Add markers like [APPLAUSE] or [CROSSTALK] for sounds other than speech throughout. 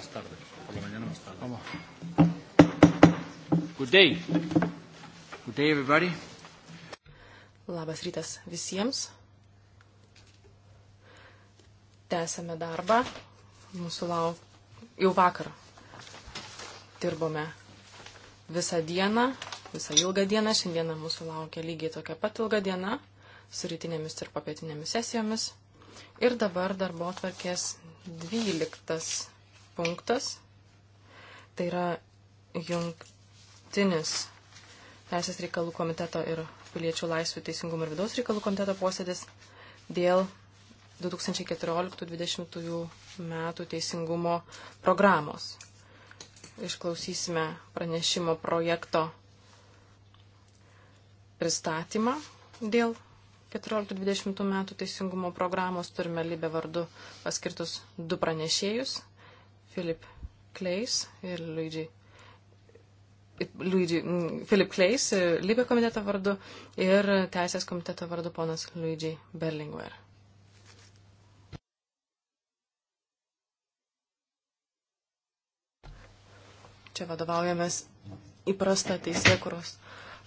más tarde, por la mañana más tarde. Vamos. Good day. Good day, everybody. Labas rytas visiems. Tęsame darbą. Mūsų lauk... Jau vakar dirbome visą dieną, visą ilgą dieną. Šiandieną mūsų laukia lygiai tokia pat ilga diena su rytinėmis ir papietinėmis sesijomis. Ir dabar darbo atvarkės 12 punktas. Tai yra jungtinis Teisės reikalų komiteto ir piliečių laisvių teisingumo ir vidaus reikalų komiteto posėdis dėl 2014-2020 metų teisingumo programos. Išklausysime pranešimo projekto pristatymą dėl 14-20 metų teisingumo programos turime Libė vardu paskirtus du pranešėjus. Filip Kleis ir Luigi. Luigi, Filip Kleis, e, Libė komiteto vardu ir Teisės komiteto vardu ponas Luigi Berlinguer. Čia vadovaujamės įprasta teisėkuros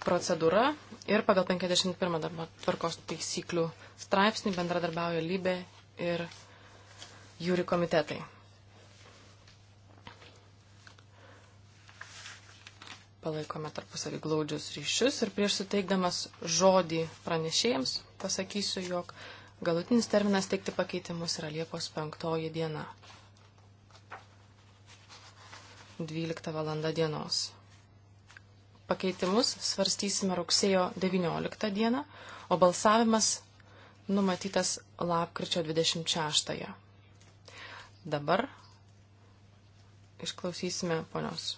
procedūra ir pagal 51 darbo tvarkos taisyklių straipsnį bendradarbiauja Libė ir Jūri komitetai. palaikome tarpusavį glaudžius ryšius ir prieš suteikdamas žodį pranešėjams pasakysiu, jog galutinis terminas teikti pakeitimus yra Liepos 5 diena. 12 val. dienos. Pakeitimus svarstysime rugsėjo 19 dieną, o balsavimas numatytas lapkričio 26. -ąją. Dabar išklausysime ponios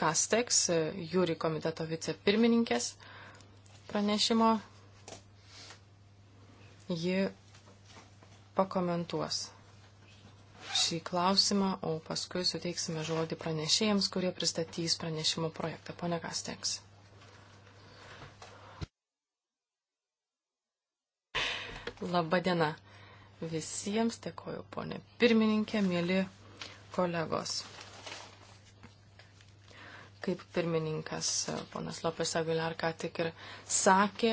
Kasteks, jūri komiteto vicepirmininkės pranešimo. Ji pakomentuos šį klausimą, o paskui suteiksime žodį pranešėjams, kurie pristatys pranešimo projektą. Pone Kasteks. Labadiena visiems, dėkoju ponė pirmininkė, mėly kolegos. Kaip pirmininkas ponas Lopes Aguilar ką tik ir sakė,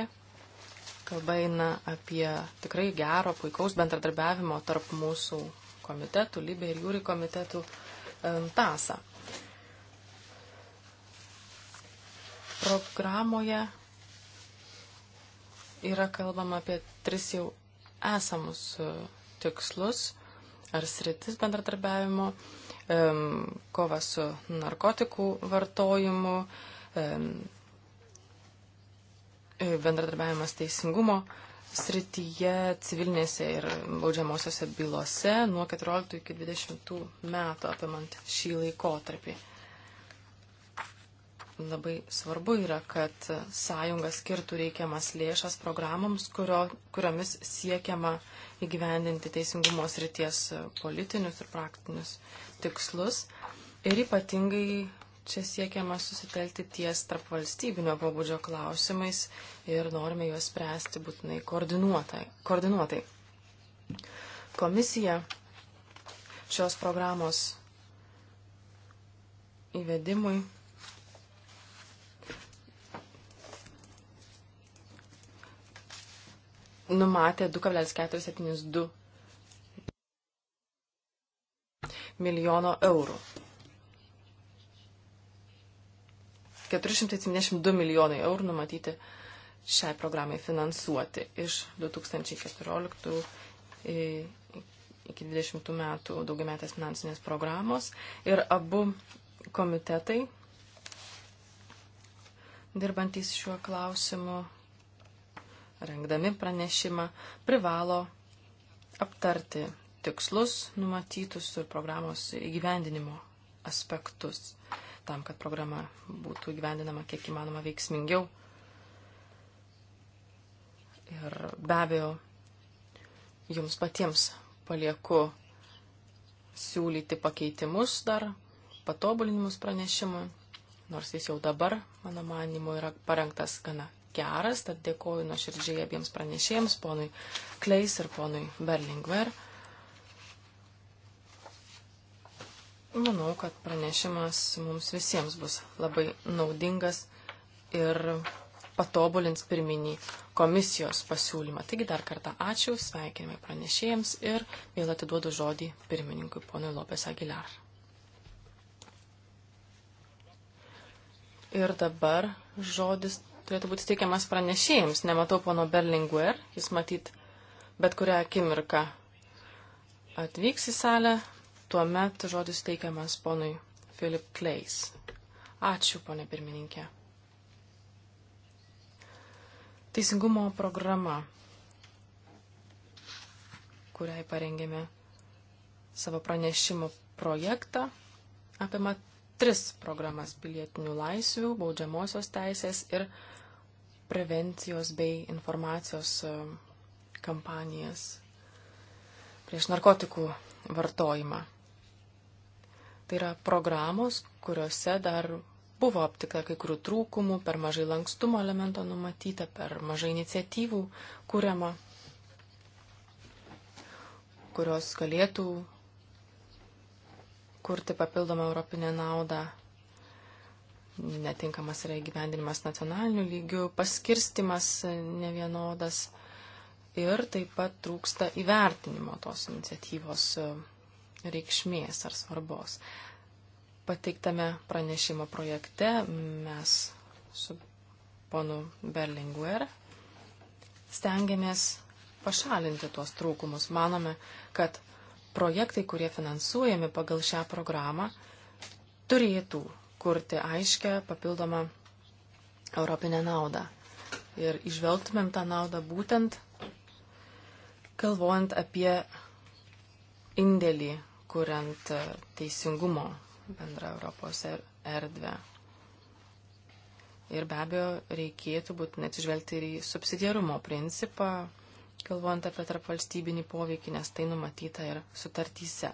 kalba eina apie tikrai gero, puikaus bendradarbiavimo tarp mūsų komitetų, Libė ir Jūri komitetų tasą. Programoje yra kalbama apie tris jau esamus e, tikslus ar sritis bendradarbiavimo kova su narkotikų vartojimu, bendradarbiavimas teisingumo srityje, civilinėse ir baudžiamosiose bylose nuo 14 iki 20 metų apimant šį laikotarpį. Labai svarbu yra, kad sąjunga skirtų reikiamas lėšas programoms, kurio, kuriomis siekiama įgyvendinti teisingumo srities politinius ir praktinius tikslus ir ypatingai čia siekiama susitelti ties tarp valstybinio pobūdžio klausimais ir norime juos spręsti būtinai koordinuotai. koordinuotai. Komisija šios programos įvedimui numatė 2,472 milijono eurų. 472 milijonai eurų numatyti šiai programai finansuoti iš 2014 iki 2020 metų daugiametės finansinės programos. Ir abu komitetai, dirbantys šiuo klausimu, rengdami pranešimą, privalo aptarti tikslus numatytus ir programos įgyvendinimo aspektus, tam, kad programa būtų įgyvendinama kiek įmanoma veiksmingiau. Ir be abejo, jums patiems palieku siūlyti pakeitimus dar, patobulinimus pranešimui, nors jis jau dabar, mano manimu, yra parengtas gana geras, tad dėkoju nuoširdžiai abiems pranešėjams, ponui Kleis ir ponui Berlingver. Manau, kad pranešimas mums visiems bus labai naudingas ir patobulins pirminį komisijos pasiūlymą. Taigi dar kartą ačiū, sveikinimai pranešėjams ir vėl atiduodu žodį pirmininkui ponui Lopes Aguilar. Ir dabar žodis turėtų būti teikiamas pranešėjams. Nematau pono Berlinguer, jis matyt bet kurią akimirką atvyks į salę, Tuomet žodis teikiamas ponui Philip Kleis. Ačiū, ponė pirmininkė. Teisingumo programa, kuriai parengėme savo pranešimo projektą, apima tris programas pilietinių laisvių, baudžiamosios teisės ir prevencijos bei informacijos e, kampanijas prieš narkotikų vartojimą. Tai yra programos, kuriuose dar buvo aptikta kai kurių trūkumų, per mažai lankstumo elemento numatyta, per mažai iniciatyvų kuriama, kurios galėtų kurti papildomą europinę naudą. Netinkamas yra įgyvendinimas nacionaliniu lygiu, paskirstimas nevienodas ir taip pat trūksta įvertinimo tos iniciatyvos reikšmės ar svarbos. Pateiktame pranešimo projekte mes su ponu Berlinguer stengiamės pašalinti tuos trūkumus. Manome, kad projektai, kurie finansuojami pagal šią programą, turėtų kurti aiškę papildomą europinę naudą. Ir išvelgtumėm tą naudą būtent galvojant apie indėlį kuriant e, teisingumo bendrą Europos er-, erdvę. Ir be abejo, reikėtų būtinai atsižvelgti ir į subsidiarumo principą, galvojant apie tarpvalstybinį poveikį, nes tai numatyta ir sutartyse.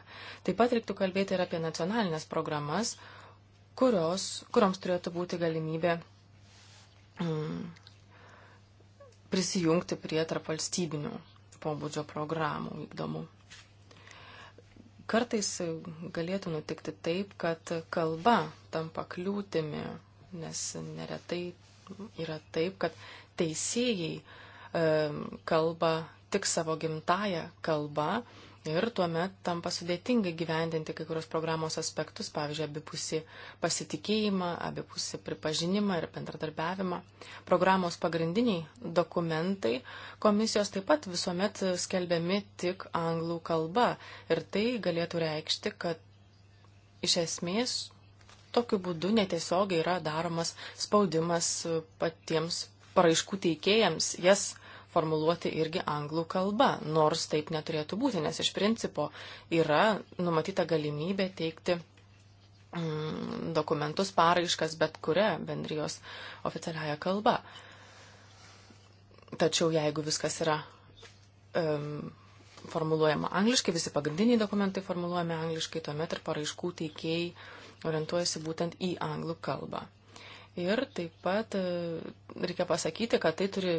Taip pat reiktų kalbėti ir apie nacionalinės programas, kurios, kurioms turėtų būti galimybė mm, prisijungti prie tarpvalstybinių pobūdžio programų vykdomų. Kartais galėtų nutikti taip, kad kalba tampa kliūtimi, nes neretai yra taip, kad teisėjai kalba tik savo gimtają kalbą Ir tuomet tampa sudėtinga gyvendinti kai kurios programos aspektus, pavyzdžiui, abipusi pasitikėjimą, abipusi pripažinimą ir bendradarbiavimą. Programos pagrindiniai dokumentai komisijos taip pat visuomet skelbiami tik anglų kalba. Ir tai galėtų reikšti, kad iš esmės tokiu būdu netiesiogiai yra daromas spaudimas patiems paraiškų teikėjams, jas formuluoti irgi anglų kalba, nors taip neturėtų būti, nes iš principo yra numatyta galimybė teikti mm, dokumentus, paraiškas bet kuria bendrijos oficialiaja kalba. Tačiau jeigu viskas yra um, formuluojama angliškai, visi pagrindiniai dokumentai formuluojami angliškai, tuomet ir paraiškų teikėjai orientuojasi būtent į anglų kalbą. Ir taip pat e, reikia pasakyti, kad tai turi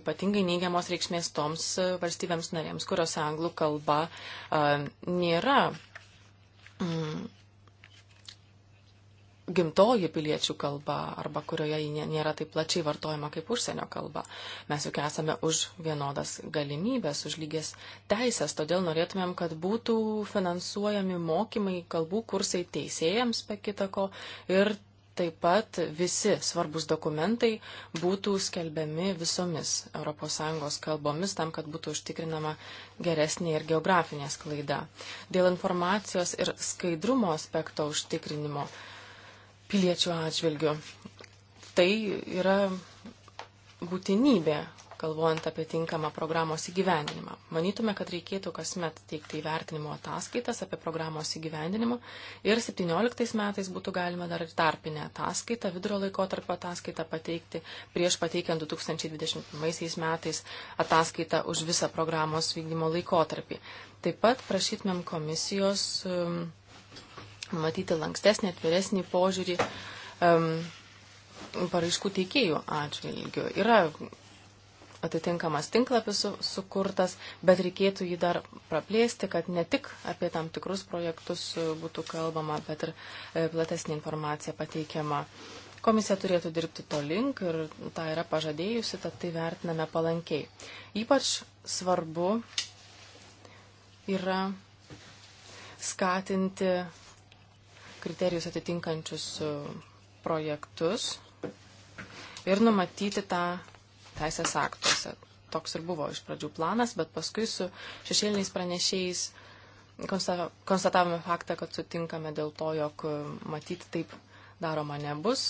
ypatingai neigiamos reikšmės toms e, valstybėms narėms, kuriuose anglų kalba a, e, nėra mm, gimtoji piliečių kalba arba kurioje ji nėra taip plačiai vartojama kaip užsienio kalba. Mes juk esame už vienodas galimybės, už lygės teisės, todėl norėtumėm, kad būtų finansuojami mokymai, kalbų kursai teisėjams, be kitako, ir taip pat visi svarbus dokumentai būtų skelbiami visomis ES kalbomis, tam, kad būtų užtikrinama geresnė ir geografinė sklaida. Dėl informacijos ir skaidrumo aspekto užtikrinimo piliečių atžvilgių. Tai yra būtinybė, galvojant apie tinkamą programos įgyvendinimą. Manytume, kad reikėtų kasmet teikti įvertinimo ataskaitas apie programos įgyvendinimą ir 17 metais būtų galima dar ir tarpinę ataskaitą, vidurio laiko tarp ataskaitą pateikti prieš pateikiant 2021 metais ataskaitą už visą programos vykdymo laikotarpį. Taip pat prašytumėm komisijos um, matyti lankstesnį, atviresnį požiūrį. Um, paraiškų teikėjų atžvilgių. Yra atitinkamas tinklapis su, sukurtas, bet reikėtų jį dar praplėsti, kad ne tik apie tam tikrus projektus e, būtų kalbama, bet ir e, platesnė informacija pateikiama. Komisija turėtų dirbti to link ir tą yra pažadėjusi, tad tai vertiname palankiai. Ypač svarbu yra skatinti kriterijus atitinkančius e, projektus ir numatyti tą teisės aktuose. Toks ir buvo iš pradžių planas, bet paskui su šešėliniais pranešėjais konstatavome faktą, kad sutinkame dėl to, jog e, matyti taip daroma nebus,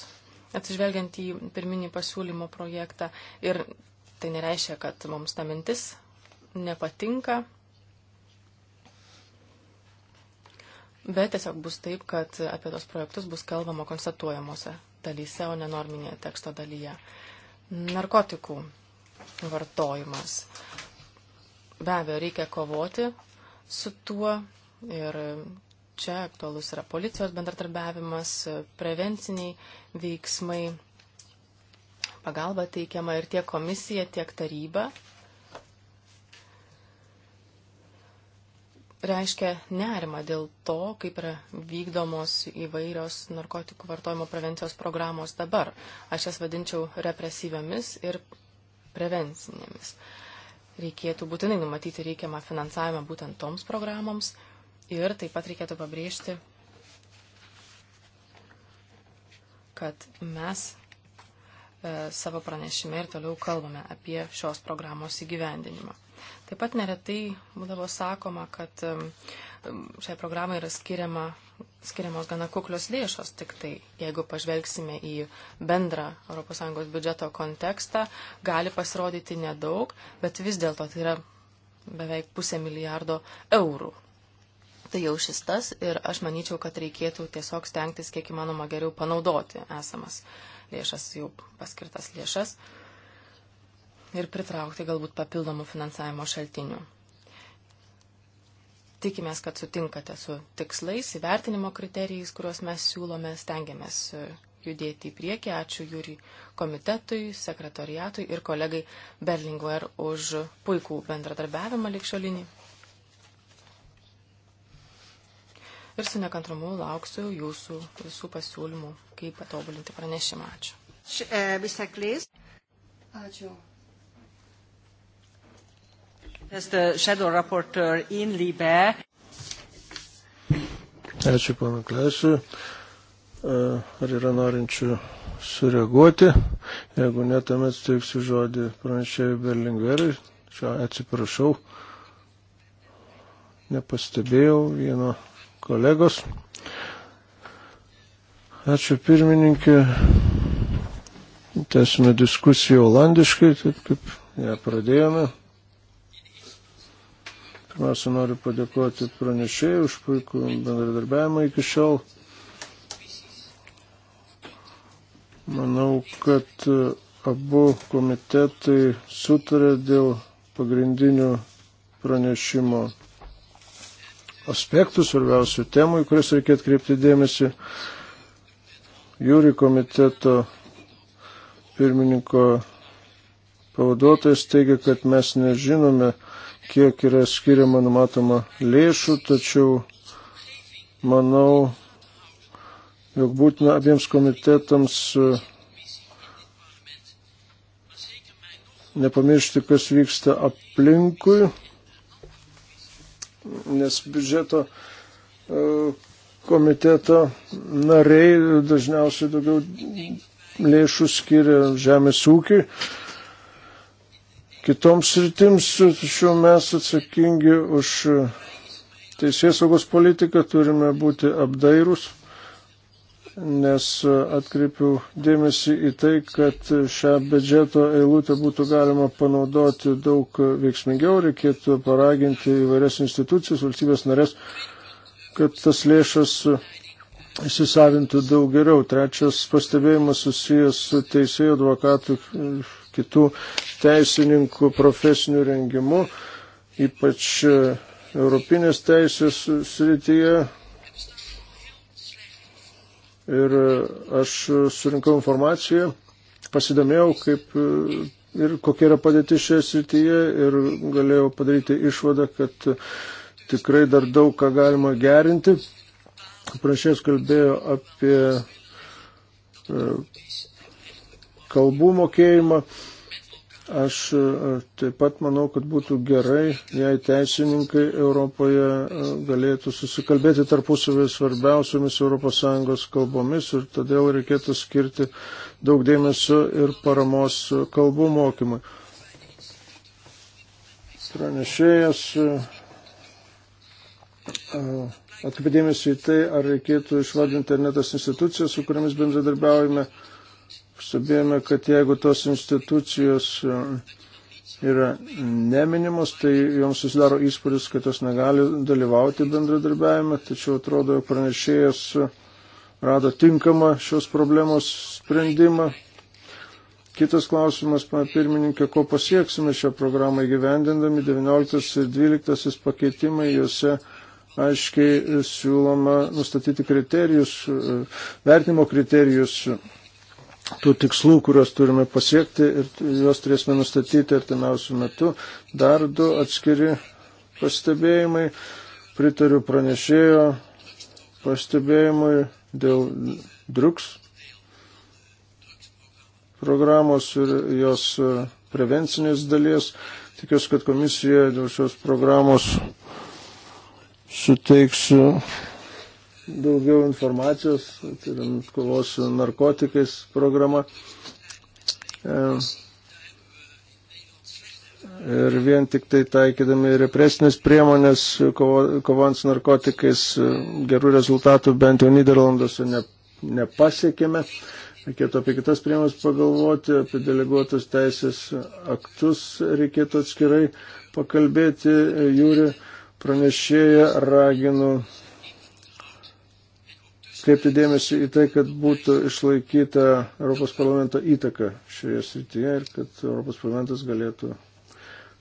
atsižvelgiant į pirminį pasiūlymo projektą. Ir tai nereiškia, kad mums ta mintis nepatinka, bet tiesiog bus taip, kad apie tos projektus bus kalbama konstatuojamuose dalyse, o nenorminėje teksto dalyje narkotikų vartojimas. Be abejo, reikia kovoti su tuo ir čia aktualus yra policijos bendratarbiavimas, prevenciniai veiksmai, pagalba teikiama ir tiek komisija, tiek taryba reiškia nerimą dėl to, kaip yra vykdomos įvairios narkotikų vartojimo prevencijos programos dabar. Aš jas vadinčiau represyviamis ir prevencinėmis. Reikėtų būtinai numatyti reikiamą finansavimą būtent toms programoms ir taip pat reikėtų pabrėžti, kad mes e, savo pranešime ir toliau kalbame apie šios programos įgyvendinimą. Taip pat neretai būdavo sakoma, kad šiai programai yra skiriama, skiriamos gana kuklios lėšos, tik tai jeigu pažvelgsime į bendrą ES biudžeto kontekstą, gali pasirodyti nedaug, bet vis dėlto tai yra beveik pusė milijardo eurų. Tai jau šis tas ir aš manyčiau, kad reikėtų tiesiog stengtis kiek įmanoma geriau panaudoti esamas lėšas, jau paskirtas lėšas. Uh, ir pritraukti galbūt papildomų finansavimo šaltinių. Tikimės, kad sutinkate su tikslais, įvertinimo kriterijais, kuriuos mes siūlome, stengiamės e, judėti į priekį. Ačiū Jūri komitetui, sekretoriatui ir kolegai Berlinguer už puikų bendradarbiavimą likščiolinį. Ir su nekantrumu lauksiu jūsų visų pasiūlymų, kaip patobulinti pranešimą. Ačiū. E, Ačiū. Ačiū, pana Klesiu. E, ar yra norinčių sureaguoti? Jeigu ne, tuomet steiksiu žodį pranešėjai Berlingverai. Čia atsiprašau, nepastebėjau vieno kolegos. Ačiū pirmininkė. Tęsime diskusiją olandiškai, taip kaip ją pradėjome. Pirmiausia, noriu padėkoti pranešėjai už puikų bendradarbiavimą iki šiol. Manau, kad e, abu komitetai sutarė dėl pagrindinių pranešimo aspektų, svarbiausių temų, į kurias reikėtų kreipti dėmesį. Jūri komiteto pirmininko pavaduotojas teigia, kad mes nežinome, kiek yra skiriama numatoma lėšų, tačiau manau, jog būtina abiems komitetams e, nepamiršti, kas vyksta aplinkui, nes biudžeto e, komiteto nariai dažniausiai daugiau lėšų skiria žemės ūkiui Kitoms sritims šiuo mes atsakingi už teisės saugos politiką, turime būti apdairūs, nes atkreipiu dėmesį į tai, kad šią biudžeto eilutę būtų galima panaudoti daug veiksmingiau, reikėtų paraginti įvairias institucijas, valstybės narės, kad tas lėšas įsisavintų daug geriau. Trečias pastebėjimas susijęs su teisėjų advokatų kitų teisininkų profesinių rengimų, ypač e, Europinės teisės srityje. Ir e, aš surinkau informaciją, pasidomėjau, kaip e, ir kokia yra padėtis šioje srityje ir galėjau padaryti išvadą, kad tikrai dar daug ką galima gerinti. Prašės kalbėjo apie kalbų mokėjimą. Aš e, taip pat manau, kad būtų gerai, jei teisininkai Europoje e, galėtų susikalbėti tarpusavėje svarbiausiomis ES kalbomis ir todėl reikėtų skirti daug dėmesio ir paramos kalbų mokymui. Pranešėjas e, atkreipdėmėsi į tai, ar reikėtų išvardinti ar ne tas institucijas, su kuriamis bendradarbiaujame Sabėjome, kad jeigu tos institucijos e, yra neminimos, tai joms susidaro įspūdis, kad jos negali dalyvauti bendradarbiavime, tačiau atrodo, jog pranešėjas rado tinkamą šios problemos sprendimą. Kitas klausimas, pana pirmininkė, ko pasieksime šią programą įgyvendindami 19 ir 12 pakeitimai, juose aiškiai siūloma nustatyti kriterijus, e, vertinimo kriterijus tų tikslų, kuriuos turime pasiekti ir juos turėsime nustatyti artimiausių metų. Dar du atskiri pastebėjimai. Pritariu pranešėjo pastebėjimui dėl druks programos ir jos e, prevencinės dalies. Tikiuosi, kad komisija dėl šios programos suteiks daugiau informacijos, tai yra kovos su narkotikais programa. E, ir vien tik tai taikydami represinės priemonės, kovant su narkotikais, e, gerų rezultatų bent jau Niderlanduose ne, nepasiekėme. Reikėtų apie kitas priemonės pagalvoti, apie deleguotus teisės aktus reikėtų atskirai pakalbėti. E, Jūri pranešėja raginu atkreipti dėmesį į tai, kad būtų išlaikyta Europos parlamento įtaka šioje srityje ir kad Europos parlamentas galėtų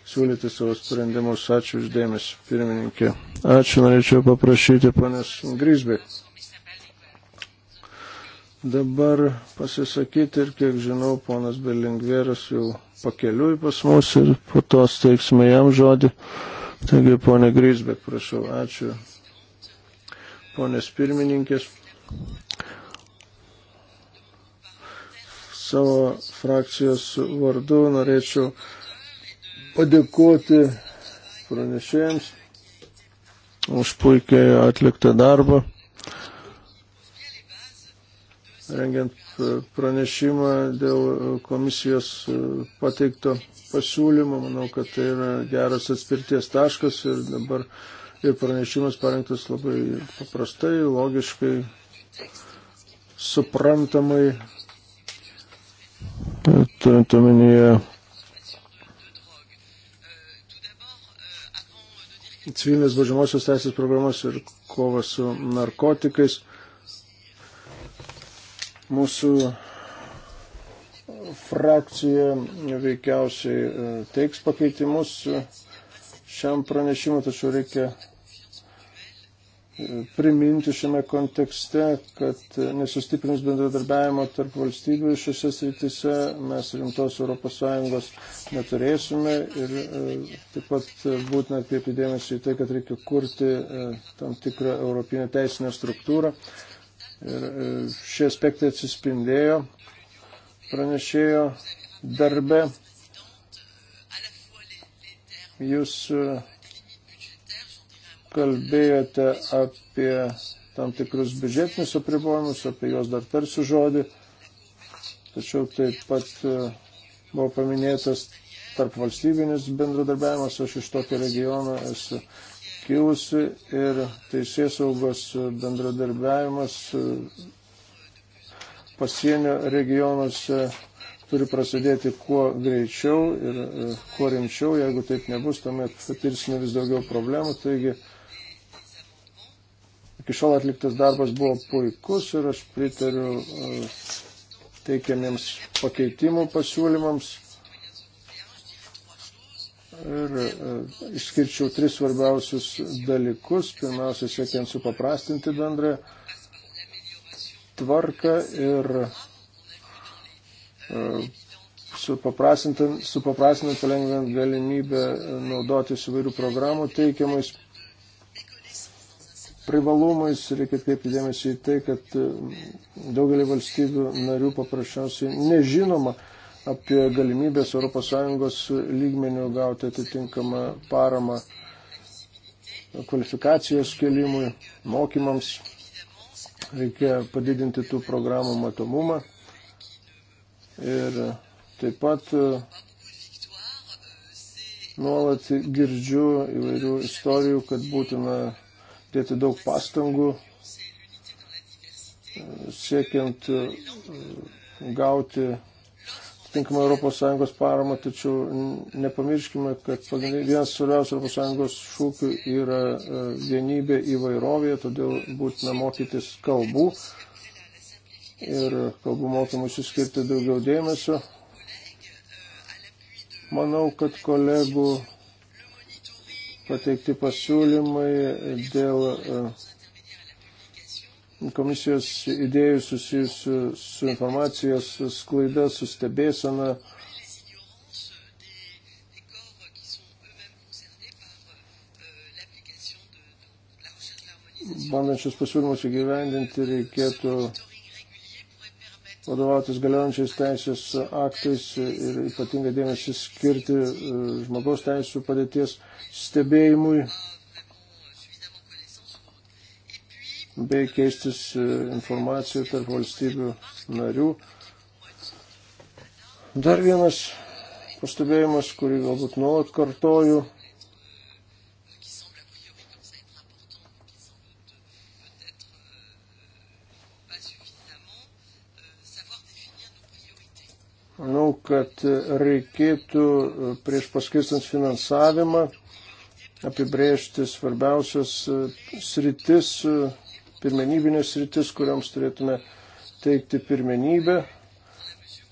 siūlyti savo sprendimus. Ačiū uždėmesi, pirmininkė. Ačiū, norėčiau paprašyti ponės Grisbek. Dabar pasisakyti ir, kiek žinau, ponas Belingvėras jau pakeliui pas mus ir po to steiksime jam žodį. Taigi, ponė Grisbek, prašau, ačiū ponės pirmininkės. Savo frakcijos vardu norėčiau padėkoti pranešėjams už puikiai atliktą darbą. Rengiant pranešimą dėl komisijos pateikto pasiūlymo, manau, kad tai yra geras atspirties taškas ir dabar ir pranešimas parengtas labai paprastai, logiškai, suprantamai, turint omenyje civilinės baudžiamosios teisės programos ir kova su narkotikais. Mūsų frakcija veikiausiai e, teiks pakeitimus e, šiam pranešimui, tačiau reikia priminti šiame kontekste, kad nesustiprinus bendradarbiavimo tarp valstybių šiose srityse mes rimtos ES neturėsime ir e, taip pat būtina atkreipti dėmesį į tai, kad reikia kurti e, tam tikrą europinę teisinę struktūrą. Ir e, šie aspektai atsispindėjo pranešėjo darbe. Jūs kalbėjote apie tam tikrus biudžetinius apribojimus, apie juos dar tarsiu žodį. Tačiau taip pat e, buvo paminėtas tarp valstybinis bendradarbiavimas, aš iš tokio regiono esu kilusi ir teisės saugos bendradarbiavimas e, pasienio regionuose turi prasidėti kuo greičiau ir e, kuo rimčiau, jeigu taip nebus, tuomet patirsime vis daugiau problemų. Taigi, Iki šiol atliktas darbas buvo puikus ir aš pritariu e, teikiamiems pakeitimų pasiūlymams. Ir e, išskirčiau tris svarbiausius dalykus. Pirmiausia, siekiant supaprastinti bendrą tvarką ir e, supaprastinant, palengvinant galimybę naudotis įvairių programų teikiamais privalumais, reikia kreipti dėmesį į tai, kad e, daugelį valstybių narių paprasčiausiai nežinoma apie galimybės ES lygmenių gauti atitinkamą paramą kvalifikacijos kelimui, mokymams. Reikia padidinti tų programų matomumą. Ir taip pat e, nuolat girdžiu įvairių istorijų, kad būtina dėti daug pastangų e, siekiant e, gauti tinkamą ES paramą, tačiau nepamirškime, kad vienas svarbiausių ES šūkių yra e, vienybė įvairovėje, todėl būtina mokytis kalbų ir kalbų mokymus skirti daugiau dėmesio. Manau, kad kolegų pateikti pasiūlymai dėl e, komisijos idėjų susijusių su informacijos sklaida, su stebėsena. Bandančius pasiūlymus įgyvendinti reikėtų vadovautis galiojančiais teisės aktais ir ypatingą dėmesį skirti e, žmogaus teisų padėties stebėjimui bei keistis e, informaciją tarp valstybių narių. Dar vienas pastebėjimas, kurį galbūt nuolat kartoju. Manau, kad reikėtų e, prieš paskirstant finansavimą apibrėžti svarbiausias e, sritis, e, pirmenybinės sritis, kuriams turėtume teikti pirmenybę,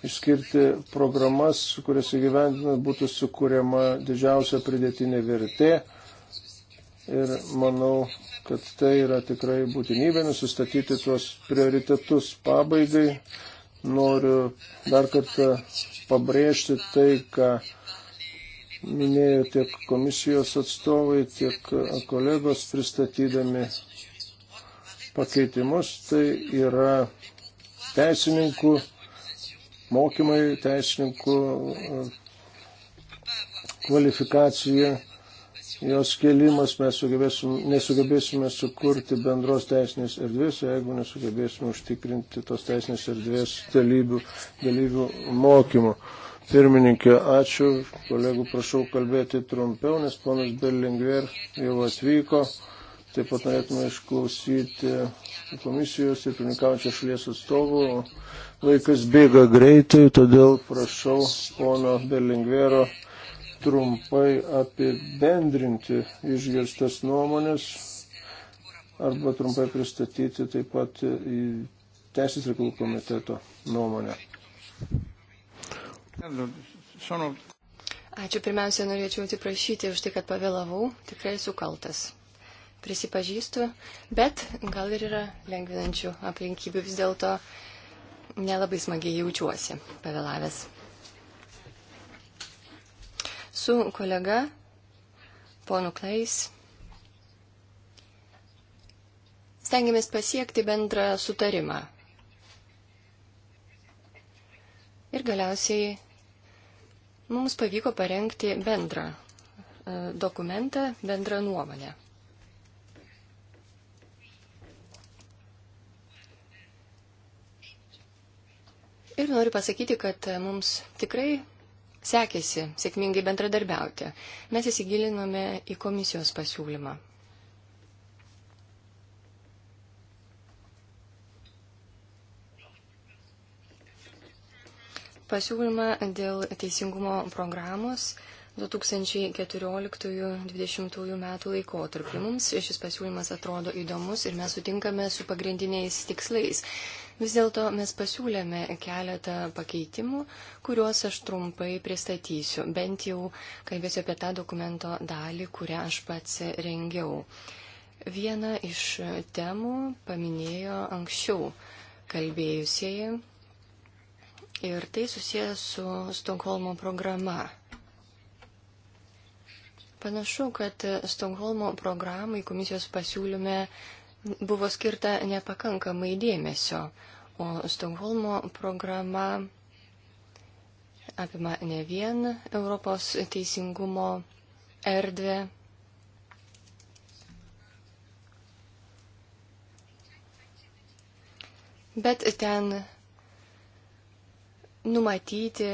išskirti programas, kurias įgyvendinant būtų sukūriama didžiausia pridėtinė vertė. Ir manau, kad tai yra tikrai būtinybė nusistatyti tuos prioritetus pabaigai. Noriu dar kartą pabrėžti tai, ką minėjo tiek komisijos atstovai, tiek kolegos pristatydami pakeitimus, tai yra teisininkų mokymai, teisininkų kvalifikacija, jos kelimas, mes nesugebėsime sukurti bendros teisinės erdvės, jeigu nesugebėsime užtikrinti tos teisinės erdvės dalyvių, dalyvių mokymų. Pirmininkė, ačiū. Kolegų prašau kalbėti trumpiau, nes ponas Berlingver jau atvyko. Taip pat norėtume išklausyti komisijos ir pirmininkaujančio šalies atstovų. Laikas bėga greitai, todėl prašau pono Berlingvero trumpai apibendrinti išgirstas nuomonės arba trumpai pristatyti taip pat į Teisės reikalų komiteto nuomonę. Ačiū. Pirmiausia, norėčiau atsiprašyti už tai, kad pavėlavau. Tikrai esu kaltas. Prisipažįstu, bet gal ir yra lengvinančių aplinkybių vis dėlto nelabai smagiai jaučiuosi pavėlavęs. Su kolega ponu Klais stengiamės pasiekti bendrą sutarimą. Ir galiausiai mums pavyko parengti bendrą e, dokumentą, bendrą nuomonę. Ir noriu pasakyti, kad e, mums tikrai sekėsi sėkmingai bendradarbiauti. Mes įsigilinome į komisijos pasiūlymą. pasiūlymą dėl teisingumo programos 2014-2020 metų laikotarpį. Mums šis pasiūlymas atrodo įdomus ir mes sutinkame su pagrindiniais tikslais. Vis dėlto mes pasiūlėme keletą pakeitimų, kuriuos aš trumpai pristatysiu. Bent jau kalbėsiu apie tą dokumento dalį, kurią aš pats rengiau. Vieną iš temų paminėjo anksčiau kalbėjusieji Ir tai susijęs su Stokholmo programa. Panašu, kad Stokholmo programai komisijos pasiūlyme buvo skirta nepakankamai dėmesio, o Stokholmo programa apima ne vien Europos teisingumo erdvę. Bet ten numatyti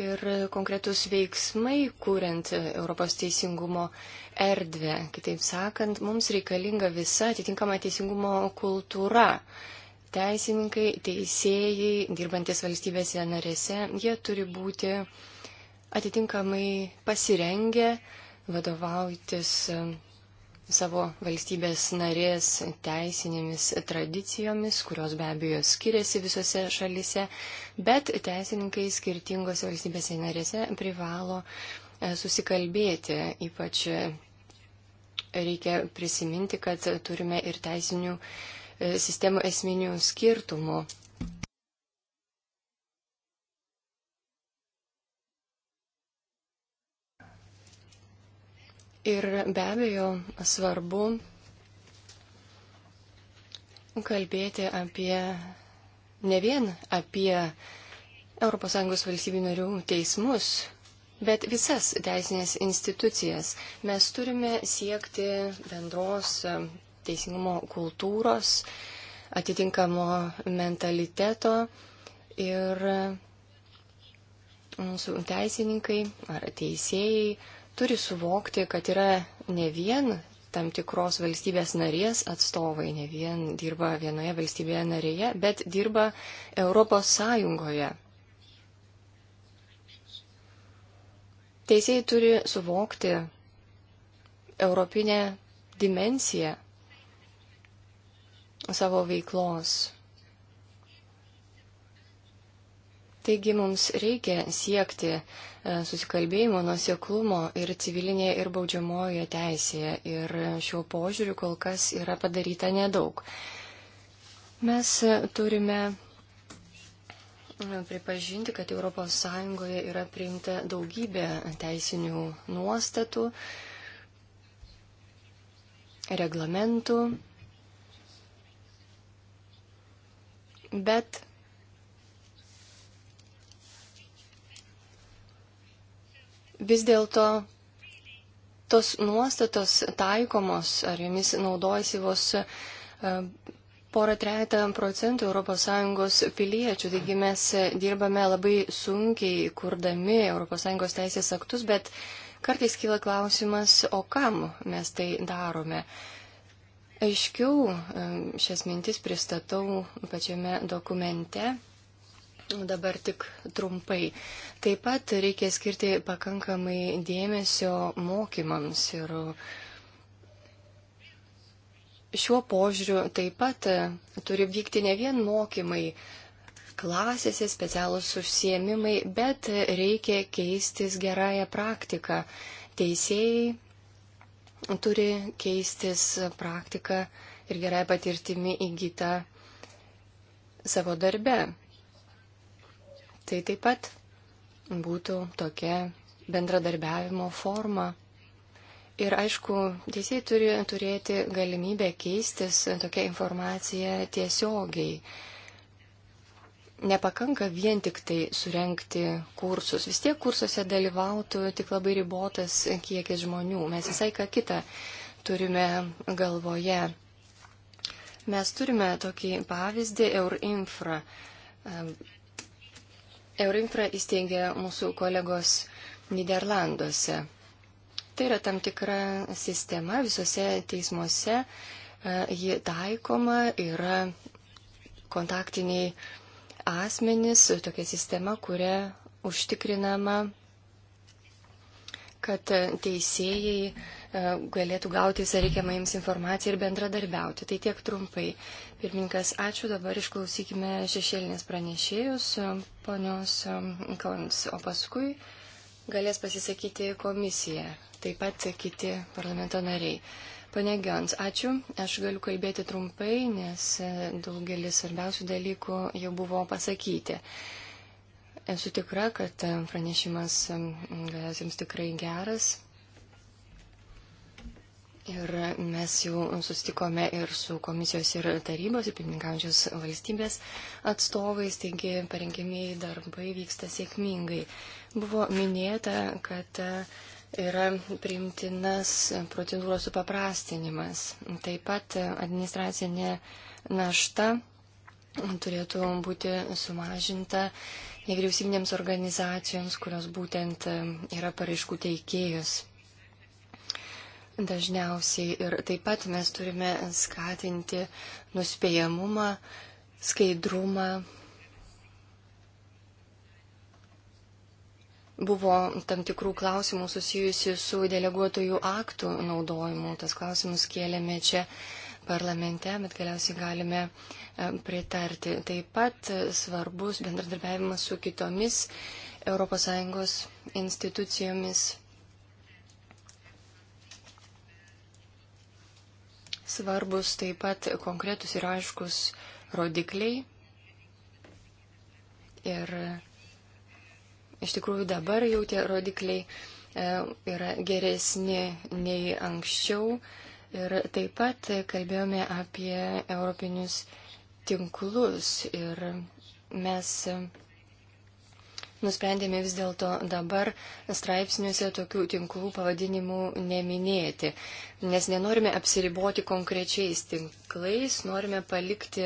ir konkretus veiksmai, kuriant Europos teisingumo erdvę. Kitaip sakant, mums reikalinga visa atitinkama teisingumo kultūra. Teisininkai, teisėjai, dirbantis valstybėse narėse, jie turi būti atitinkamai pasirengę vadovautis savo valstybės narės teisinėmis tradicijomis, kurios be abejo skiriasi visose šalise, bet teisininkai skirtingose valstybėse narėse privalo e, susikalbėti, ypač e, reikia prisiminti, kad turime ir teisinių e, sistemų esminių skirtumų. Ir be abejo svarbu kalbėti apie ne vien apie ES valstybių narių teismus, bet visas teisinės institucijas. Mes turime siekti bendros e, teisingumo kultūros, atitinkamo mentaliteto ir e, mūsų teisininkai ar teisėjai turi suvokti, kad yra ne vien tam tikros valstybės narės atstovai, ne vien dirba vienoje valstybėje narėje, bet dirba Europos Sąjungoje. Teisėjai turi suvokti europinę dimensiją savo veiklos Taigi mums reikia siekti e, susikalbėjimo nuoseklumo ir civilinėje ir baudžiamojoje teisėje ir šiuo požiūriu kol kas yra padaryta nedaug. Mes e, turime e, pripažinti, kad ES yra priimta daugybė teisinių nuostatų, reglamentų, bet Vis dėlto tos nuostatos taikomos ar jomis naudojasi vos e, porą trejata procentų ES piliečių. Taigi mes e, dirbame labai sunkiai, kurdami ES teisės aktus, bet kartais kyla klausimas, o kam mes tai darome. Aiškiau e, šias mintis pristatau pačiame dokumente Dabar tik trumpai. Taip pat reikia skirti pakankamai dėmesio mokymams ir šiuo požiūriu taip pat turi vykti ne vien mokymai klasėse, specialūs užsiemimai, bet reikia keistis gerąją praktiką. Teisėjai turi keistis praktiką ir gerąją patirtimį įgytą savo darbe. Tai taip pat būtų tokia bendradarbiavimo forma. Ir aišku, teisėjai turi turėti galimybę keistis tokia informacija tiesiogiai. Nepakanka vien tik tai surenkti kursus. Vis tiek kursuose dalyvautų tik labai ribotas kiekis žmonių. Mes visai ką kitą turime galvoje. Mes turime tokį pavyzdį Eurinfra Eurinfra įsteigė mūsų kolegos Niderlanduose. Tai yra tam tikra sistema visose teismuose, e, ji taikoma, yra kontaktiniai asmenys, tokia sistema, kuria užtikrinama, kad teisėjai E, galėtų gauti visą reikiamą jums informaciją ir bendradarbiauti. Tai tiek trumpai. Pirmininkas, ačiū. Dabar išklausykime šešėlinės pranešėjus, e, ponios e, Kons, o paskui galės pasisakyti komisija, taip pat kiti parlamento nariai. Pane Gions, ačiū. Aš galiu kalbėti trumpai, nes daugelis svarbiausių dalykų jau buvo pasakyti. Esu tikra, kad pranešimas galės jums tikrai geras. Ir mes jau sustikome ir su komisijos ir tarybos ir pirmininkaujančios valstybės atstovais, taigi parengimiai darbai vyksta sėkmingai. Buvo minėta, kad yra priimtinas procedūros supaprastinimas. Taip pat administracinė našta turėtų būti sumažinta nevyriausybinėms organizacijoms, kurios būtent yra paraiškų teikėjus dažniausiai ir taip pat mes turime skatinti nuspėjamumą, skaidrumą. Buvo tam tikrų klausimų susijusių su deleguotojų aktų naudojimu. Tas klausimus kėlėme čia parlamente, bet galiausiai galime e, pritarti. Taip pat svarbus bendradarbiavimas su kitomis ES institucijomis Svarbus taip pat konkretus ir aiškus rodikliai. Ir iš tikrųjų dabar jau tie rodikliai e, yra geresni nei anksčiau. Ir taip pat kalbėjome apie europinius tinklus ir mes nusprendėme vis dėlto dabar straipsniuose tokių tinklų pavadinimų neminėti, nes nenorime apsiriboti konkrečiais tinklais, norime palikti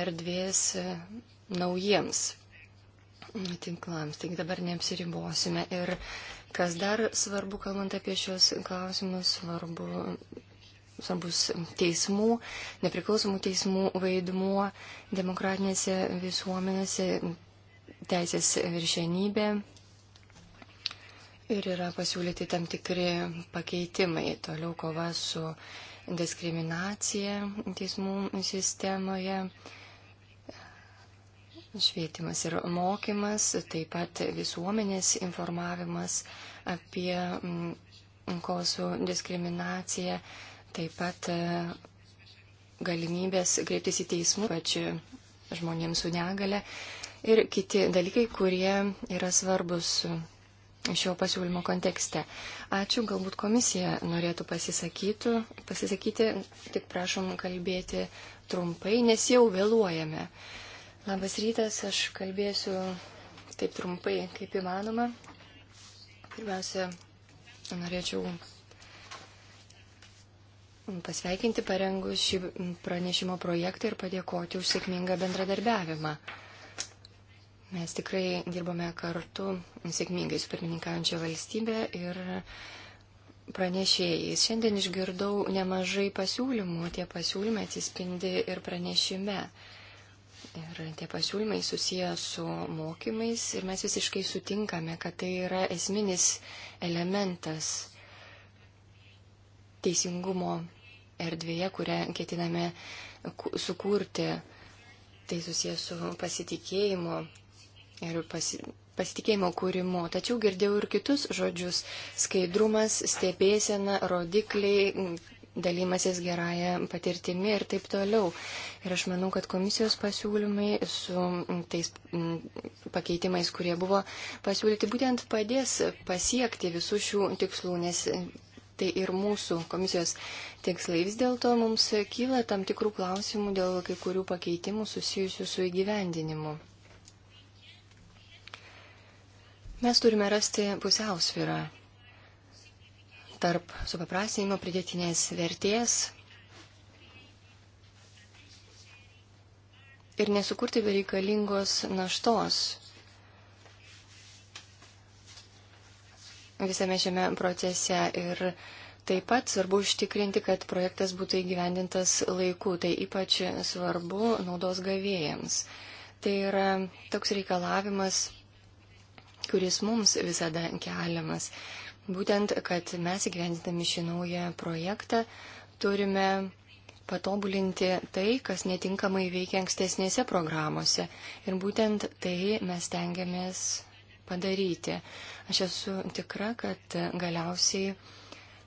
erdvės naujiems tinklams. Tik dabar neapsiribosime. Ir kas dar svarbu, kalbant apie šios klausimus, svarbu svarbus teismų, nepriklausomų teismų vaidmuo demokratinėse visuomenėse, teisės viršenybė ir yra pasiūlyti tam tikri pakeitimai. Toliau kova su diskriminacija teismų sistemoje, švietimas ir mokymas, taip pat visuomenės informavimas apie mm, kovą su diskriminacija, taip pat e, galimybės kreiptis į teismų, pačiu žmonėms su negale ir kiti dalykai, kurie yra svarbus šio pasiūlymo kontekste. Ačiū, galbūt komisija norėtų pasisakyti, tik prašom kalbėti trumpai, nes jau vėluojame. Labas rytas, aš kalbėsiu taip trumpai, kaip įmanoma. Pirmiausia, norėčiau pasveikinti parengus šį pranešimo projektą ir padėkoti už sėkmingą bendradarbiavimą. Mes tikrai dirbome kartu sėkmingai su pirmininkaujančia valstybė ir pranešėjais. Šiandien išgirdau nemažai pasiūlymų, tie pasiūlymai atsispindi ir pranešime. Ir tie pasiūlymai susiję su mokymais ir mes visiškai sutinkame, kad tai yra esminis elementas teisingumo erdvėje, kurią ketiname sukurti. Tai susijęs su pasitikėjimu ir pasi, pasitikėjimo kūrimu. Tačiau girdėjau ir kitus žodžius - skaidrumas, stebėsena, rodikliai, mm, dalymasis gerąją patirtimi ir taip toliau. Ir aš manau, kad komisijos pasiūlymai su mm, tais mm, pakeitimais, kurie buvo pasiūlyti, būtent padės pasiekti visų šių tikslų, nes tai ir mūsų komisijos tikslai. Vis dėlto mums kyla tam tikrų klausimų dėl kai kurių pakeitimų susijusių su įgyvendinimu. Mes turime rasti pusiausvyrą tarp supaprastinimo pridėtinės vertės ir nesukurti bereikalingos naštos visame šiame procese. Ir taip pat svarbu užtikrinti, kad projektas būtų įgyvendintas laiku. Tai ypač svarbu naudos gavėjams. Tai yra toks reikalavimas kuris mums visada keliamas. Būtent, kad mes įgyvendinami šį naują projektą turime patobulinti tai, kas netinkamai veikia ankstesnėse programuose. Ir būtent tai mes tengiamės padaryti. Aš esu tikra, kad galiausiai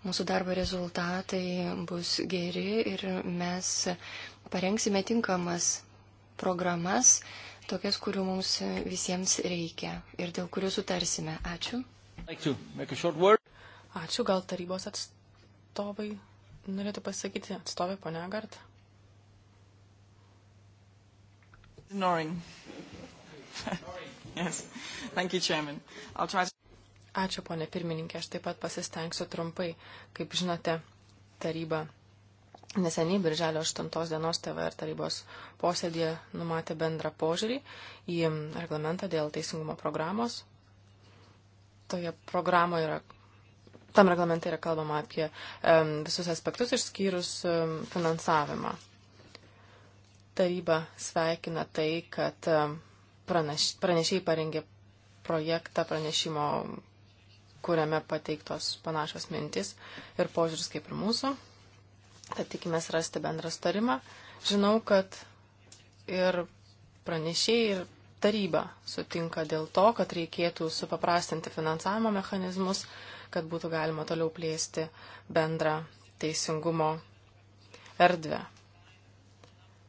mūsų darbo rezultatai bus geri ir mes parengsime tinkamas programas, tokias, kurių mums visiems reikia ir dėl kurių sutarsime. Ačiū. Ačiū, gal tarybos atstovai norėtų pasakyti, atstovė ponia Gart. yes. to... Ačiū, ponė pirmininkė, aš taip pat pasistengsiu trumpai. Kaip žinote, taryba Neseniai, birželio 8 dienos TVR tarybos posėdėje numatė bendrą požiūrį į reglamentą dėl teisingumo programos. Toje programoje yra, tam reglamente yra kalbama apie um, visus aspektus išskyrus um, finansavimą. Taryba sveikina tai, kad um, praneš, pranešiai parengė projektą pranešimo, kuriame pateiktos panašios mintis ir požiūris kaip ir mūsų. Tad tikimės rasti bendrą starimą. Žinau, kad ir pranešėjai, ir taryba sutinka dėl to, kad reikėtų supaprastinti finansavimo mechanizmus, kad būtų galima toliau plėsti bendrą teisingumo erdvę.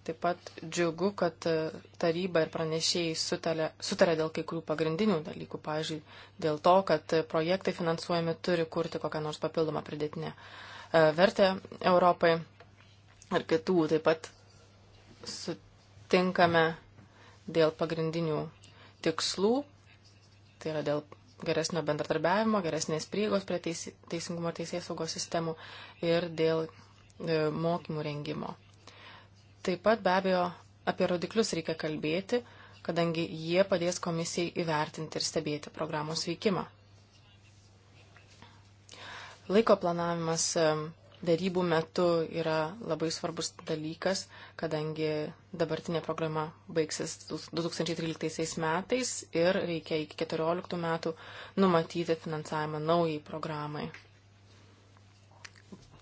Taip pat džiugu, kad taryba ir pranešėjai sutarė, sutarė dėl kai kurių pagrindinių dalykų, pavyzdžiui, dėl to, kad projektai finansuojami turi kurti kokią nors papildomą pridėtinę E, vertę Europai ir kitų taip pat sutinkame dėl pagrindinių tikslų, tai yra dėl geresnio bendradarbiavimo, geresnės prieigos prie teisi, teisingumo ir teisės saugos sistemų ir dėl e, mokymų rengimo. Taip pat be abejo apie rodiklius reikia kalbėti, kadangi jie padės komisijai įvertinti ir stebėti programos veikimą. Laiko planavimas darybų metu yra labai svarbus dalykas, kadangi dabartinė programa baigsis 2013 metais ir reikia iki 2014 metų numatyti finansavimą naujai programai.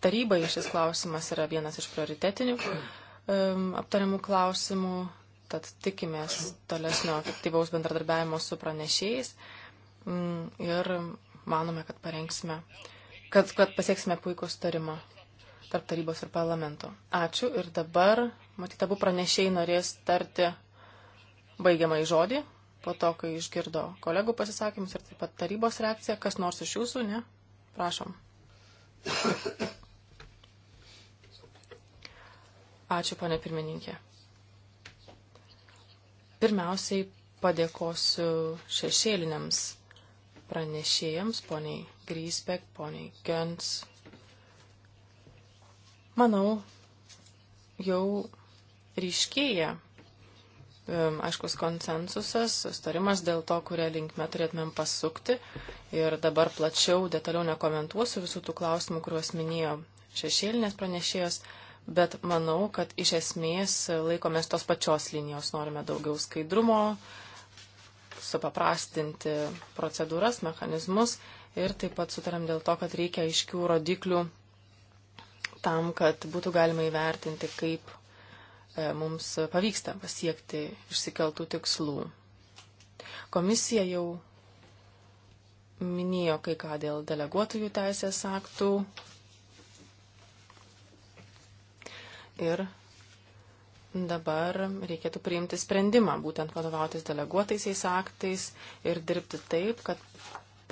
Tarybai šis klausimas yra vienas iš prioritetinių um, aptariamų klausimų, tad tikimės tolesnio aktyvaus bendradarbiavimo su pranešėjais um, ir manome, kad parengsime uh, kad, kad pasieksime puikų starimą tarp tarybos ir parlamento. Ačiū ir dabar, matyt, abu pranešėjai norės tarti baigiamą į žodį, po to, kai išgirdo kolegų pasisakymus ir taip pat tarybos reakciją. Kas nors iš jūsų, ne? Prašom. Ačiū, ponė pirmininkė. Pirmiausiai padėkosiu šešėliniams pranešėjams, poniai Grisbek, poniai Gens. Manau, jau ryškėja aiškus konsensusas, sustarimas dėl to, kurią linkme turėtumėm pasukti. Ir dabar plačiau, detaliau nekomentuosiu visų tų klausimų, kuriuos minėjo šešėlinės pranešėjos, bet manau, kad iš esmės laikomės tos pačios linijos. Norime daugiau skaidrumo, uh, supaprastinti procedūras, mechanizmus ir taip pat sutarėm dėl to, kad reikia aiškių rodiklių tam, kad būtų galima įvertinti, kaip e, mums pavyksta pasiekti išsikeltų tikslų. Komisija jau minėjo kai ką dėl deleguotojų teisės aktų ir dabar reikėtų priimti sprendimą, būtent vadovautis deleguotaisiais aktais ir dirbti taip, kad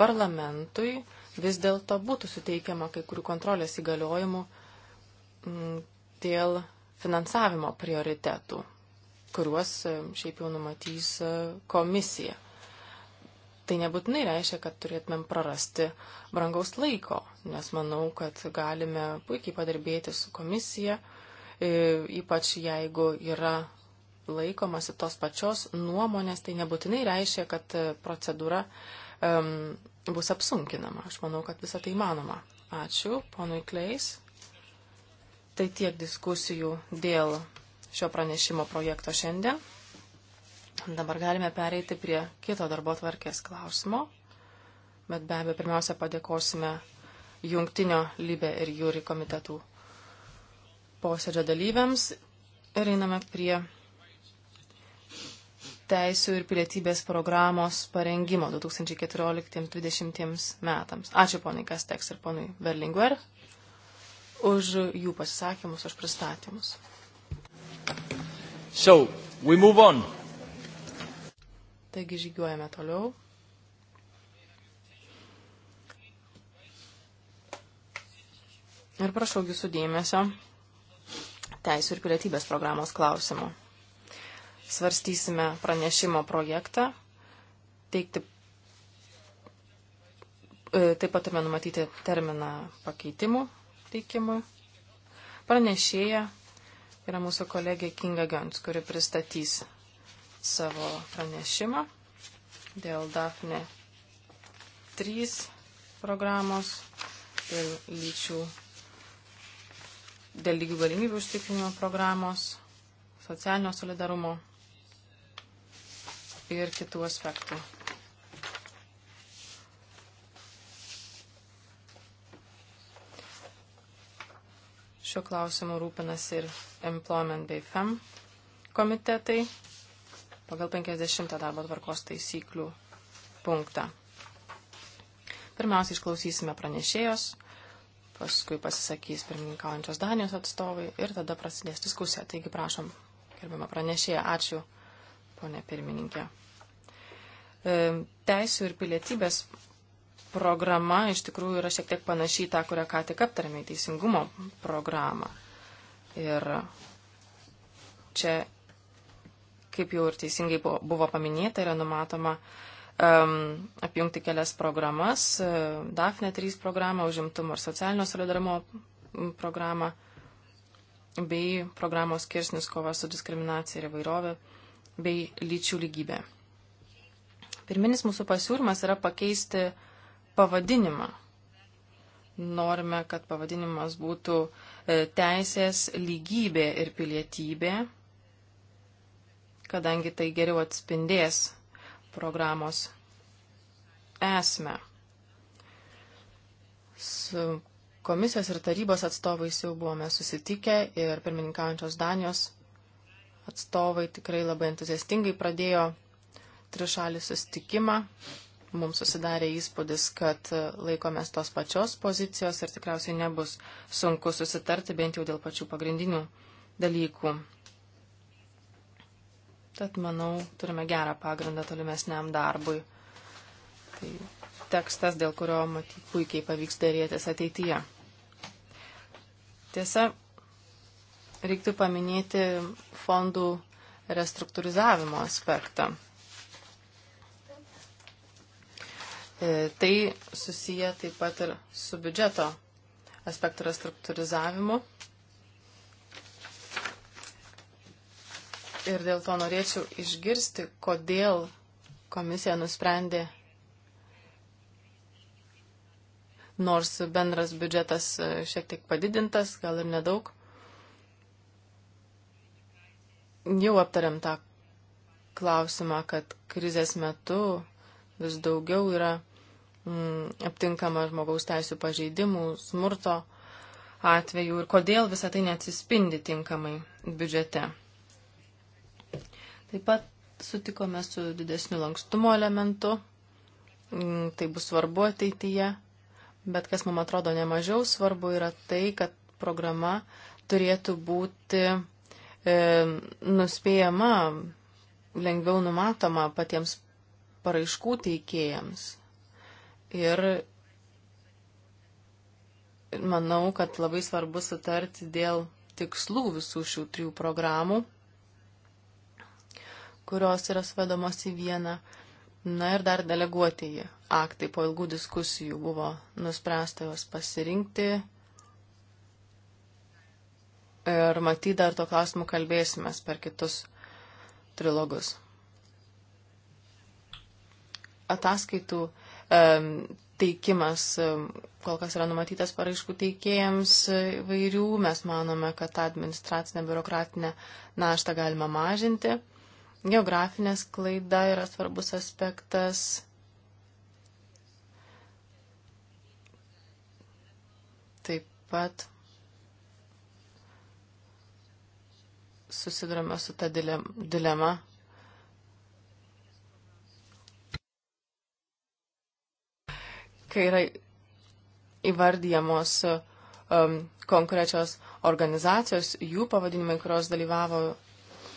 parlamentui vis dėlto būtų suteikiama kai kurių kontrolės įgaliojimų mm, dėl finansavimo prioritetų, kuriuos e, šiaip jau numatys e, komisija. Tai nebūtinai reiškia, kad turėtumėm prarasti brangaus laiko, nes manau, kad galime puikiai padirbėti su komisija E, ypač jeigu yra laikomasi tos pačios nuomonės, tai nebūtinai reiškia, kad e, procedūra um, bus apsunkinama. Aš manau, kad visą tai įmanoma. Ačiū, ponui Kleis. Tai tiek diskusijų dėl šio pranešimo projekto šiandien. Dabar galime pereiti prie kito darbo tvarkės klausimo, bet be abejo pirmiausia padėkosime jungtinio Libė ir Jūri komitetų posėdžio dalyviams ir einame prie teisų ir pilietybės programos parengimo 2014-2020 metams. Ačiū poniai Kasteks ir poniai Berlinguer už jų pasisakymus, už pristatymus. So, we move on. Taigi žygiuojame toliau. Ir prašau jūsų dėmesio teisų ir pilietybės programos klausimų. Svarstysime pranešimo projektą, teikti e, taip pat turime numatyti terminą pakeitimų teikimui. Pranešėja yra mūsų kolegė Kinga Gans, kuri pristatys savo pranešimą dėl DAFNE 3 programos ir lyčių dėl lygių galimybių užtikrinimo programos, socialinio solidarumo ir kitų aspektų. Šiuo klausimu rūpinasi ir Employment bei FEM komitetai pagal 50 darbo tvarkos taisyklių punktą. Pirmiausia, išklausysime pranešėjos paskui pasisakys pirmininkaujančios Danijos atstovai ir tada prasidės diskusija. Taigi prašom, gerbama pranešėja, ačiū, ponė pirmininkė. E, teisų ir pilietybės programa iš tikrųjų yra šiek tiek panašiai tą, kurią ką tik aptarėme į teisingumo programą. Ir čia, kaip jau ir teisingai buvo paminėta, yra numatoma uh, um, apjungti kelias programas e, - DAFNE 3 programą, užimtumo ir socialinio solidarumo programą bei programos kirsnis kova su diskriminacija ir įvairovė bei lyčių lygybė. Pirminis mūsų pasiūlymas yra pakeisti pavadinimą. Norime, kad pavadinimas būtų e, teisės lygybė ir pilietybė, kadangi tai geriau atspindės programos esmę. Su komisijos ir tarybos atstovais jau buvome susitikę ir pirmininkaujančios Danijos atstovai tikrai labai entuziastingai pradėjo trišalį sustikimą. Mums susidarė įspūdis, kad laikomės tos pačios pozicijos ir tikriausiai nebus sunku susitarti bent jau dėl pačių pagrindinių dalykų. Tad, manau, turime gerą pagrindą tolimesniam darbui. Tai tekstas, dėl kurio matyt puikiai pavyks dėrėtis ateityje. Tiesa, reiktų paminėti fondų restruktūrizavimo aspektą. E, tai susiję taip pat ir su biudžeto aspektų restruktūrizavimu. Ir dėl to norėčiau išgirsti, kodėl komisija nusprendė, nors bendras biudžetas e, šiek tiek padidintas, gal ir nedaug. Jau aptariam tą klausimą, kad krizės metu vis daugiau yra mm, aptinkama žmogaus teisų pažeidimų, smurto atvejų ir kodėl visą tai neatsispindi tinkamai biudžete. Taip pat sutikome su didesniu lankstumo elementu. Mm, tai bus svarbu ateityje. Bet kas mums atrodo nemažiau svarbu yra tai, kad programa turėtų būti e, nuspėjama, lengviau numatoma patiems paraiškų teikėjams. Ir manau, kad labai svarbu sutarti dėl tikslų visų šių trijų programų kurios yra svedamos į vieną. Na ir dar deleguotieji aktai po ilgų diskusijų buvo nuspręsta juos pasirinkti. Ir matyt, dar to klausimu kalbėsime per kitus trilogus. Ataskaitų um, teikimas kol kas yra numatytas paraiškų teikėjams vairių. Mes manome, kad tą administracinę biurokratinę naštą galima mažinti. Geografinė sklaida yra svarbus aspektas. Taip pat susidurime su ta dilema, kai yra įvardyjamos um, konkrečios organizacijos, jų pavadinimai, kurios dalyvavo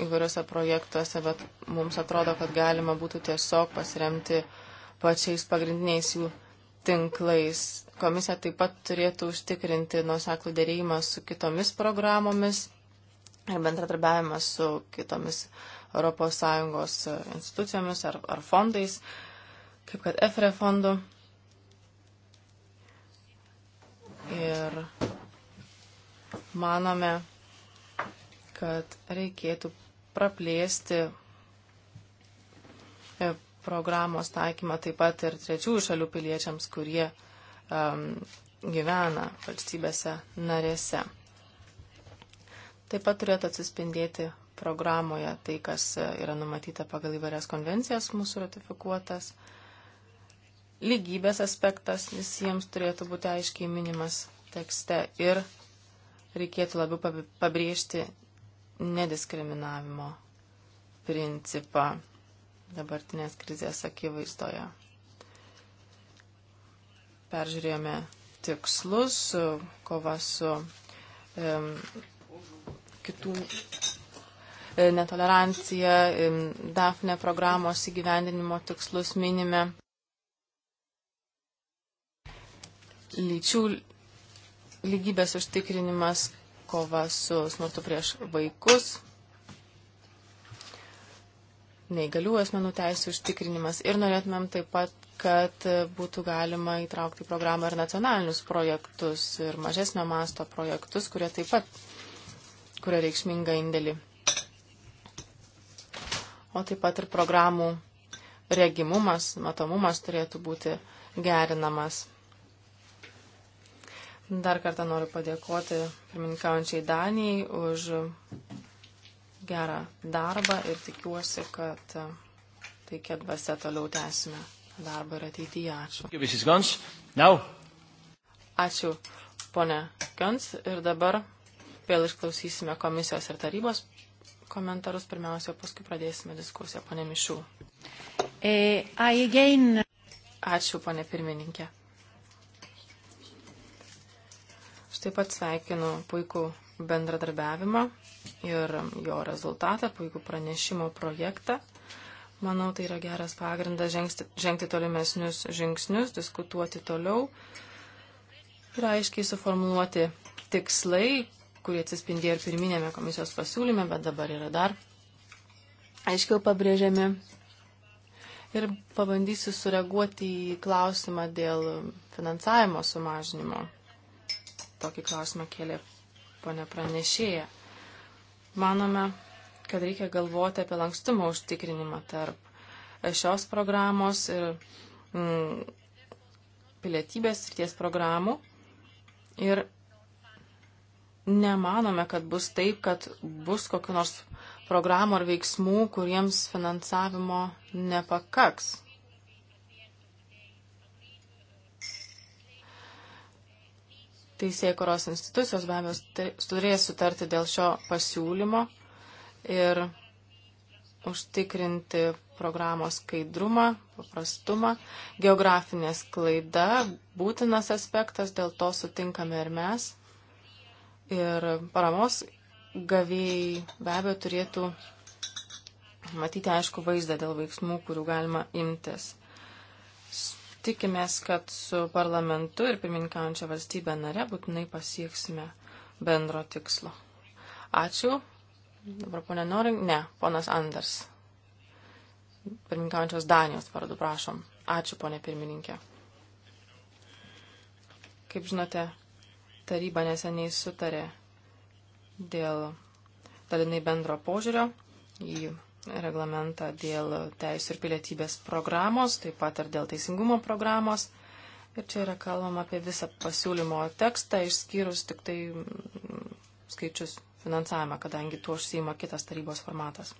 įvairiose projektuose, bet mums atrodo, kad galima būtų tiesiog pasiremti pačiais pagrindiniais jų tinklais. Komisija taip pat turėtų užtikrinti nuoseklų dėrėjimą su kitomis programomis ir bendradarbiavimą su kitomis ES institucijomis ar, ar fondais, kaip kad EFRE fondu. Ir manome, kad reikėtų praplėsti e, programos taikymą taip pat ir trečiųjų šalių piliečiams, kurie um, gyvena valstybėse narėse. Taip pat turėtų atsispindėti programoje tai, kas e, yra numatyta pagal įvairias konvencijas mūsų ratifikuotas. Lygybės aspektas visiems turėtų būti aiškiai minimas tekste ir reikėtų labiau pabrėžti nediskriminavimo principą dabartinės krizės akivaizdoje. Peržiūrėjome tikslus, kova su e, kitų e, netolerancija, e, DAFNE programos įgyvendinimo tikslus minime. Lyčių lygybės užtikrinimas kova su smurtu prieš vaikus, neįgalių asmenų teisų užtikrinimas ir norėtumėm taip pat, kad būtų galima įtraukti į programą ir nacionalinius projektus ir mažesnio masto projektus, kurie taip pat kuria reikšmingą indėlį. O taip pat ir programų regimumas, matomumas turėtų būti gerinamas. Dar kartą noriu padėkoti pirmininkaujančiai Danijai už gerą darbą ir tikiuosi, kad taikia dvasia toliau tęsime darbą ir ateityje. Ačiū. Ačiū, ponė Gans. Ir dabar vėl išklausysime komisijos ir tarybos komentarus. Pirmiausia, paskui pradėsime diskusiją, ponė Mišų. Eh, Ačiū, ponė pirmininkė. Aš taip pat sveikinu puikų bendradarbiavimą ir jo rezultatą, puikų pranešimo projektą. Manau, tai yra geras pagrindas žengti, žengti tolimesnius žingsnius, diskutuoti toliau ir aiškiai suformuluoti tikslai, kurie atsispindėjo ir pirminėme komisijos pasiūlyme, bet dabar yra dar aiškiau pabrėžiami. Ir pabandysiu sureaguoti į klausimą dėl finansavimo sumažinimo tokį klausimą kėlė ponė pranešėja. Manome, kad reikia galvoti apie lankstumo užtikrinimą tarp šios programos ir mm, pilietybės ir ties programų. Ir nemanome, kad bus taip, kad bus kokiu nors programų ar veiksmų, kuriems finansavimo nepakaks. teisėkuros institucijos be abejo turės sutarti dėl šio pasiūlymo ir užtikrinti programos skaidrumą, paprastumą. Geografinė sklaida būtinas aspektas, dėl to sutinkame ir mes. Ir paramos gavėjai be abejo turėtų matyti aišku vaizdą dėl veiksmų, kurių galima imtis. Tikimės, kad su parlamentu ir pirmininkaujančia valstybė nare būtinai pasieksime bendro tikslo. Ačiū. Dabar ponė Noring, ne, ponas Anders. Pirmininkaujančios Danijos vardu prašom. Ačiū, ponė pirmininkė. Kaip žinote, taryba neseniai sutarė dėl dalinai bendro požiūrio į reglamentą dėl teisų ir pilietybės programos, taip pat ir dėl teisingumo programos. Ir čia yra kalbama apie visą pasiūlymo tekstą, išskyrus tik tai mm, skaičius finansavimą, kadangi tuo užsima kitas tarybos formatas.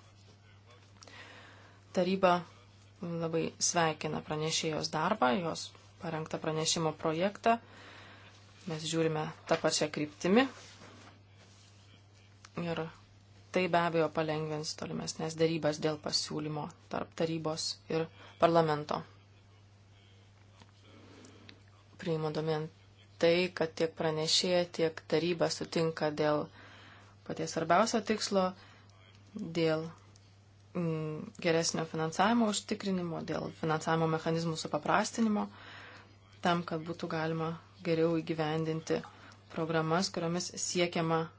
Taryba labai sveikina pranešėjos darbą, jos parengtą pranešimo projektą. Mes žiūrime tą pačią kryptimį. Ir tai be abejo palengvins tolimesnės darybas dėl pasiūlymo tarp tarybos ir parlamento. Priima domen tai, kad tiek pranešėja, tiek taryba sutinka dėl paties svarbiausio tikslo, dėl mm, geresnio finansavimo užtikrinimo, dėl finansavimo mechanizmų supaprastinimo, tam, kad būtų galima geriau įgyvendinti programas, kuriomis siekiama e,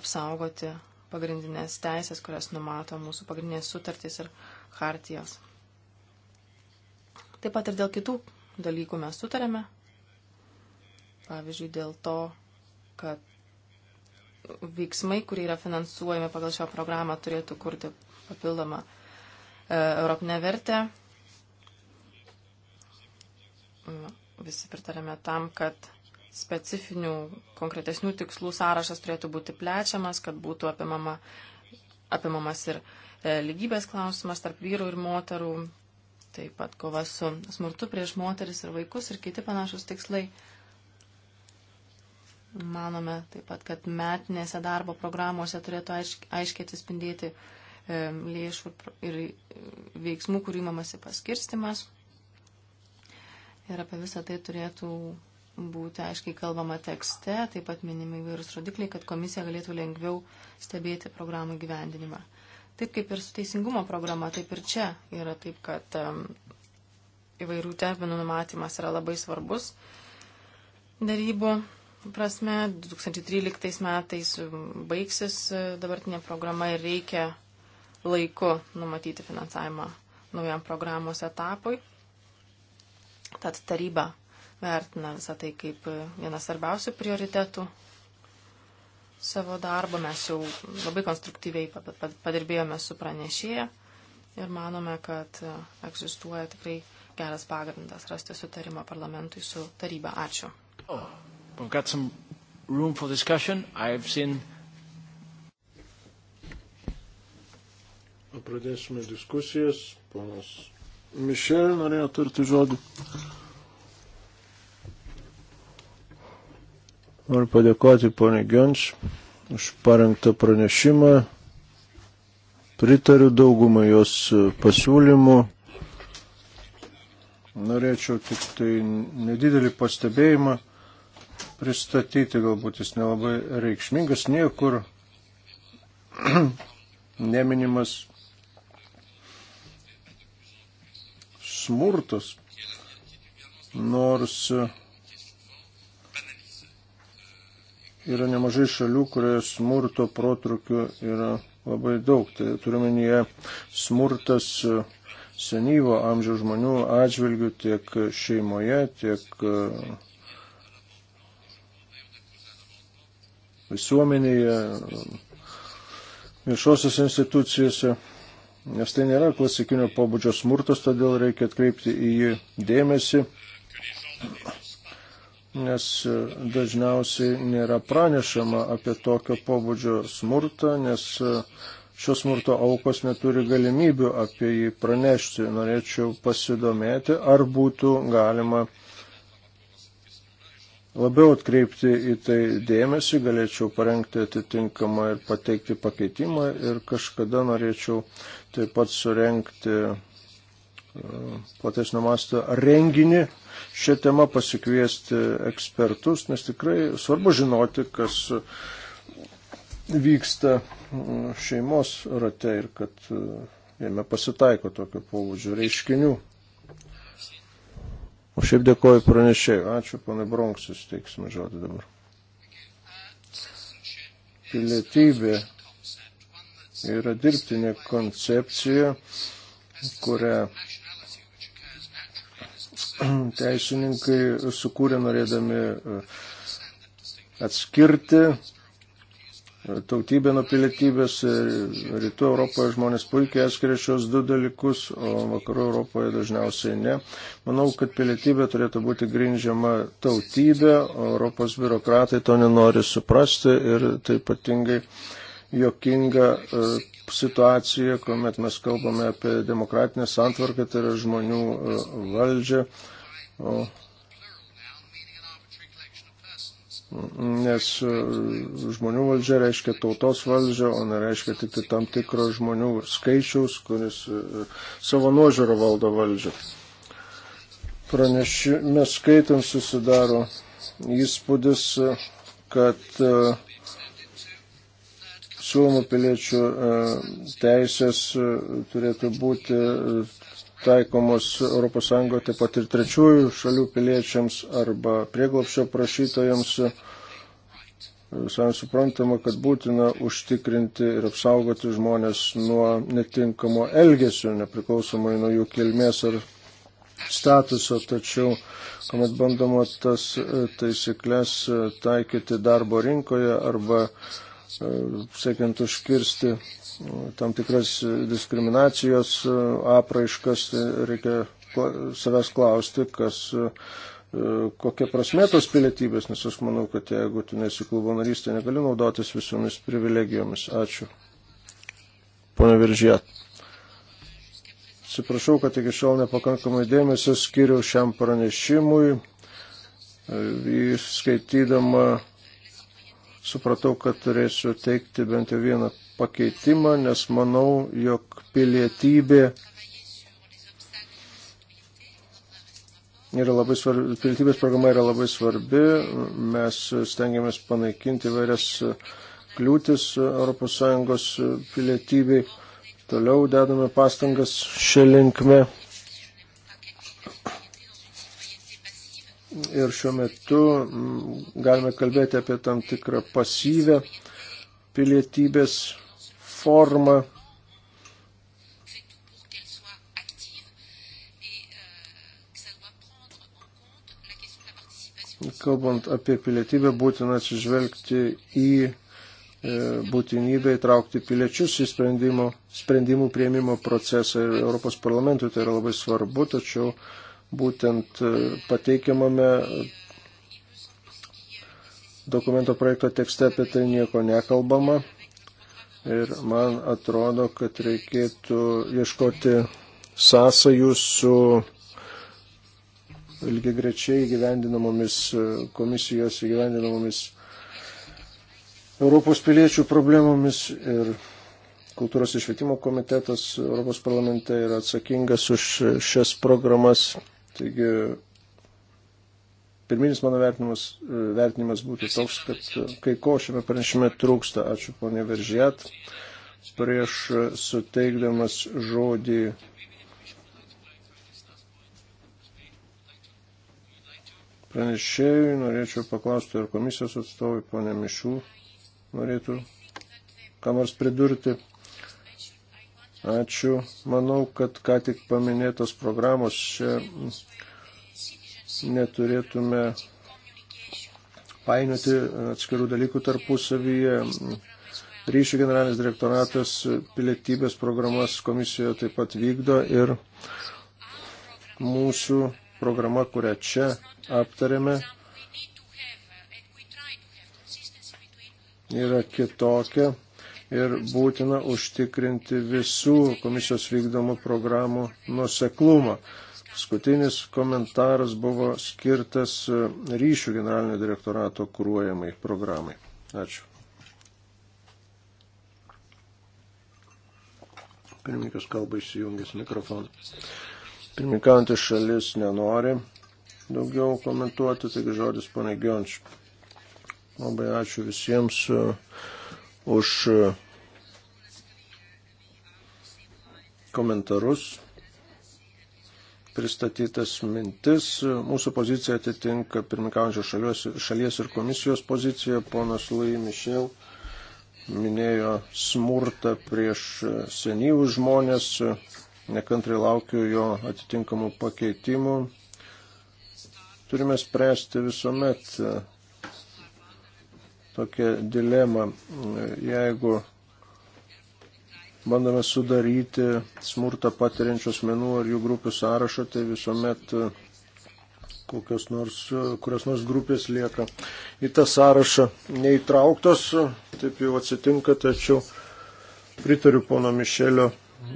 apsaugoti pagrindinės teisės, kurias numato mūsų pagrindinės sutartys ir hartijos. Taip pat ir dėl kitų dalykų mes sutarėme. Pavyzdžiui, dėl to, kad veiksmai, kurie yra finansuojami pagal šią programą, turėtų kurti papildomą e, europinę vertę. Visi pritarėme tam, kad specifinių konkretesnių tikslų sąrašas turėtų būti plečiamas, kad būtų apimama, apimamas ir e, lygybės klausimas tarp vyrų ir moterų, taip pat kova su smurtu prieš moteris ir vaikus ir kiti panašus tikslai. Manome taip pat, kad metinėse darbo programuose turėtų aiškiai atsispindėti e, lėšų ir e, veiksmų, kurių įmamasi paskirstimas. Ir apie visą tai turėtų būti aiškiai kalbama tekste, taip pat minimi įvairūs rodikliai, kad komisija galėtų lengviau stebėti programų gyvendinimą. Taip kaip ir su teisingumo programa, taip ir čia yra taip, kad um, įvairių terminų numatymas yra labai svarbus darybų prasme. 2013 metais baigsis e, dabartinė programa ir reikia laiku numatyti finansavimą naujam programos etapui. Tad taryba vertina visą tai kaip vienas svarbiausių prioritetų savo darbo. Mes jau labai konstruktyviai padirbėjome su pranešėja ir manome, kad egzistuoja tikrai geras pagrindas rasti sutarimą parlamentui su taryba. Ačiū. Oh, room for discussion. I've seen. Pradėsime diskusijas. Ponas Mišel norėjo turti žodį. Noriu padėkoti ponė Gionč už parengtą pranešimą. Pritariu daugumą jos pasiūlymų. Norėčiau tik tai nedidelį pastebėjimą pristatyti, galbūt jis nelabai reikšmingas, niekur [CLEARS THROAT] neminimas smurtas, nors yra nemažai šalių, kurioje smurto protrukių yra labai daug. Tai turiuomenyje smurtas senyvo amžiaus žmonių atžvilgių tiek šeimoje, tiek e, visuomenėje, viešosios institucijose, nes tai nėra klasikinio pobūdžio smurtas, todėl reikia atkreipti į jį dėmesį nes dažniausiai nėra pranešama apie tokio pobūdžio smurtą, nes šios smurto aukos neturi galimybių apie jį pranešti. Norėčiau pasidomėti, ar būtų galima labiau atkreipti į tai dėmesį, galėčiau parengti atitinkamą ir pateikti pakeitimą ir kažkada norėčiau taip pat surenkti platesnio masto renginį šią temą pasikviesti ekspertus, nes tikrai svarbu žinoti, kas vyksta šeimos rate ir kad e, jame pasitaiko tokio pobūdžio reiškinių. O šiaip dėkoju pranešėjai. Ačiū, ponai Bronksis, teiksime žodį dabar. Pilietybė yra dirbtinė koncepcija, kurią teisininkai sukūrė norėdami e, atskirti e, tautybę nuo pilietybės. E, Rytų Europoje žmonės puikiai atskiria šios du dalykus, o vakarų Europoje dažniausiai ne. Manau, kad pilietybė turėtų būti grindžiama tautybė, o Europos biurokratai to nenori suprasti ir tai ypatingai jokinga e, situacija, kuomet mes kalbame apie demokratinę santvarką, tai yra žmonių e, valdžią. O nes e, žmonių valdžia reiškia tautos valdžia, o nereiškia tik tai tam tikro žmonių skaičiaus, kuris savo nuožiūro valdo valdžią. Pranešime skaitant susidaro įspūdis, kad uh, siūlomų piliečių e, teisės e, turėtų būti e, taikomos ES taip pat ir trečiųjų šalių piliečiams arba prieglopščio prašytojams. Visai suprantama, kad būtina užtikrinti ir apsaugoti žmonės nuo netinkamo elgesio, nepriklausomai nuo jų kilmės ar statuso, tačiau, kuomet bandoma tas taisyklės taikyti darbo rinkoje arba uh, E, siekiant užkirsti e, tam tikras diskriminacijos e, apraiškas, tai reikia savęs klausti, kas kokia prasme tos pilietybės, nes aš manau, kad jeigu tu nesi klubo narys, tai negali naudotis visomis privilegijomis. Ačiū. Pone Viržėt. Atsiprašau, kad iki šiol nepakankamai dėmesio skiriau šiam pranešimui, skaitydama supratau, kad turėsiu teikti bent jau vieną pakeitimą, nes manau, jog pilietybė yra labai svarbi, pilietybės programa yra labai svarbi, mes stengiamės panaikinti vairias kliūtis ES pilietybei, toliau dedame pastangas šią linkmę. ir šiuo metu mm, galime kalbėti apie tam tikrą pasyvę pilietybės formą. Kalbant apie pilietybę, būtina atsižvelgti į e, būtinybę įtraukti piliečius į sprendimų prieimimo procesą ir Europos parlamentui tai yra labai svarbu, tačiau uh, būtent e, pateikiamame dokumento projekto tekste apie tai nieko nekalbama. Ir man atrodo, kad reikėtų ieškoti sąsajų su ilgiai grečiai gyvendinamomis e, komisijos įgyvendinamomis Europos piliečių problemomis ir kultūros išvietimo komitetas Europos parlamente yra atsakingas už šias programas Taigi, pirminis mano vertinimas, e, vertinimas būtų toks, kad e, kai ko šiame pranešime trūksta. Ačiū, ponė Veržėt. Prieš e, suteikdamas žodį pranešėjui, norėčiau paklausti, ar komisijos atstovai, ponė Mišų, norėtų ką nors pridurti. Ačiū. Manau, kad ką tik paminėtos programos čia neturėtume painioti atskirų dalykų tarpusavyje. Ryšių generalinis direktoratas pilietybės programas komisijoje taip pat vykdo ir mūsų programa, kurią čia aptarėme, yra kitokia ir būtina užtikrinti visų komisijos vykdomų programų nuseklumą. Paskutinis komentaras buvo skirtas e, ryšių generalinio direktorato kūruojamai programai. Ačiū. Pirmininkas kalba įsijungęs mikrofoną. Pirmininkantis šalis nenori daugiau komentuoti, taigi žodis pane Gionč. Labai ačiū visiems e, už e, komentarus, pristatytas mintis. Mūsų pozicija atitinka pirmikaujančios šalies, šalies ir komisijos poziciją. Ponas Lui Mišel minėjo smurtą prieš senyvų žmonės. Nekantrai laukiu jo atitinkamų pakeitimų. Turime spręsti visuomet tokią dilemą. Jeigu bandome sudaryti smurtą patiriančios menų ar jų grupių sąrašą, tai visuomet e, kokios nors, e, kurios nors grupės lieka į tą sąrašą neįtrauktos, taip jau atsitinka, tačiau pritariu pono Mišelio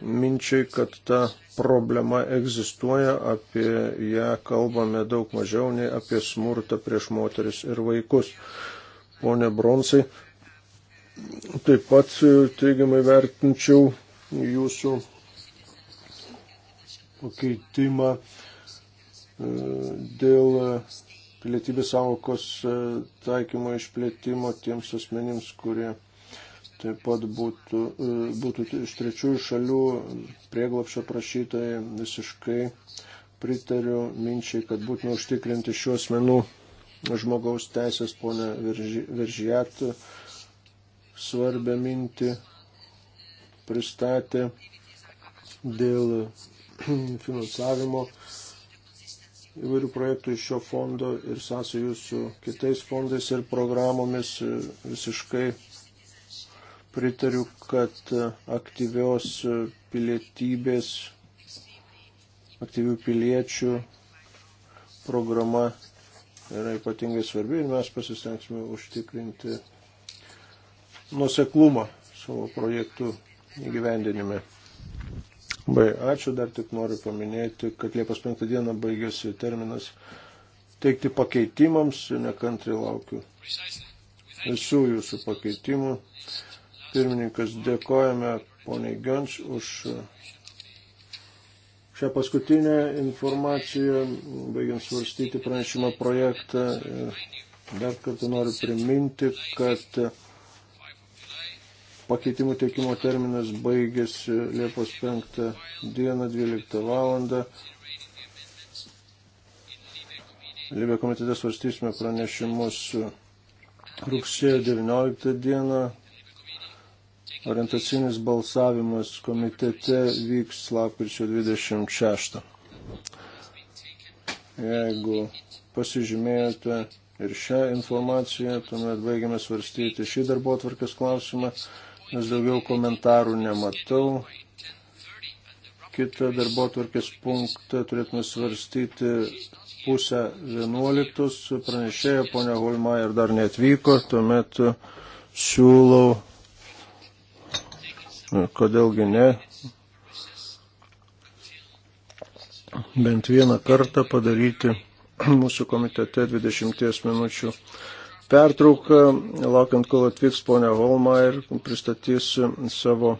minčiai, kad ta problema egzistuoja, apie ją kalbame daug mažiau nei apie smurtą prieš moteris ir vaikus. Pone Bronsai, Taip pat e, teigiamai vertinčiau jūsų pakeitimą e, dėl pilietybės savokos e, taikymo išplėtimo tiems asmenims, kurie taip pat būtų, būtų iš trečiųjų šalių prieglapšio prašytojai visiškai pritariu minčiai, kad būtina užtikrinti šiuos menų žmogaus teisės, ponė Veržijat, svarbę mintį pristatė dėl [CLEARS THROAT] finansavimo įvairių projektų iš šio fondo ir sąsajų su kitais fondais ir programomis visiškai pritariu, kad aktyvios pilietybės, aktyvių piliečių programa yra ypatingai svarbi ir mes pasistengsime užtikrinti nuseklumą savo projektų įgyvendinime. Bai, ačiū, dar tik noriu paminėti, kad Liepos 5 dieną baigėsi terminas teikti pakeitimams, nekantri laukiu visų jūsų pakeitimų. Pirmininkas, dėkojame poniai Gönč už šią paskutinę informaciją, baigiant svarstyti pranešimo projektą. Dar kartą noriu priminti, kad Pakeitimų teikimo terminas baigėsi Liepos 5 dieną 12 valandą. Libė komitete svarstysime pranešimus rugsėjo 19 dieną. Orientacinis balsavimas komitete vyks lapkričio 26. Jeigu pasižymėjote ir šią informaciją, tuomet baigiame svarstyti šį darbo atvarkės klausimą nes daugiau komentarų nematau. Kita darbo tvarkės punktą turėtume svarstyti pusę vienuoliktus. Pranešėja ponia Holmaier dar neatvyko, tuomet siūlau, kodėlgi ne, bent vieną kartą padaryti mūsų komitete 20 minučių pertrauką, laukiant, kol atvyks ponia Holma ir pristatys savo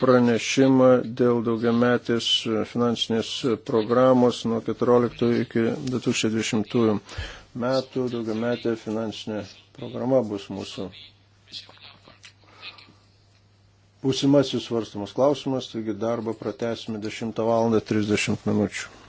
pranešimą dėl daugiametės finansinės programos nuo 14 iki 2020 metų. Daugiametė finansinė programa bus mūsų būsimasis svarstamas klausimas, taigi darbą pratesime 10 val. 30 minučių.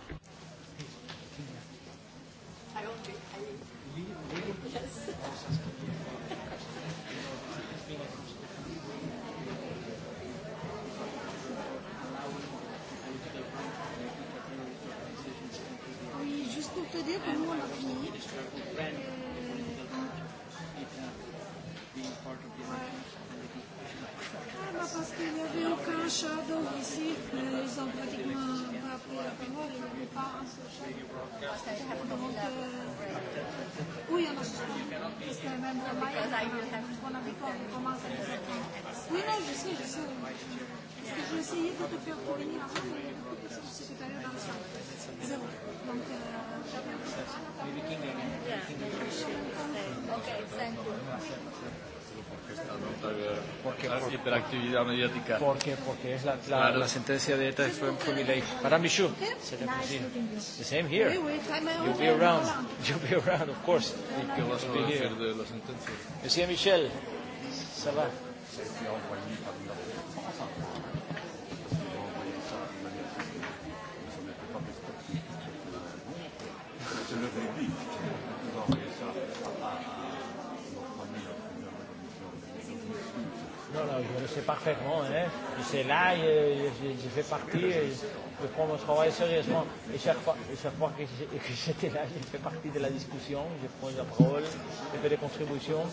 actividad mediática. Porque, porque es la, la, claro. la sentencia de ETA fue, fue mi ley. Madame Michou, nice the same here. You'll be around. [LAUGHS] You'll be around, of course. ¿Qué vas a decir de la sentencia? Monsieur Michel, ça va? Je le dis. je le sais parfaitement. Hein. Je sais là, je, je, je fais partie, je, je prends mon travail sérieusement. Et chaque fois, et chaque fois que, que j'étais là, j'ai fait partie de la discussion, j'ai pris la parole, j'ai fait des contributions.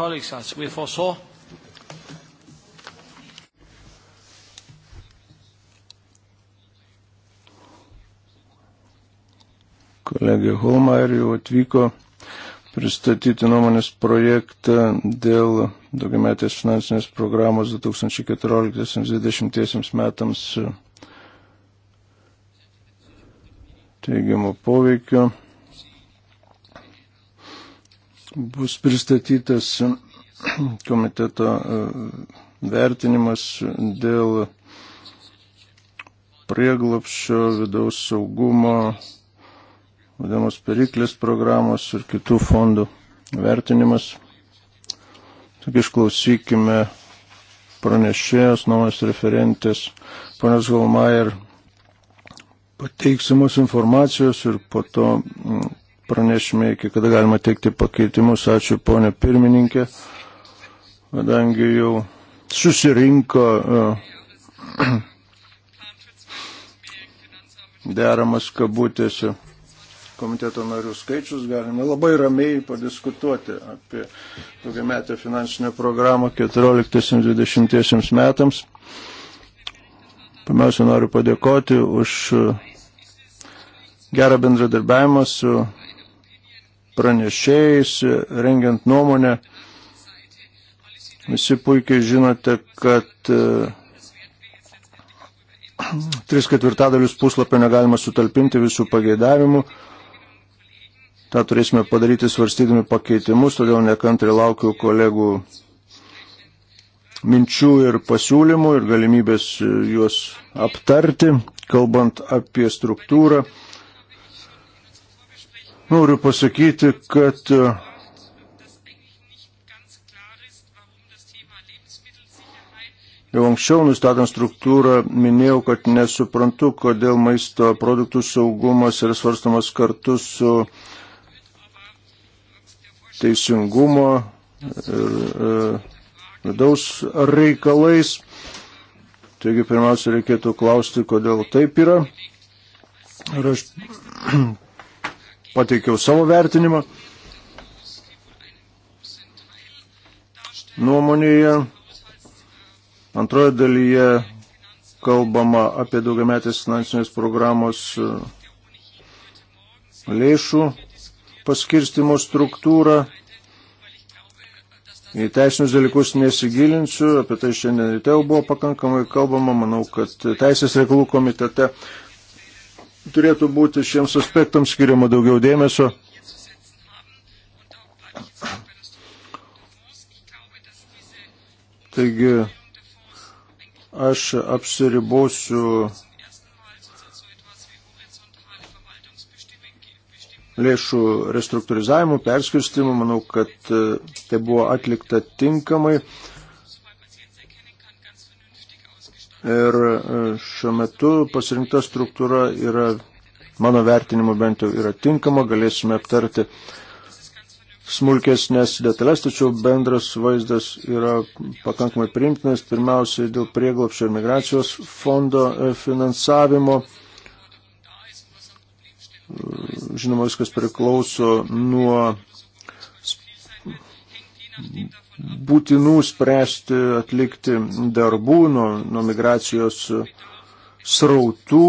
colleagues, as we foresaw. Kolegė Holmaier jau atvyko pristatyti nuomonės projektą dėl daugiametės finansinės programos 2014-2020 metams teigiamo poveikio bus pristatytas komiteto e, vertinimas dėl prieglopščio vidaus saugumo, vadinamos periklės programos ir kitų fondų vertinimas. Tik išklausykime pranešėjos, nuomonės referentės, ponios Galmajer pateiksimus informacijos ir po to mm, pranešime, iki kada galima teikti pakeitimus. Ačiū ponė pirmininkė, kadangi jau susirinko e, [CLEARS THROAT] deramas kabutėse komiteto narių skaičius, galime labai ramiai padiskutuoti apie daugiametę finansinę programą 14-20 metams. Pirmiausia, noriu padėkoti už gerą bendradarbiavimą su pranešėjais, rengiant nuomonę. Visi puikiai žinote, kad e, tris ketvirtadalius puslapio negalima sutalpinti visų pageidavimų. Ta turėsime padaryti svarstydami pakeitimus, todėl nekantri laukiu kolegų minčių ir pasiūlymų ir galimybės juos aptarti, kalbant apie struktūrą. Noriu pasakyti, kad e, Jau anksčiau nustatant struktūrą minėjau, kad nesuprantu, kodėl maisto produktų saugumas yra svarstamas kartu su teisingumo ir e, vidaus reikalais. Taigi pirmiausia reikėtų klausti, kodėl taip yra. Ir aš pateikiau savo vertinimą. Nuomonėje antroje dalyje kalbama apie daugiametės finansinės programos e, lėšų paskirstimo struktūrą. Į teisinius dalykus nesigilinsiu, apie tai šiandien ryte jau buvo pakankamai kalbama, manau, kad Teisės reikalų komitete turėtų būti šiems aspektams skiriama daugiau dėmesio. Taigi aš apsiribosiu lėšų restruktūrizavimu, perskirstimu. Manau, kad e, tai buvo atlikta tinkamai. Ir e, šiuo metu pasirinkta struktūra yra, mano vertinimu bent jau yra tinkama, galėsime aptarti smulkesnės detalės, tačiau bendras vaizdas yra pakankamai primtinas, pirmiausiai dėl prieglopščio ir migracijos fondo e, finansavimo. Žinoma, viskas priklauso nuo būtinų spręsti, atlikti darbų nuo, nuo migracijos srautų,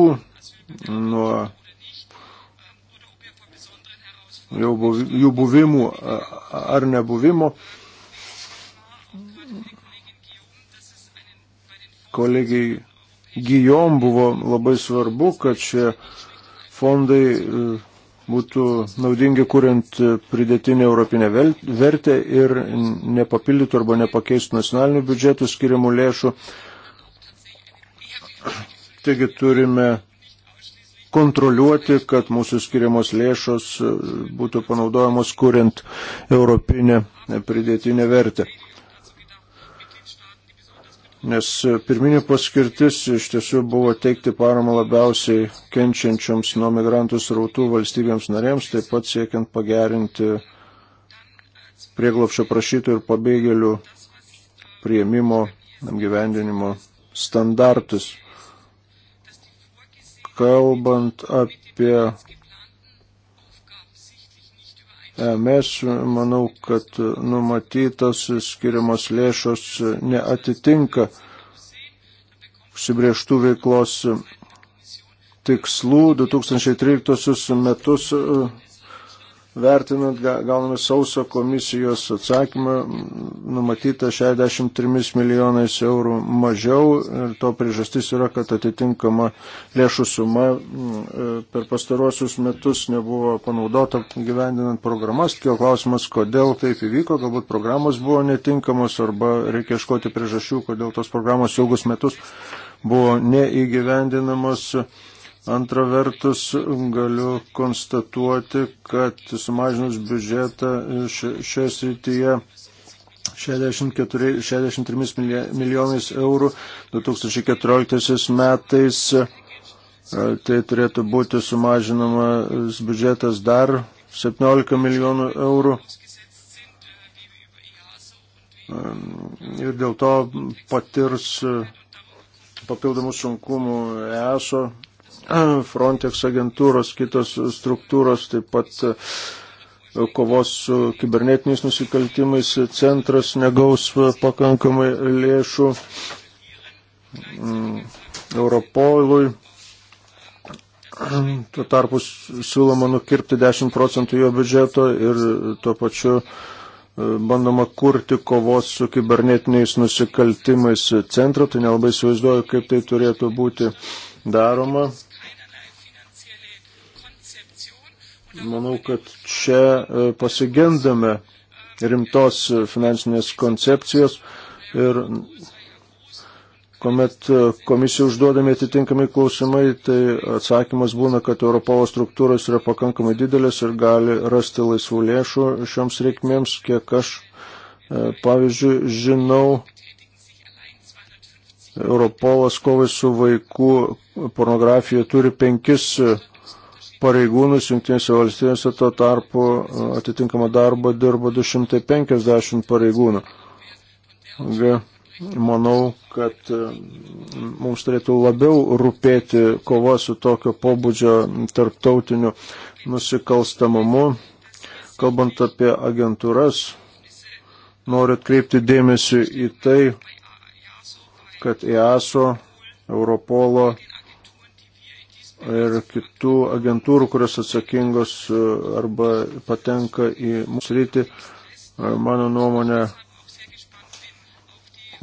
nuo jų buvimų ar nebuvimo. Kolegijai Gijom buvo labai svarbu, kad šie fondai būtų naudingi kuriant pridėtinę europinę vertę ir nepapildytų arba nepakeistų nacionalinių biudžetų skiriamų lėšų. Taigi turime kontroliuoti, kad mūsų skiriamos lėšos būtų panaudojamos kuriant europinę pridėtinę vertę nes e, pirminė paskirtis iš tiesų buvo teikti paramą labiausiai kenčiančioms nuo migrantų srautų valstybėms narėms, taip pat siekiant pagerinti prieglopšio prašytų ir pabėgėlių prieimimo, apgyvendinimo standartus. Kalbant apie Mes manau, kad numatytos skiriamos lėšos neatitinka užsibrieštų veiklos tikslų 2013 metus vertinant gauname sauso komisijos atsakymą, numatyta 63 milijonais eurų mažiau ir to priežastis yra, kad atitinkama lėšų suma e, per pastaruosius metus nebuvo panaudota gyvendinant programas. Kėl klausimas, kodėl taip įvyko, galbūt programos buvo netinkamos arba reikia iškoti priežasčių, kodėl tos programos ilgus metus buvo neįgyvendinamos. Antra vertus, galiu konstatuoti, kad sumažinus biudžetą šioje srityje 64, 63 milijonais eurų 2014 metais, tai turėtų būti sumažinamas biudžetas dar 17 milijonų eurų. Ir dėl to patirs papildomų sunkumų ESO Frontex agentūros, kitos struktūros, taip pat e, kovos su kibernetiniais nusikaltimais centras negaus e, pakankamai lėšų mm, Europolui. Tuo tarpu siūloma nukirpti 10 procentų jo biudžeto ir tuo pačiu e, bandoma kurti kovos su kibernetiniais nusikaltimais centrą, tai nelabai įsivaizduoju, kaip tai turėtų būti daroma. Manau, kad čia e, pasigendame rimtos finansinės koncepcijos ir kuomet e, komisija užduodami atitinkami klausimai, tai atsakymas būna, kad Europovo struktūros yra pakankamai didelės ir gali rasti laisvų lėšų šioms reikmėms, kiek aš, e, pavyzdžiui, žinau. Europolas kovai su vaikų pornografija turi penkis pareigūnus Junktinėse valstijose, tuo tarpu e, atitinkamą darbą dirba 250 pareigūnų. Manau, kad e, mums turėtų labiau rūpėti kova su tokio pobūdžio tarptautiniu nusikalstamumu. Kalbant apie agentūras, noriu atkreipti dėmesį į tai, kad EASO, Europolo ir kitų agentūrų, kurios atsakingos e, arba patenka į mūsų rytį, e, mano nuomonė,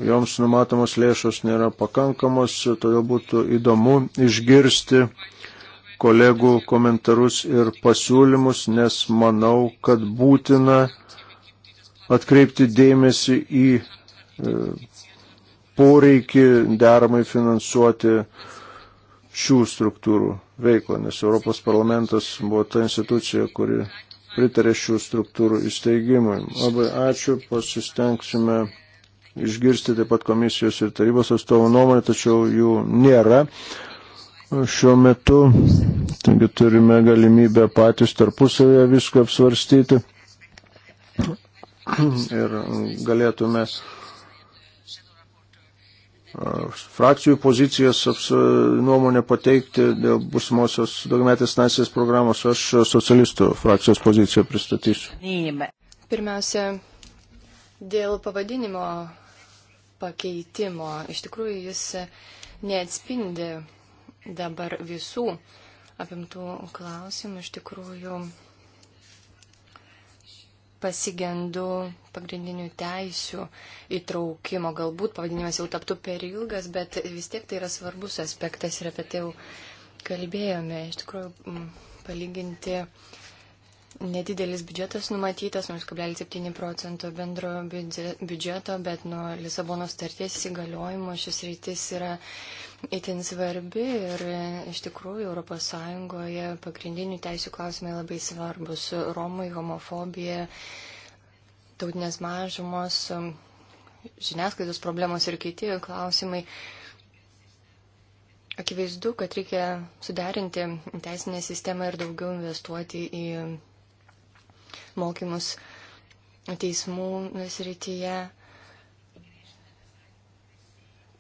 joms numatomos lėšos nėra pakankamos, todėl būtų įdomu išgirsti kolegų komentarus ir pasiūlymus, nes manau, kad būtina atkreipti dėmesį į e, poreikį deramai finansuoti uh, šių struktūrų veiklą, nes Europos parlamentas buvo ta institucija, kuri pritarė šių struktūrų įsteigimui. Labai ačiū, pasistengsime išgirsti taip pat komisijos ir tarybos atstovų nuomonę, tačiau jų nėra šiuo metu. Taigi turime galimybę patys tarpusavėje viską apsvarstyti ir galėtume frakcijų pozicijas nuomonę pateikti dėl busimosios daugiametės nacijos programos. Aš socialistų frakcijos poziciją pristatysiu. Pirmiausia, dėl pavadinimo pakeitimo. Iš tikrųjų, jis neatspindi dabar visų apimtų klausimų. Iš tikrųjų, pasigendu pagrindinių teisių įtraukimo. Galbūt pavadinimas jau taptų per ilgas, bet vis tiek tai yra svarbus aspektas ir apie tai jau kalbėjome. Iš tikrųjų, palyginti nedidelis biudžetas numatytas, 0,7 procento bendro biudžeto, bet nuo Lisabonos starties įsigaliojimo šis rytis yra itin svarbi ir iš tikrųjų ES pagrindinių teisų klausimai labai svarbus. Romai, homofobija, tautinės mažumos, žiniasklaidos problemos ir kiti klausimai. Akivaizdu, kad reikia suderinti teisinę sistemą ir daugiau investuoti į mokymus teismų srityje.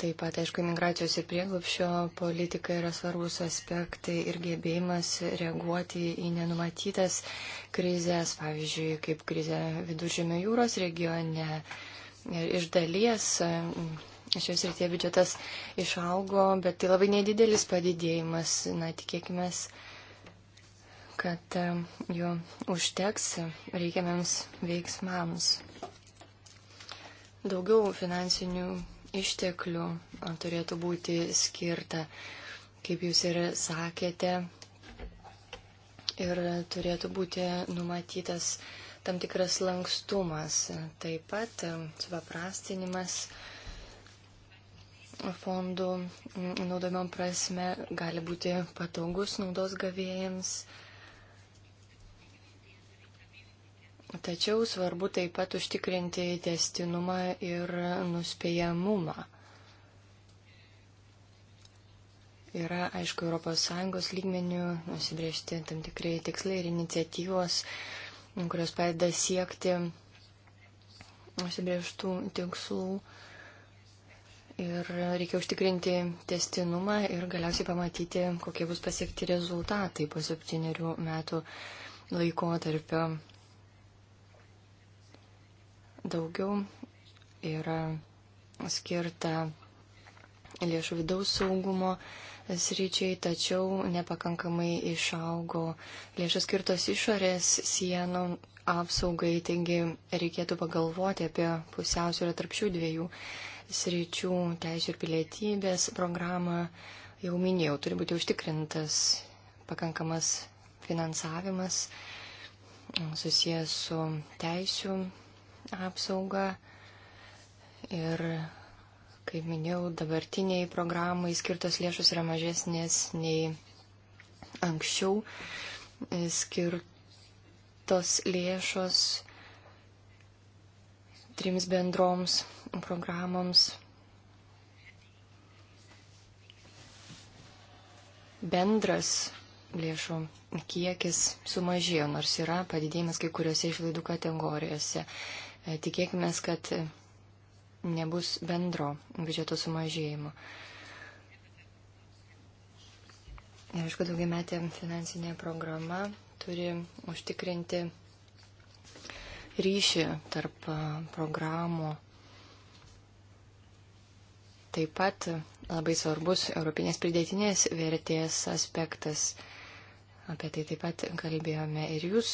Taip pat, aišku, migracijos ir prieglupšio politika yra svarbus aspektai ir gebėjimas reaguoti į nenumatytas krizės, pavyzdžiui, kaip krizė viduržėmio jūros regione. Ir iš dalies mm, šios rytie biudžetas išaugo, bet tai labai nedidelis padidėjimas. Na, tikėkime, kad e, jų užteks reikiamiams veiksmams. Daugiau finansinių išteklių turėtų būti skirta, kaip jūs ir sakėte, ir turėtų būti numatytas tam tikras lankstumas, taip pat e, supaprastinimas fondų naudojimo prasme gali būti patogus naudos gavėjams. Tačiau svarbu taip pat užtikrinti testinumą ir nuspėjamumą. Yra, aišku, ES lygmenių nusibriežti tam tikrai tikslai ir iniciatyvos, kurios padeda siekti nusibriežtų tikslų. Ir reikia užtikrinti testinumą ir galiausiai pamatyti, kokie bus pasiekti rezultatai po septyniarių metų laikotarpio daugiau yra skirta lėšų vidaus saugumo sryčiai, tačiau nepakankamai išaugo lėšos skirtos išorės sienų apsaugai, taigi reikėtų pagalvoti apie pusiausvyrą tarp šių dviejų sričių teisų ir pilietybės programą. Jau minėjau, turi būti užtikrintas pakankamas finansavimas susijęs su teisų apsaugą ir, kaip minėjau, dabartiniai programai skirtos lėšos yra mažesnės nei anksčiau skirtos lėšos trims bendroms programoms. Bendras lėšų kiekis sumažėjo, nors yra padidėjimas kai kuriuose išlaidų kategorijose. E, tikėkime, kad nebus bendro biudžeto sumažėjimo. Ir aišku, daugiametė finansinė programa turi užtikrinti ryšį tarp e, programų. Taip pat labai svarbus Europinės pridėtinės vertės aspektas. Apie tai taip pat kalbėjome ir jūs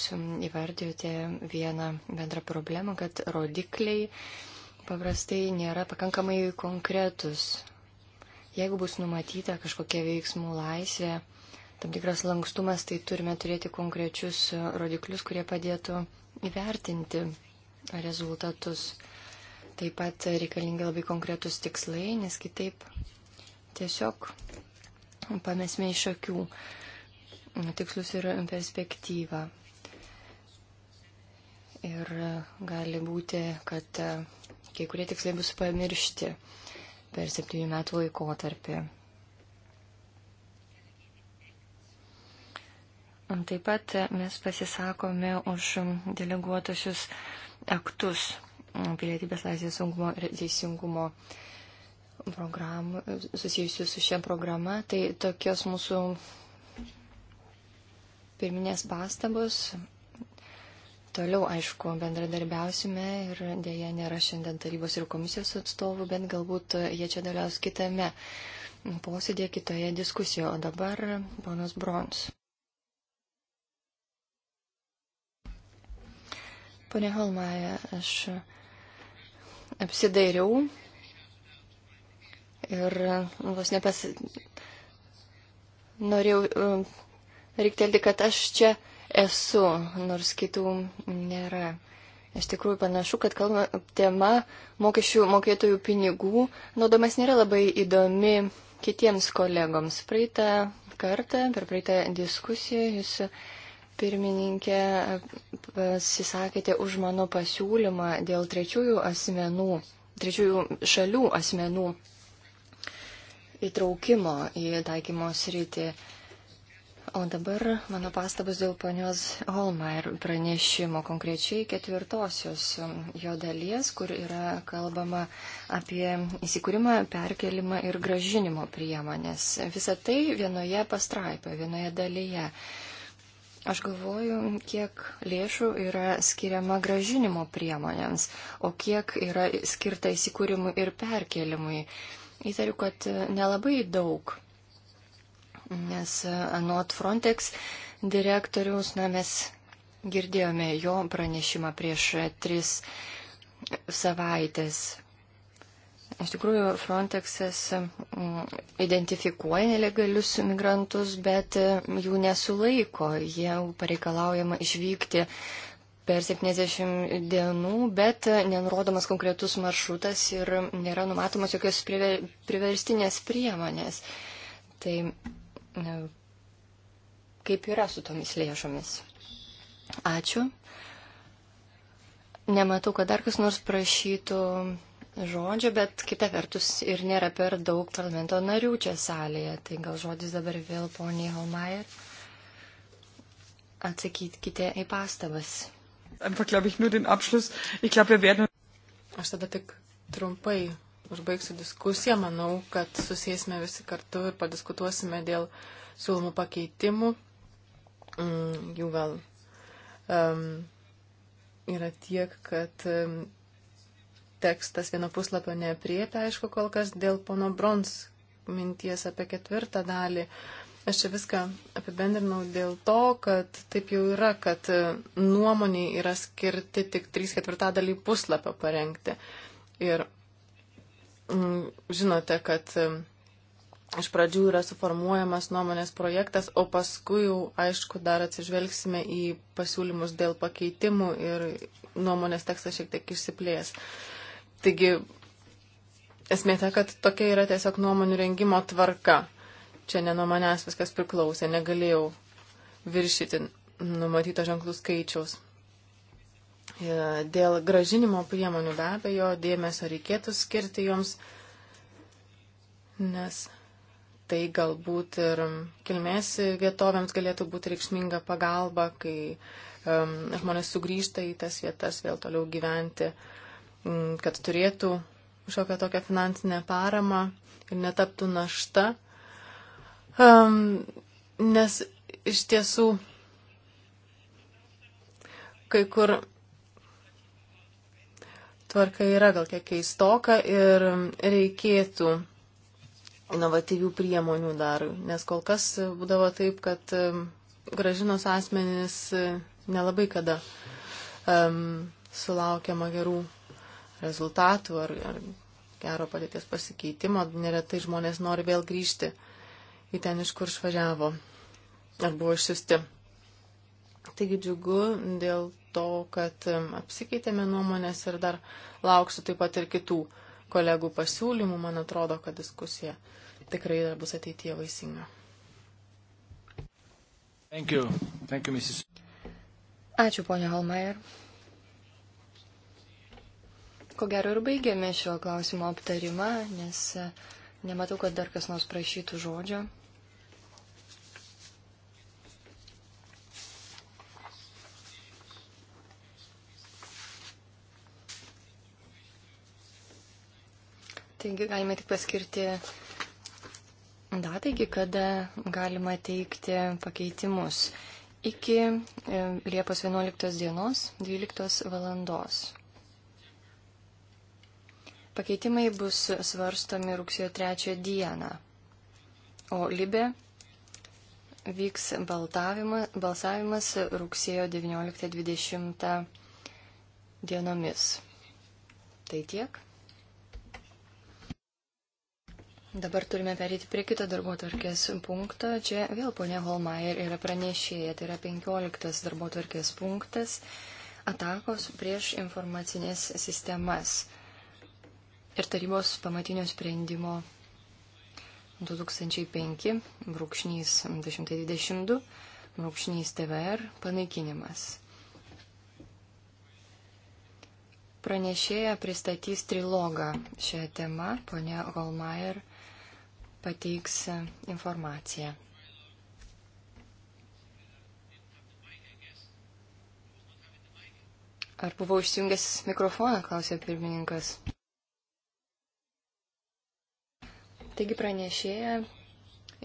įvardėjote vieną bendrą problemą, kad rodikliai paprastai nėra pakankamai konkretus. Jeigu bus numatyta kažkokia veiksmų laisvė, tam tikras lankstumas, tai turime turėti konkrečius rodiklius, kurie padėtų įvertinti rezultatus. Taip pat reikalingi labai konkretus tikslai, nes kitaip tiesiog pamesime iš akių tikslus ir perspektyvą. Ir gali būti, kad e, kai kurie tikslai bus pamiršti per septynių metų laikotarpį. Taip pat mes pasisakome už deleguotusius aktus pilietybės laisvės saugumo ir teisingumo programų susijusių su šia programa. Tai tokios mūsų pirminės pastabos. Toliau, aišku, bendradarbiausime ir dėja nėra šiandien tarybos ir komisijos atstovų, bet galbūt jie čia dalyvaus kitame posėdėje, kitoje diskusijoje. O dabar ponas Brons. Pone Holmaja, aš apsidairiau ir vos nepas. Norėjau Rikteldi, kad aš čia esu, nors kitų nėra. Iš tikrųjų panašu, kad kalba tema mokesčių mokėtojų pinigų naudomas nėra labai įdomi kitiems kolegoms. Praeitą kartą, per praeitą diskusiją jūs pirmininkė pasisakėte už mano pasiūlymą dėl trečiųjų asmenų, trečiųjų šalių asmenų įtraukimo į taikymo sritį. O dabar mano pastabas dėl ponios Holmaier pranešimo, konkrečiai ketvirtosios um, jo dalies, kur yra kalbama apie įsikūrimą, perkelimą ir gražinimo priemonės. Visą tai vienoje pastraipoje, vienoje dalyje. Aš galvoju, kiek lėšų yra skiriama gražinimo priemonėms, o kiek yra skirta įsikūrimui ir perkelimui. Įtariu, kad nelabai daug nes anot Frontex direktoriaus, na, mes girdėjome jo pranešimą prieš tris savaitės. Iš tikrųjų, Frontexas mm, identifikuoja nelegalius migrantus, bet mm, jų nesulaiko. Jie pareikalaujama išvykti per 70 dienų, bet nenurodomas konkretus maršrutas ir nėra numatomas jokios priverstinės priemonės. Tai kaip yra su tomis lėšomis. Ačiū. Nematau, kad dar kas nors prašytų žodžio, bet kita vertus ir nėra per daug parlamento narių čia salėje. Tai gal žodis dabar vėl poniai Holmeier. Atsakykite į pastabas. Aš tada tik trumpai užbaigsiu diskusiją. Manau, kad susėsime visi kartu ir padiskutuosime dėl siūlomų pakeitimų. Mm, jų gal um, yra tiek, kad um, tekstas vieno puslapio nepriepia, aišku, kol kas dėl pono Brons minties apie ketvirtą dalį. Aš čia viską apibendrinau dėl to, kad taip jau yra, kad e, nuomoniai yra skirti tik 3 ketvirtadalį puslapio parengti. Ir Mm, žinote, kad iš pradžių yra suformuojamas nuomonės projektas, o paskui jau, aišku, dar atsižvelgsime į pasiūlymus dėl pakeitimų ir nuomonės tekstas šiek tiek išsiplės. Taigi, esmė ta, kad tokia yra tiesiog nuomonių rengimo tvarka. Čia ne nuo manęs viskas priklausė, negalėjau viršyti numatyto ženklų skaičiaus. E, dėl gražinimo priemonių be abejo dėmesio reikėtų skirti joms, nes tai galbūt ir kilmės vietovėms galėtų būti reikšminga pagalba, kai um, žmonės sugrįžta į tas vietas vėl toliau gyventi, um, kad turėtų kažkokią tokią finansinę paramą ir netaptų našta. Um, nes iš tiesų kai kur tvarka yra gal kiek keistoka ir reikėtų inovatyvių priemonių dar, nes kol kas būdavo taip, kad gražinos asmenys e, nelabai kada um, sulaukiama gerų rezultatų ar, ar gero padėties pasikeitimo, neretai žmonės nori vėl grįžti į ten, iš kur išvažiavo ar buvo išsiusti. Taigi džiugu dėl to, kad apsikeitėme nuomonės ir dar lauksiu taip pat ir kitų kolegų pasiūlymų. Man atrodo, kad diskusija tikrai dar bus ateityje vaisinga. Thank you. Thank you, Mrs. Ačiū, ponia Holmeier. Ko gero ir baigėme šio klausimo aptarimą, nes e, nematau, kad dar kas nors prašytų žodžio. Taigi galime tik paskirti datą, iki kada galima teikti pakeitimus. Iki e, Liepos 11 dienos 12 valandos. Pakeitimai bus svarstomi rugsėjo 3 dieną, o Libė vyks balsavimas rugsėjo 19-20 dienomis. Tai tiek. Dabar turime perėti prie kito darbo tvarkės punkto. Čia vėl ponia Holmaier yra pranešėja. Tai yra 15 darbo tvarkės punktas - atakos prieš informacinės sistemas ir tarybos pamatinio sprendimo 2005-122 TVR panaikinimas. Pranešėja pristatys trilogą šią temą, ponia Holmaier pateiks informaciją. Ar buvo išjungęs mikrofoną, klausė pirmininkas. Taigi pranešėja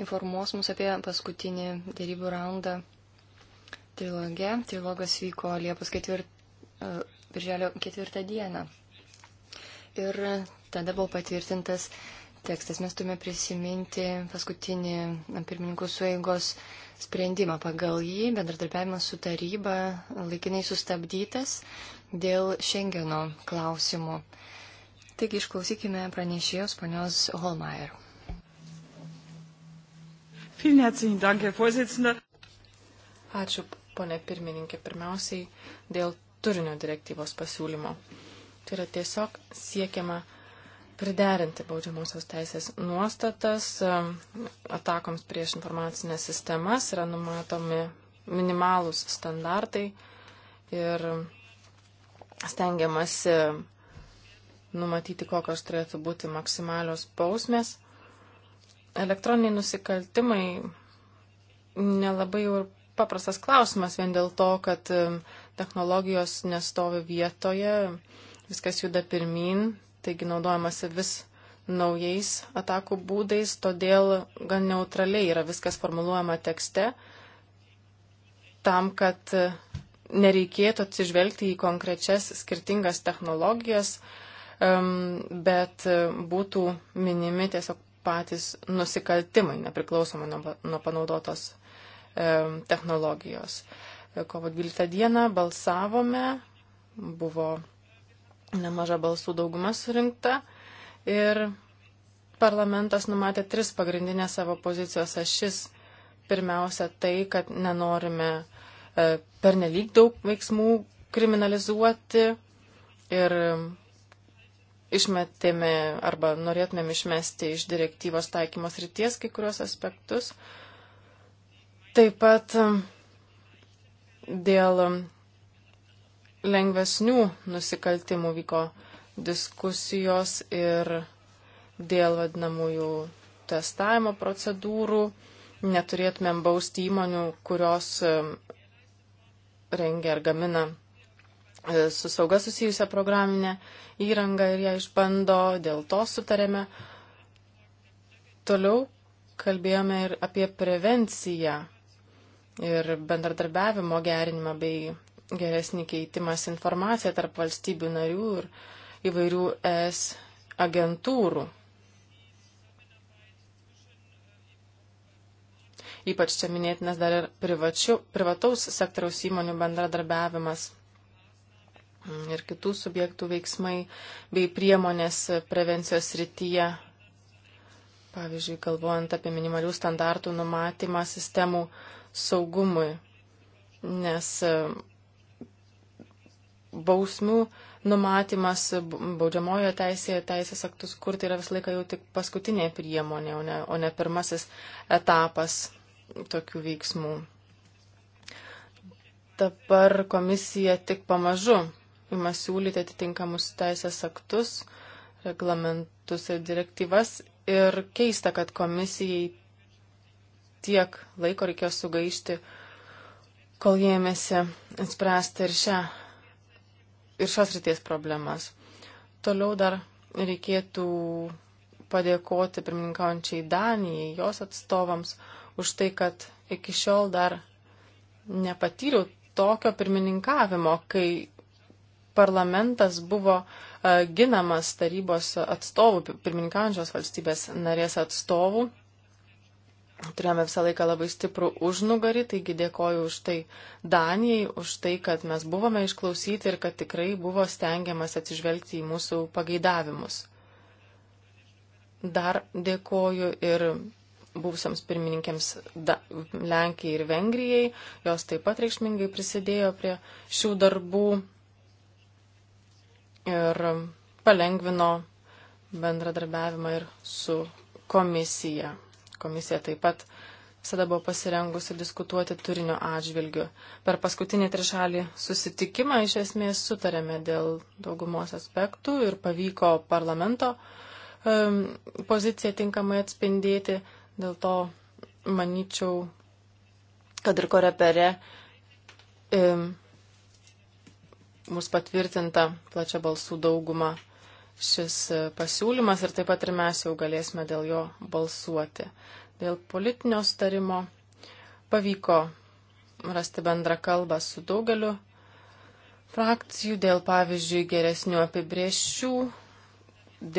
informuos mus apie paskutinį dėrybų raundą trilogė. Trilogas vyko Liepos 4, e, birželio 4 dieną. Ir tada buvo patvirtintas tekstas. Mes turime prisiminti paskutinį pirmininkų sueigos sprendimą. Pagal jį bendradarbiavimas su taryba laikinai sustabdytas dėl Šengeno klausimų. Taigi išklausykime pranešėjos ponios Holmeier. Ačiū, ponė pirmininkė, pirmiausiai dėl turinio direktyvos pasiūlymo. Tai yra tiesiog siekiama priderinti baudžiamosios teisės nuostatas um, atakoms prieš informacinės sistemas, yra numatomi minimalūs standartai ir stengiamasi numatyti, kokios turėtų būti maksimalios bausmės. Elektroniniai nusikaltimai nelabai jau ir paprastas klausimas vien dėl to, kad um, technologijos nestovi vietoje, viskas juda pirmin, taigi naudojamasi vis naujais atakų būdais, todėl gan neutraliai yra viskas formuluojama tekste, tam, kad nereikėtų atsižvelgti į konkrečias skirtingas technologijas, bet būtų minimi tiesiog patys nusikaltimai, nepriklausomai nuo panaudotos technologijos. Kovo 12 dieną balsavome, buvo nemaža balsų dauguma surinkta ir parlamentas numatė tris pagrindinės savo pozicijos ašis. Pirmiausia, tai, kad nenorime e, pernelyg daug veiksmų kriminalizuoti ir išmetėme arba norėtumėm išmesti iš direktyvos taikymos ryties kai kurios aspektus. Taip pat e, dėl lengvesnių nusikaltimų vyko diskusijos ir dėl vadinamųjų testavimo procedūrų. Neturėtumėm bausti įmonių, kurios rengia ar gamina e, su sauga susijusią programinę įrangą ir ją išbando, dėl to sutarėme. Toliau kalbėjome ir apie prevenciją ir bendradarbiavimo gerinimą bei geresnį keitimas informaciją tarp valstybių narių ir įvairių ES agentūrų. Ypač čia minėtinas dar ir privačių, privataus sektoriaus įmonių bendradarbiavimas ir kitų subjektų veiksmai bei priemonės prevencijos rytyje. Pavyzdžiui, galvojant apie minimalių standartų numatymą sistemų saugumui, nes bausmių numatymas baudžiamojo teisėje, teisės aktus kurti yra visą laiką jau tik paskutinė priemonė, o ne, o ne pirmasis etapas tokių veiksmų. Dabar komisija tik pamažu ima siūlyti atitinkamus teisės aktus, reglamentus ir direktyvas ir keista, kad komisijai tiek laiko reikėjo sugaišti, kol ėmėsi spręsti ir šią ir šios ryties problemas. Toliau dar reikėtų padėkoti pirmininkaujančiai Danijai, jos atstovams, už tai, kad iki šiol dar nepatyriau tokio pirmininkavimo, kai parlamentas buvo e, ginamas tarybos atstovų, pirmininkaujančios valstybės narės atstovų turėjome visą laiką labai stiprų užnugarį, taigi dėkoju už tai Danijai, už tai, kad mes buvome išklausyti ir kad tikrai buvo stengiamas atsižvelgti į mūsų pageidavimus. Dar dėkoju ir būsiams pirmininkėms da, Lenkijai ir Vengrijai, jos taip pat reikšmingai prisidėjo prie šių darbų ir palengvino bendradarbiavimą ir su komisija. Komisija taip pat visada buvo pasirengusi diskutuoti turinio atžvilgiu. Per paskutinį trišalį susitikimą iš esmės sutarėme dėl daugumos aspektų ir pavyko parlamento um, poziciją tinkamai atspindėti. Dėl to manyčiau, kad ir korepere um, mus patvirtinta plačia balsų dauguma šis e, pasiūlymas ir taip pat ir mes jau galėsime dėl jo balsuoti. Dėl politinio starimo pavyko rasti bendrą kalbą su daugeliu frakcijų, dėl pavyzdžiui geresnių apibriešių,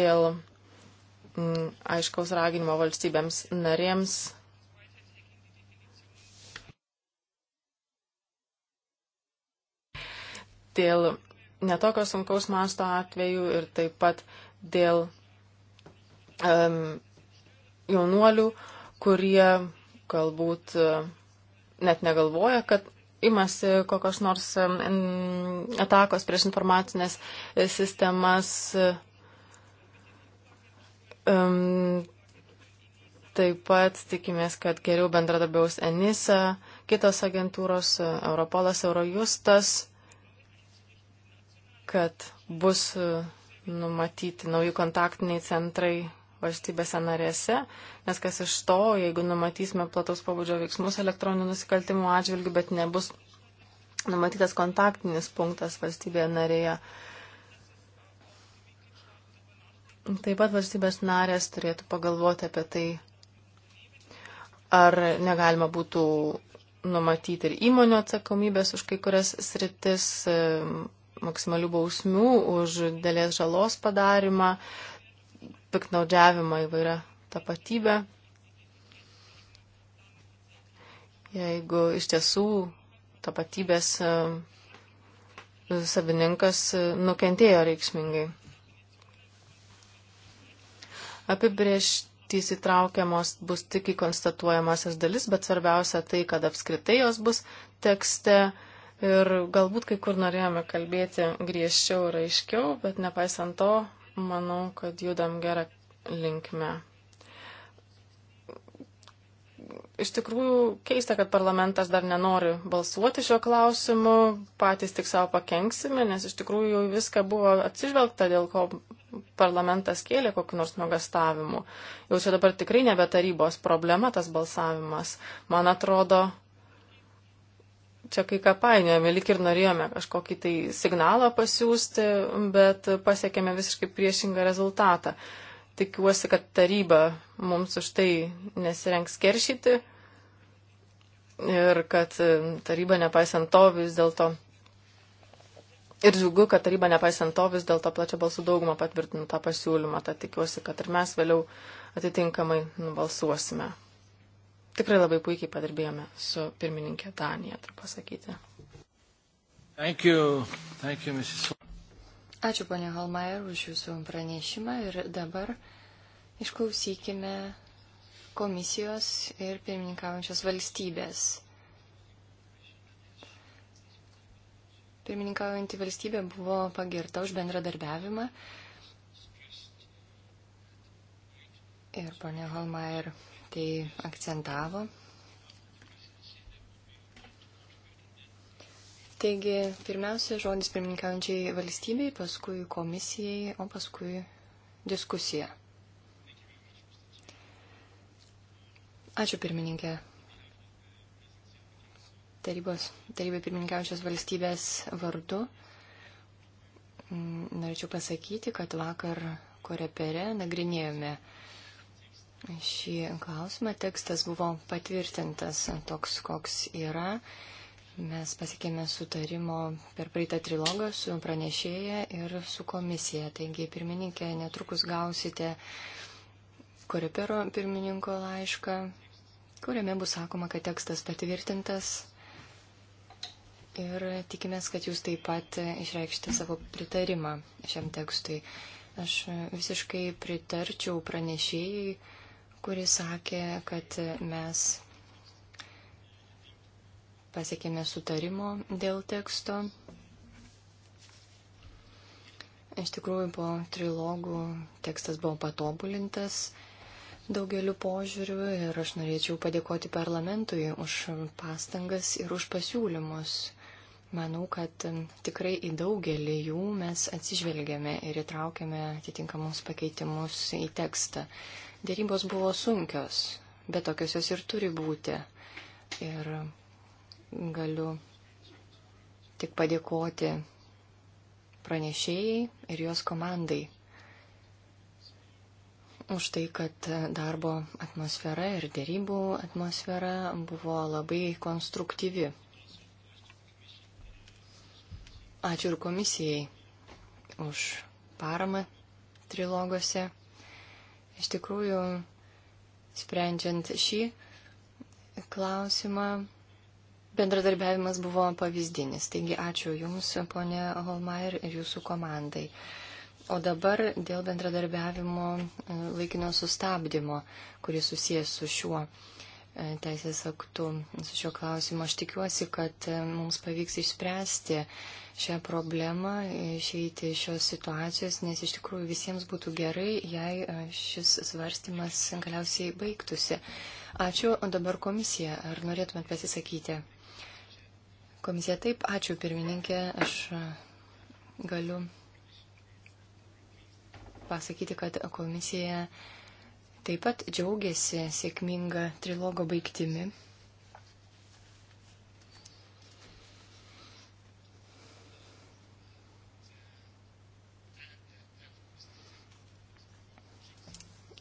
dėl m, mm, aiškaus raginimo valstybėms narėms. Dėl netokio sunkaus masto atveju ir taip pat dėl um, jaunuolių, kurie galbūt uh, net negalvoja, kad imasi kokios nors um, atakos prieš informacinės e, sistemas. Um, taip pat tikimės, kad geriau bendradarbiaus ENISA, kitos agentūros, Europolas, Eurojustas kad bus e, numatyti nauji kontaktiniai centrai valstybėse narėse, nes kas iš to, jeigu numatysime plataus pabudžio veiksmus elektroninių nusikaltimų atžvilgių, bet nebus numatytas kontaktinis punktas valstybėje narėje. Taip pat valstybės narės turėtų pagalvoti apie tai, ar negalima būtų numatyti ir įmonių atsakomybės už kai kurias sritis, maksimalių bausmių už dėlės žalos padarimą, piknaudžiavimą įvairią tapatybę. Jeigu iš tiesų tapatybės e, savininkas e, nukentėjo reikšmingai. Apibrieštys įtraukiamos bus tik į konstatuojamasias dalis, bet svarbiausia tai, kad apskritai jos bus tekste Ir galbūt kai kur norėjome kalbėti griežčiau ir aiškiau, bet nepaisant to, manau, kad judam gerą linkmę. Iš tikrųjų keista, kad parlamentas dar nenori balsuoti šiuo klausimu, patys tik savo pakenksime, nes iš tikrųjų viską buvo atsižvelgta, dėl ko parlamentas kėlė kokiu nors nuogastavimu. Jau čia dabar tikrai nebe tarybos problema tas balsavimas. Man atrodo, čia kai ką painiojame, lik ir norėjome kažkokį tai signalą pasiūsti, bet pasiekėme visiškai priešingą rezultatą. Tikiuosi, kad taryba mums už tai nesirenks keršyti ir kad taryba nepaisant to vis dėlto. Ir džiugu, kad taryba nepaisant to vis dėlto plačia balsų daugumą patvirtino tą pasiūlymą, tad tikiuosi, kad ir mes vėliau atitinkamai nubalsuosime. Tikrai labai puikiai padirbėjome su pirmininkė Danija, turiu pasakyti. Thank you. Thank you, Mrs. Ačiū, ponė Holmeier, už jūsų pranešimą ir dabar išklausykime komisijos ir pirmininkaujančios valstybės. Pirmininkaujantį valstybę buvo pagirta už bendradarbiavimą. Ir ponė Holmeier tai akcentavo. Taigi, pirmiausia, žodis pirmininkaujančiai valstybei, paskui komisijai, o paskui diskusija. Ačiū pirmininkė. Tarybos, tarybai pirmininkaujančios valstybės vardu. Mm, norėčiau pasakyti, kad vakar korepere nagrinėjome šį klausimą. Tekstas buvo patvirtintas toks, koks yra. Mes pasiekėme sutarimo per praeitą trilogą su pranešėja ir su komisija. Taigi, pirmininkė, netrukus gausite korepero pirmininko laišką, kuriame bus sakoma, kad tekstas patvirtintas. Ir tikimės, kad jūs taip pat išreikšite savo pritarimą šiam tekstui. Aš visiškai pritarčiau pranešėjai kuris sakė, kad mes pasiekėme sutarimo dėl teksto. Iš tikrųjų, po trilogų tekstas buvo patobulintas daugeliu požiūriu ir aš norėčiau padėkoti parlamentui už pastangas ir už pasiūlymus. Manau, kad tikrai į daugelį jų mes atsižvelgėme ir įtraukėme atitinkamus pakeitimus į tekstą. Dėrybos buvo sunkios, bet tokios jos ir turi būti. Ir galiu tik padėkoti pranešėjai ir jos komandai už tai, kad darbo atmosfera ir dėrybų atmosfera buvo labai konstruktyvi. Ačiū ir komisijai už paramą trilogose. Iš tikrųjų, sprendžiant šį klausimą, bendradarbiavimas buvo pavyzdinis. Taigi ačiū Jums, ponė Holmair, ir Jūsų komandai. O dabar dėl bendradarbiavimo e, laikino sustabdymo, kuris susijęs su šiuo E, teisės aktų su šiuo klausimu. Aš tikiuosi, kad e, mums pavyks išspręsti šią problemą, išeiti iš šios situacijos, nes iš tikrųjų visiems būtų gerai, jei e, šis svarstymas galiausiai baigtųsi. Ačiū, o dabar komisija. Ar norėtumėt pasisakyti? Komisija taip, ačiū pirmininkė, aš galiu pasakyti, kad komisija taip pat džiaugiasi sėkminga trilogo baigtimi.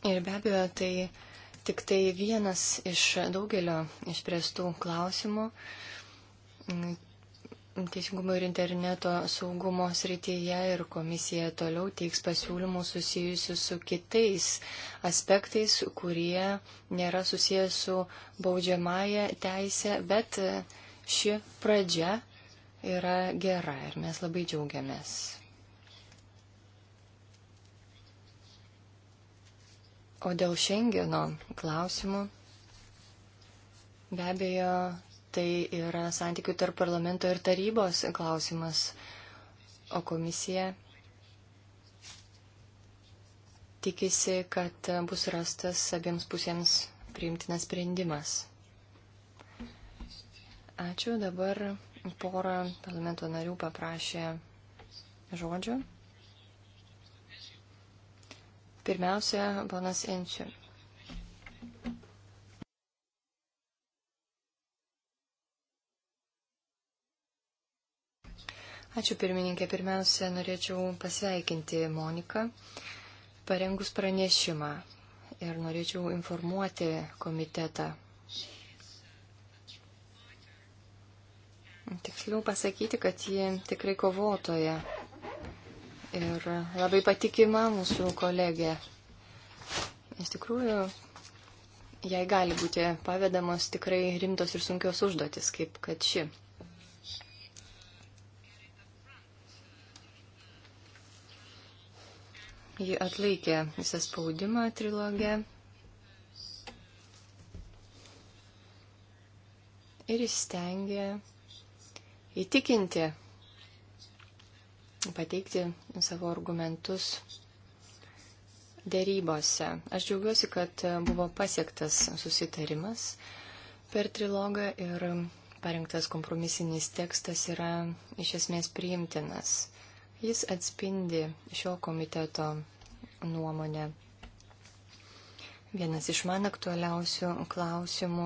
Ir be abejo, tai tik tai vienas iš daugelio išspręstų klausimų teisingumo ir interneto saugumo srityje ir komisija toliau teiks pasiūlymus susijusius su kitais aspektais, kurie nėra susijęs su baudžiamąją teisę, bet ši pradžia yra gera ir mes labai džiaugiamės. O dėl Šengeno klausimų be abejo tai yra santykių tarp parlamento ir tarybos klausimas, o komisija tikisi, kad bus rastas abiems pusėms priimtinas sprendimas. Ačiū. Dabar pora parlamento narių paprašė žodžio. Pirmiausia, ponas Enčiu. Ačiū pirmininkė. Pirmiausia, norėčiau pasveikinti Moniką parengus pranešimą ir norėčiau informuoti komitetą. Tiksliau pasakyti, kad ji tikrai kovotoja ir labai patikima mūsų kolegė. Iš tikrųjų, jai gali būti pavedamos tikrai rimtos ir sunkios užduotis, kaip kad ši. Ji atlaikė visą spaudimą trilogę ir įstengė įtikinti, pateikti savo argumentus dėrybose. Aš džiaugiuosi, kad buvo pasiektas susitarimas per trilogą ir parengtas kompromisinis tekstas yra iš esmės priimtinas. Jis atspindi šio komiteto nuomonę. Vienas iš man aktualiausių klausimų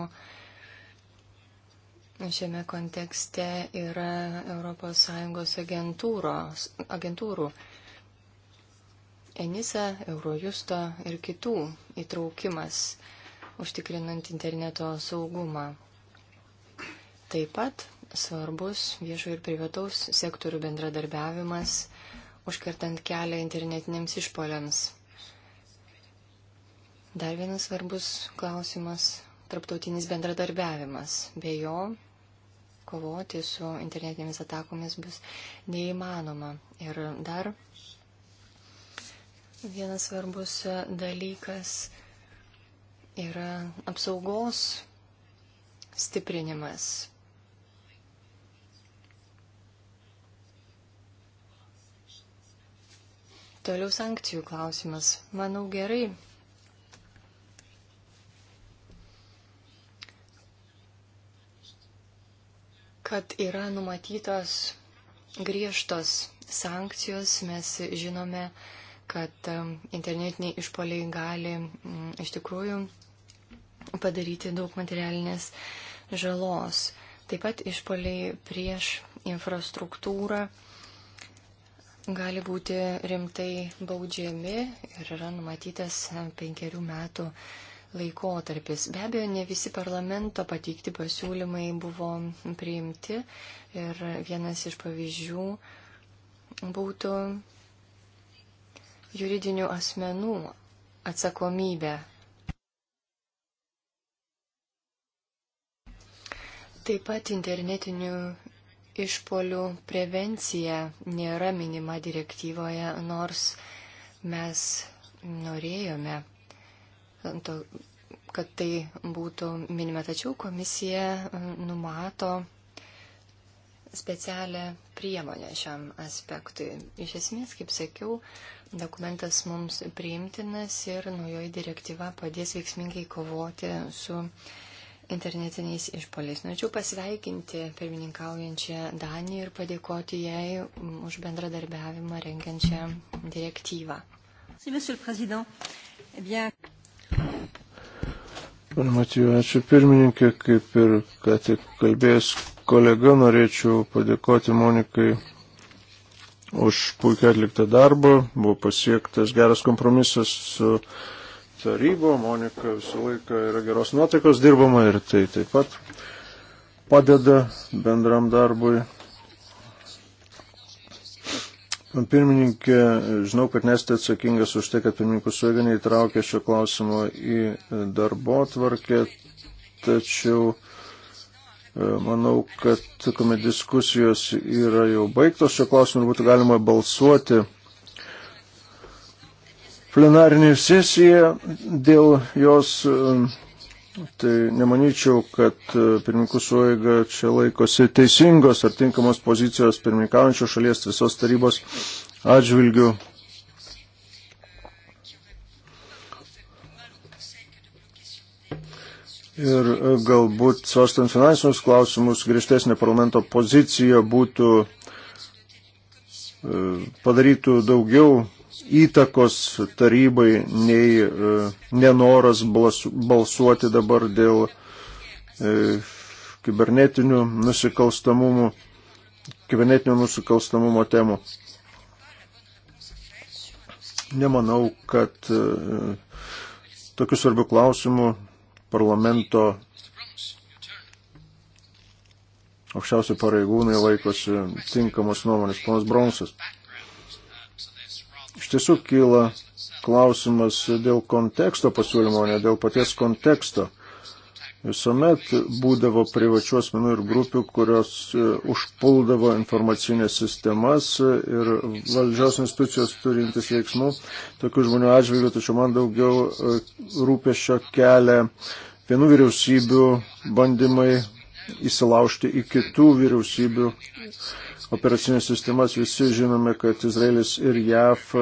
šiame kontekste yra ES agentūrų ENISA, Eurojusto ir kitų įtraukimas užtikrinant interneto saugumą. Taip pat svarbus viešo ir privataus sektorių bendradarbiavimas, užkertant kelią internetiniams išpoliams. Dar vienas svarbus klausimas - tarptautinis bendradarbiavimas. Be jo kovoti su internetinėmis atakomis bus neįmanoma. Ir dar vienas svarbus dalykas yra apsaugos stiprinimas Toliau sankcijų klausimas. Manau gerai. kad yra numatytos griežtos sankcijos. Mes žinome, kad um, internetiniai išpoliai gali mm, iš tikrųjų padaryti daug materialinės žalos. Taip pat išpoliai prieš infrastruktūrą gali būti rimtai baudžiami ir yra numatytas e, penkerių metų laikotarpis. Be abejo, ne visi parlamento pateikti pasiūlymai buvo priimti ir vienas iš pavyzdžių būtų juridinių asmenų atsakomybė. Taip pat internetinių išpolių prevencija nėra minima direktyvoje, nors mes norėjome, kad tai būtų minima. Tačiau komisija e, numato specialią priemonę šiam aspektui. Iš esmės, kaip sakiau, dokumentas mums priimtinas ir naujoji direktyva padės veiksmingai kovoti su uh, internetiniais išpoliais. Norėčiau pasveikinti pirmininkaujančią Daniją ir padėkoti jai mm, už bendradarbiavimą rengiančią direktyvą. Eh Matiju, ačiū pirmininkė, kaip ir ką tik kalbėjęs kolega, norėčiau padėkoti Monikai už puikiai atliktą darbą. Buvo pasiektas geras kompromisas su. Uh, taryba, Monika visą laiką yra geros nuotaikos dirbama ir tai taip pat padeda bendram darbui. Pirmininkė, žinau, kad nesate atsakingas už tai, kad pirmininkų suėganė įtraukė šio klausimo į darbo tvarkę, tačiau e, manau, kad kuomet diskusijos yra jau baigtos šio klausimu ir būtų galima balsuoti plenarinė sesija dėl jos. Um, tai nemanyčiau, kad uh, pirmininkų suoiga čia laikosi teisingos ar tinkamos pozicijos pirmininkaujančios šalies visos tarybos atžvilgių. Ir uh, galbūt svarstant finansinius klausimus, griežtesnė parlamento pozicija būtų uh, padarytų daugiau įtakos tarybai, nei e, nenoras balsuoti dabar dėl e, kibernetinių nusikalstamumų, kibernetinio nusikalstamumo temų. Nemanau, kad e, tokių svarbių klausimų parlamento aukščiausi pareigūnai laikosi tinkamos nuomonės. Ponas Bronsas tiesų kyla klausimas dėl konteksto pasiūlymo, ne dėl paties konteksto. Visuomet būdavo privačių asmenų ir grupių, kurios e, užpuldavo informacinės sistemas e, ir valdžios institucijos turintis veiksmų. Tokių žmonių atžvilgių, tačiau man daugiau e, rūpešio kelia vienų vyriausybių bandymai įsilaužti į kitų vyriausybių operacinės sistemas. Visi žinome, kad Izraelis ir JAF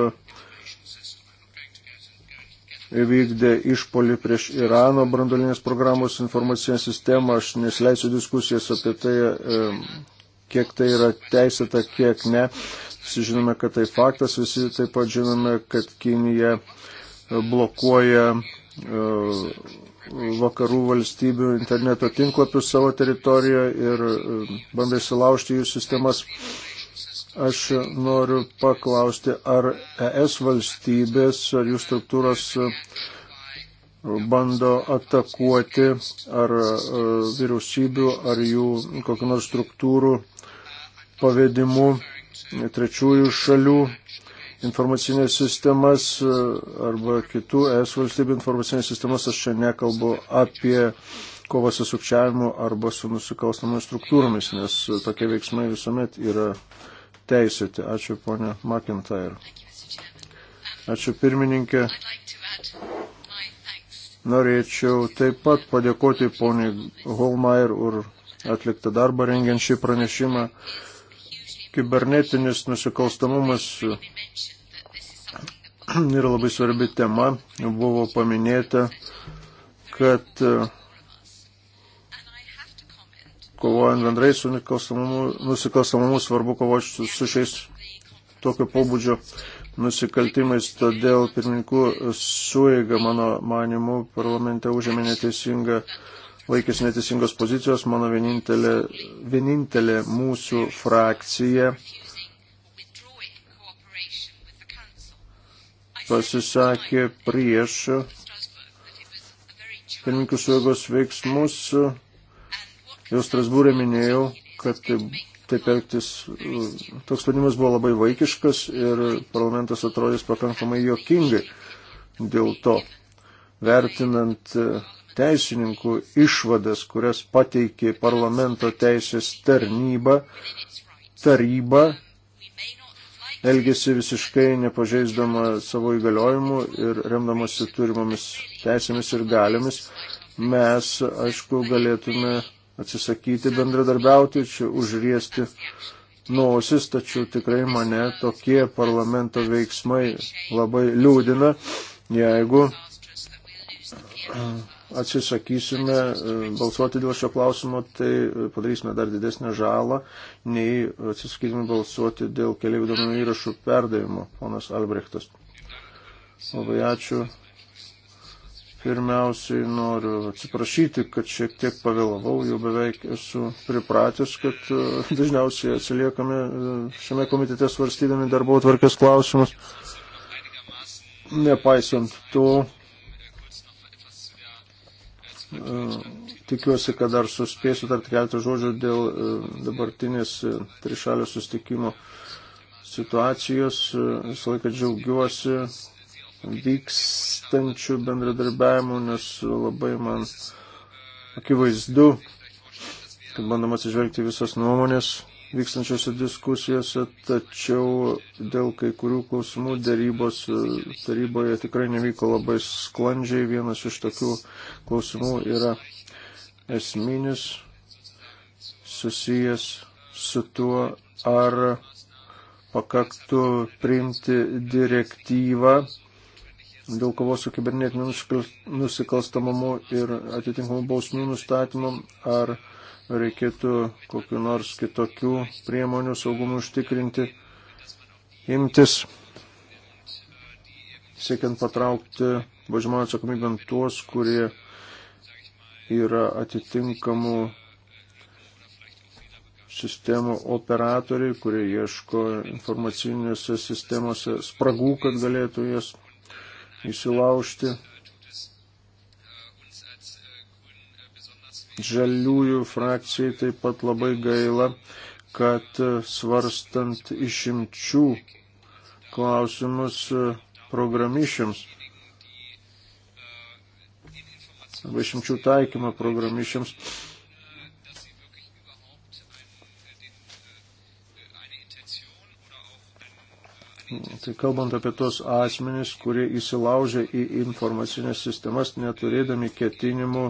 vykdė išpolį prieš Irano brandolinės programos informacinę sistemą. Aš nesileisiu diskusijas apie tai, e, kiek tai yra teisėta, kiek ne. Visi žinome, kad tai faktas, visi taip pat žinome, kad Kinija e, blokuoja e, vakarų valstybių interneto tinklapius savo teritorijoje ir bandai sulaužti jų sistemas. Aš noriu paklausti, ar ES valstybės ar jų struktūros e, bando atakuoti ar e, vyriausybių, ar jų kokių nors struktūrų pavedimu trečiųjų šalių informacinės sistemas e, arba kitų ES valstybių informacinės sistemas, aš čia nekalbu apie kovą su sukčiavimu arba su nusikalstamomis struktūromis, nes tokie veiksmai visuomet yra teisėti. Ačiū ponia McIntyre. Ačiū pirmininkė. Norėčiau taip pat padėkoti poniai Holmeier už atliktą darbą rengiant šį pranešimą. Kibernetinis nusikalstamumas yra labai svarbi tema. Buvo paminėta, kad kovojant bendrai su nusikalstamumu svarbu kovoti su, su šiais tokio pobūdžio nusikaltimais. Todėl pirmininkų suėga, mano manimu, parlamente užėmė neteisingą, laikėsi neteisingos pozicijos. Mano vienintelė, vienintelė mūsų frakcija pasisakė prieš pirmininkų suėgos veiksmus Jau Strasbūrė minėjau, kad taip elgtis, toks sprendimas buvo labai vaikiškas ir parlamentas atrodys pakankamai jokingai dėl to, vertinant e, teisininkų išvadas, kurias pateikė parlamento teisės tarnyba, taryba elgėsi visiškai nepažeisdama savo įgaliojimų ir remdamasi turimomis teisėmis ir galiomis, mes, aišku, galėtume atsisakyti bendradarbiauti, čia užriesti nuosis, tačiau tikrai mane tokie parlamento veiksmai labai liūdina, jeigu eh, atsisakysime eh, balsuoti dėl šio klausimo, tai eh, padarysime dar didesnę žalą, nei atsisakysime balsuoti dėl keliaivių duomenų įrašų perdavimo, ponas Albrechtas. Labai ačiū, Pirmiausiai noriu atsiprašyti, kad šiek tiek pavėlavau, jau beveik esu pripratęs, kad e, dažniausiai atsiliekame e, šiame komitete svarstydami darbo tvarkės klausimus. Nepaisant to, e, tikiuosi, kad dar suspėsiu tarti keletą žodžių dėl dabartinės trišalio sustikimo situacijos. Visą laiką džiaugiuosi vykstančių bendradarbiavimų, nes labai man akivaizdu, kad bandoma atsižvelgti visas nuomonės vykstančiose diskusijose, tačiau dėl kai kurių klausimų dėrybos e, taryboje tikrai nevyko labai sklandžiai. Vienas iš tokių klausimų yra esminis susijęs su tuo, ar pakaktų priimti direktyvą dėl kovos su kibernetiniu nusikalstamumu ir atitinkamų bausmių nustatymu, ar reikėtų kokiu nors kitokių priemonių saugumų užtikrinti, imtis, siekiant patraukti bažmojo atsakomybę tuos, kurie yra atitinkamų sistemų operatoriai, kurie ieško informacinėse sistemose spragų, kad galėtų jas įsilaužti. Žaliųjų frakcijai taip pat labai gaila, kad svarstant išimčių klausimus programišiams, arba išimčių taikymą programišiams, Tai kalbant apie tos asmenys, kurie įsilaužia į informacinės sistemas, neturėdami ketinimų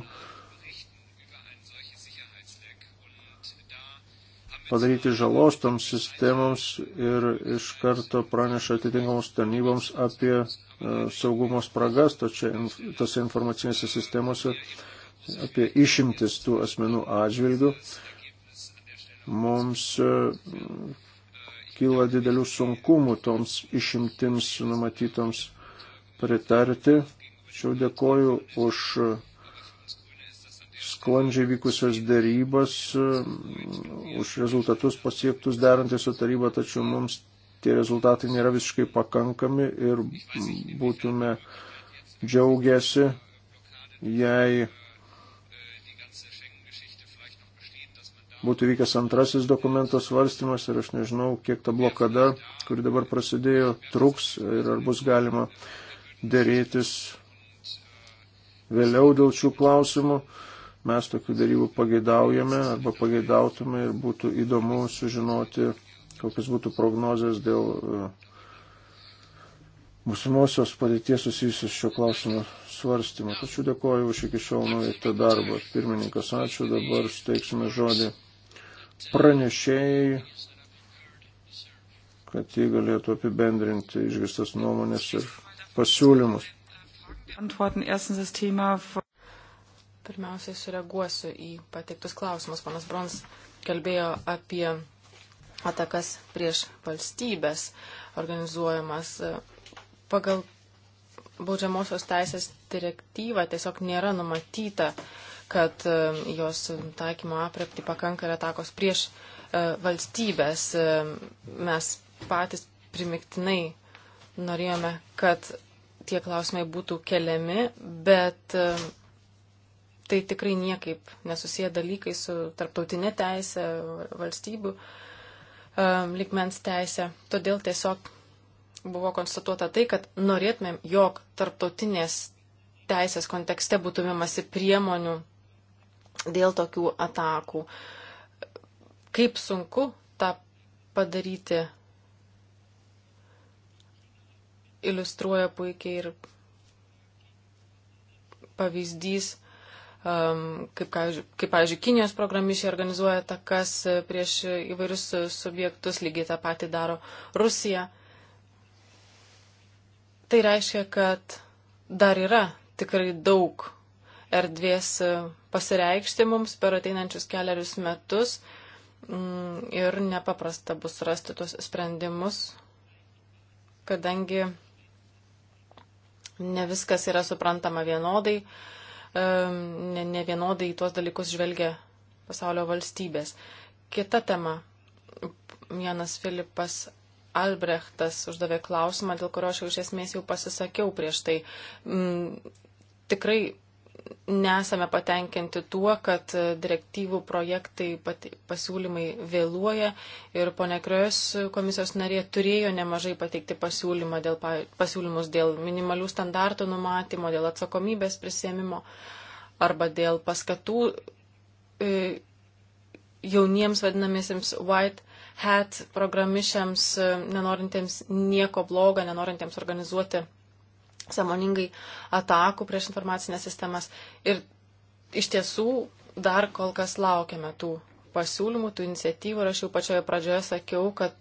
padaryti žalos toms sistemoms ir iš karto praneša atitinkamus tarnyboms apie e, saugumo spragas tose informacinėse sistemose, apie išimtis tų asmenų atžvilgių. Mums e, kyla didelių sunkumų toms išimtims numatytoms pritarti. Šiau dėkoju už sklandžiai vykusios dėrybas, už rezultatus pasiektus derantį su taryba, tačiau mums tie rezultatai nėra visiškai pakankami ir būtume džiaugiasi, jei būtų vykęs antrasis dokumento svarstymas ir aš nežinau, kiek ta blokada, kuri dabar prasidėjo, truks ir ar bus galima dėrėtis vėliau dėl šių klausimų. Mes tokių darybų pageidaujame arba pageidautume ir būtų įdomu sužinoti, kokias būtų prognozijas dėl e, būsimosios padėties susijusios šio klausimo svarstymo. Tačiau dėkoju už iki šiol nuveiktą darbą. Pirmininkas, ačiū. Dabar steiksime žodį pranešėjai, kad jie galėtų apibendrinti išgirstas nuomonės ir pasiūlymus. Pirmiausiai sureaguosiu į pateiktus klausimus. Panas Brons kalbėjo apie atakas prieš valstybės organizuojamas. Pagal baudžiamosios teisės direktyvą tiesiog nėra numatyta uh, kad e, jos taikymo aprepti pakanka ir atakos prieš e, valstybės. E, mes patys primiktinai norėjome, kad tie klausimai būtų keliami, bet tai tikrai niekaip nesusiję dalykai su tarptautinė teisė, valstybių likmens teisė. Todėl tiesiog buvo konstatuota tai, kad norėtumėm, jog tarptautinės teisės kontekste būtumėmasi priemonių dėl tokių atakų. Kaip sunku tą padaryti iliustruoja puikiai ir pavyzdys, um, kaip, kaip, pavyzdžiui, Kinijos programišiai organizuoja takas prieš įvairius subjektus, lygiai tą patį daro Rusija. Tai reiškia, kad dar yra tikrai daug erdvės e, pasireikšti mums per ateinančius keliarius metus mm, ir nepaprasta bus rasti tuos sprendimus, kadangi ne viskas yra suprantama vienodai, e, ne, ne vienodai į tuos dalykus žvelgia pasaulio valstybės. Kita tema. Janas Filipas Albrechtas uždavė klausimą, dėl kurio aš jau iš esmės jau pasisakiau prieš tai. M, mm, tikrai nesame patenkinti tuo, kad direktyvų projektai pasiūlymai vėluoja ir ponia Krios komisijos narė turėjo nemažai pateikti pasiūlymą dėl, pasiūlymus dėl minimalių standartų numatymo, dėl atsakomybės prisėmimo arba dėl paskatų e, jauniems vadinamiesiems white hat programišiams, e, nenorintiems nieko blogo, nenorintiems organizuoti samoningai atakų prieš informacinės sistemas. Ir iš tiesų dar kol kas laukiame tų pasiūlymų, tų iniciatyvų. Ir aš jau pačioje pradžioje sakiau, kad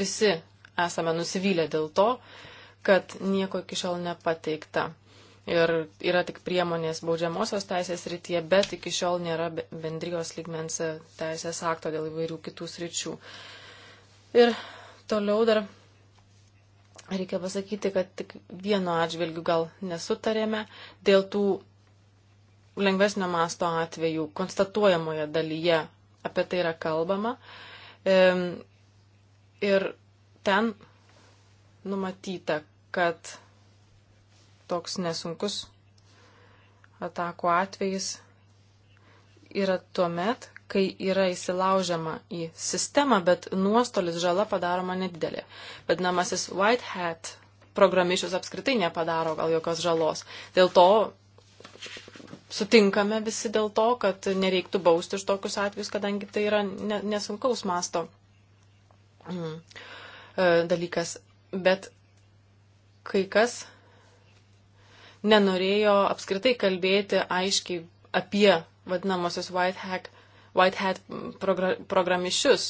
visi esame nusivylę dėl to, kad nieko iki šiol nepateikta. Ir yra tik priemonės baudžiamosios teisės rytyje, bet iki šiol nėra bendrijos lygmens e, teisės akto dėl įvairių kitų sričių. Ir toliau dar Reikia pasakyti, kad tik vienu atžvilgiu gal nesutarėme dėl tų lengvesnio masto atvejų konstatuojamoje dalyje apie tai yra kalbama. Ir ten numatyta, kad toks nesunkus atako atvejis yra tuo met, kai yra įsilaužiama į sistemą, bet nuostolis žala padaroma nedidelė. Vadinamasis White Hat programišius apskritai nepadaro gal jokios žalos. Dėl to sutinkame visi dėl to, kad nereiktų bausti už tokius atvejus, kadangi tai yra ne, nesunkaus masto mm, e, dalykas. Bet kai kas nenorėjo apskritai kalbėti aiškiai apie vadinamosios white hack White Hat progra programišius.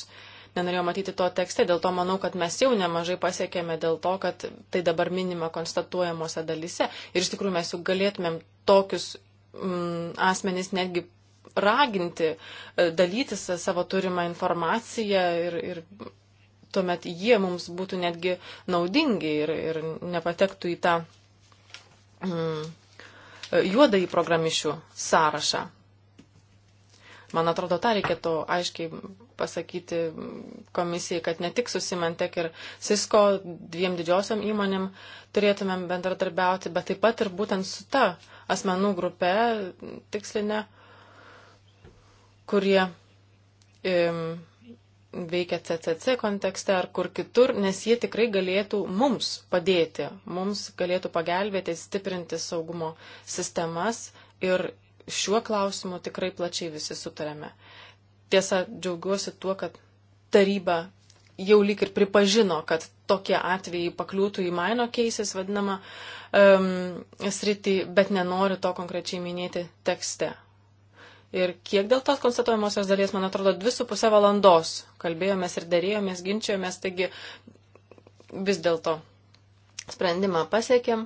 Nenorėjau matyti to tekste, dėl to manau, kad mes jau nemažai pasiekėme dėl to, kad tai dabar minima konstatuojamuose dalyse. Ir iš tikrųjų mes jau galėtumėm tokius mm, asmenys netgi raginti, e, dalytis savo turimą informaciją ir, ir tuomet jie mums būtų netgi naudingi ir, ir nepatektų į tą mm, e, juodąjį programišių sąrašą. Man atrodo, tą reikėtų aiškiai pasakyti komisijai, kad ne tik susimantek ir Cisco dviem didžiosiam įmonėm turėtumėm bendradarbiauti, bet taip pat ir būtent su ta asmenų grupe tikslinė, kurie im, veikia CCC kontekste ar kur kitur, nes jie tikrai galėtų mums padėti, mums galėtų pagelbėti stiprinti saugumo sistemas ir šiuo klausimu tikrai plačiai visi sutarėme. Tiesa, džiaugiuosi tuo, kad taryba jau lyg ir pripažino, kad tokie atvejai pakliūtų į maino keisės vadinamą um, sritį, bet nenori to konkrečiai minėti tekste. Ir kiek dėl tos konstatuojamosios dalies, man atrodo, dvi su pusę valandos kalbėjomės ir dėrėjomės, ginčiojomės, taigi vis dėlto sprendimą pasiekėm.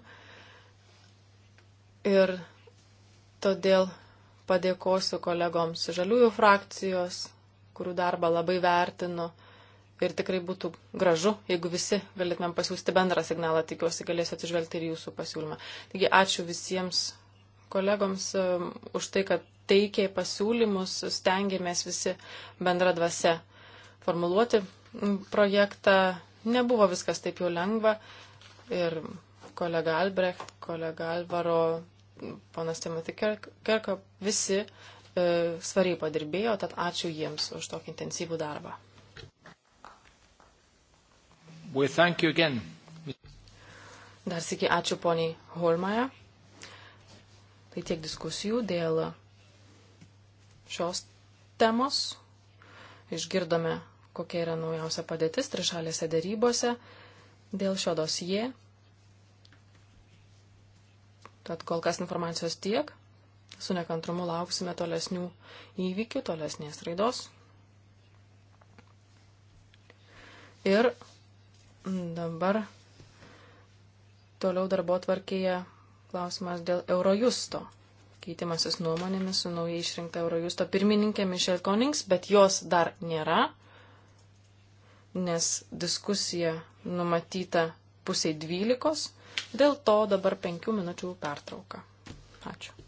Ir Todėl padėkosiu kolegoms žaliųjų frakcijos, kurių darbą labai vertinu. Ir tikrai būtų gražu, jeigu visi galėtumėm pasiūsti bendrą signalą, tikiuosi galėsiu atsižvelgti ir jūsų pasiūlymą. Taigi ačiū visiems kolegoms um, už tai, kad teikė pasiūlymus, stengiamės visi bendra dvasia formuluoti projektą. Nebuvo viskas taip jau lengva ir kolega Albrecht, kolega Alvaro ponas Timothy Kerko, visi e, svariai padirbėjo, tad ačiū jiems už tokį intensyvų darbą. Dar sėki ačiū poniai Holmaja. Tai tiek diskusijų dėl šios temos. Išgirdome, kokia yra naujausia padėtis trišalėse darybose dėl šio dosijai. Tad kol kas informacijos tiek. Su nekantrumu lauksime tolesnių įvykių, tolesnės raidos. Ir dabar toliau darbo tvarkėje klausimas dėl Eurojusto. Keitimasis nuomonėmis su naujai išrinkta Eurojusto pirmininkė Michelle Konings, bet jos dar nėra, nes diskusija numatyta pusiai dvylikos, dėl to dabar penkių minučių pertrauka. Ačiū.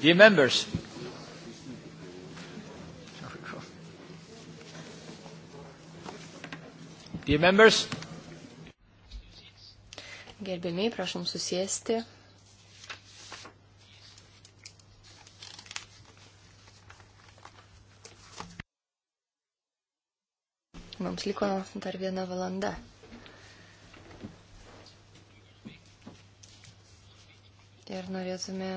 Dear members, dear members, Gerbėmiai, prašom susėsti. Mums liko dar viena valanda. Ir norėtume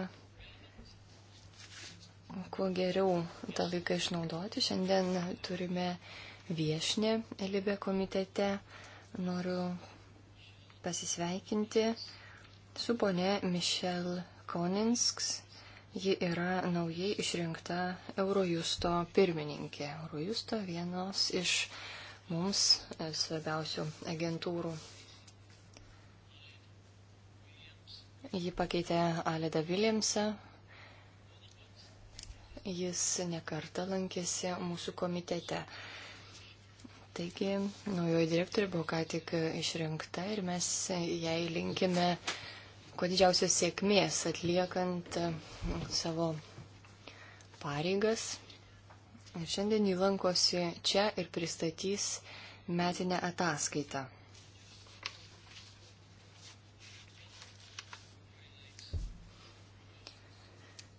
kuo geriau tą laiką išnaudoti. Šiandien turime viešinę Libė komitete. Noriu pasisveikinti su ponė Michelle Koninsks. Ji yra naujai išrinkta Eurojusto pirmininkė. Eurojusto vienos iš mums svarbiausių agentūrų. Ji pakeitė Aleda Viljamsą. Jis nekarta lankėsi mūsų komitete. Taigi, naujoji direktorė buvo ką tik išrinkta ir mes jai linkime kuo didžiausios sėkmės atliekant savo pareigas. Ir šiandien jį lankosi čia ir pristatys metinę ataskaitą.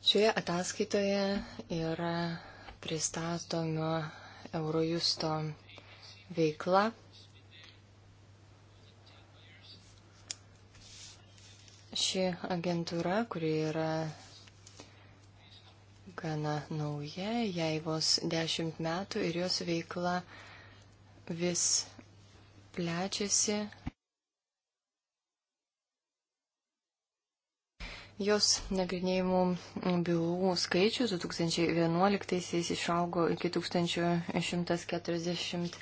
Šioje ataskaitoje yra pristatoma Eurojusto veikla. Ši agentūra, kuri yra gana nauja, jai vos dešimt metų ir jos veikla vis plečiasi. Jos nagrinėjimų bylų skaičius 2011 išaugo iki 1140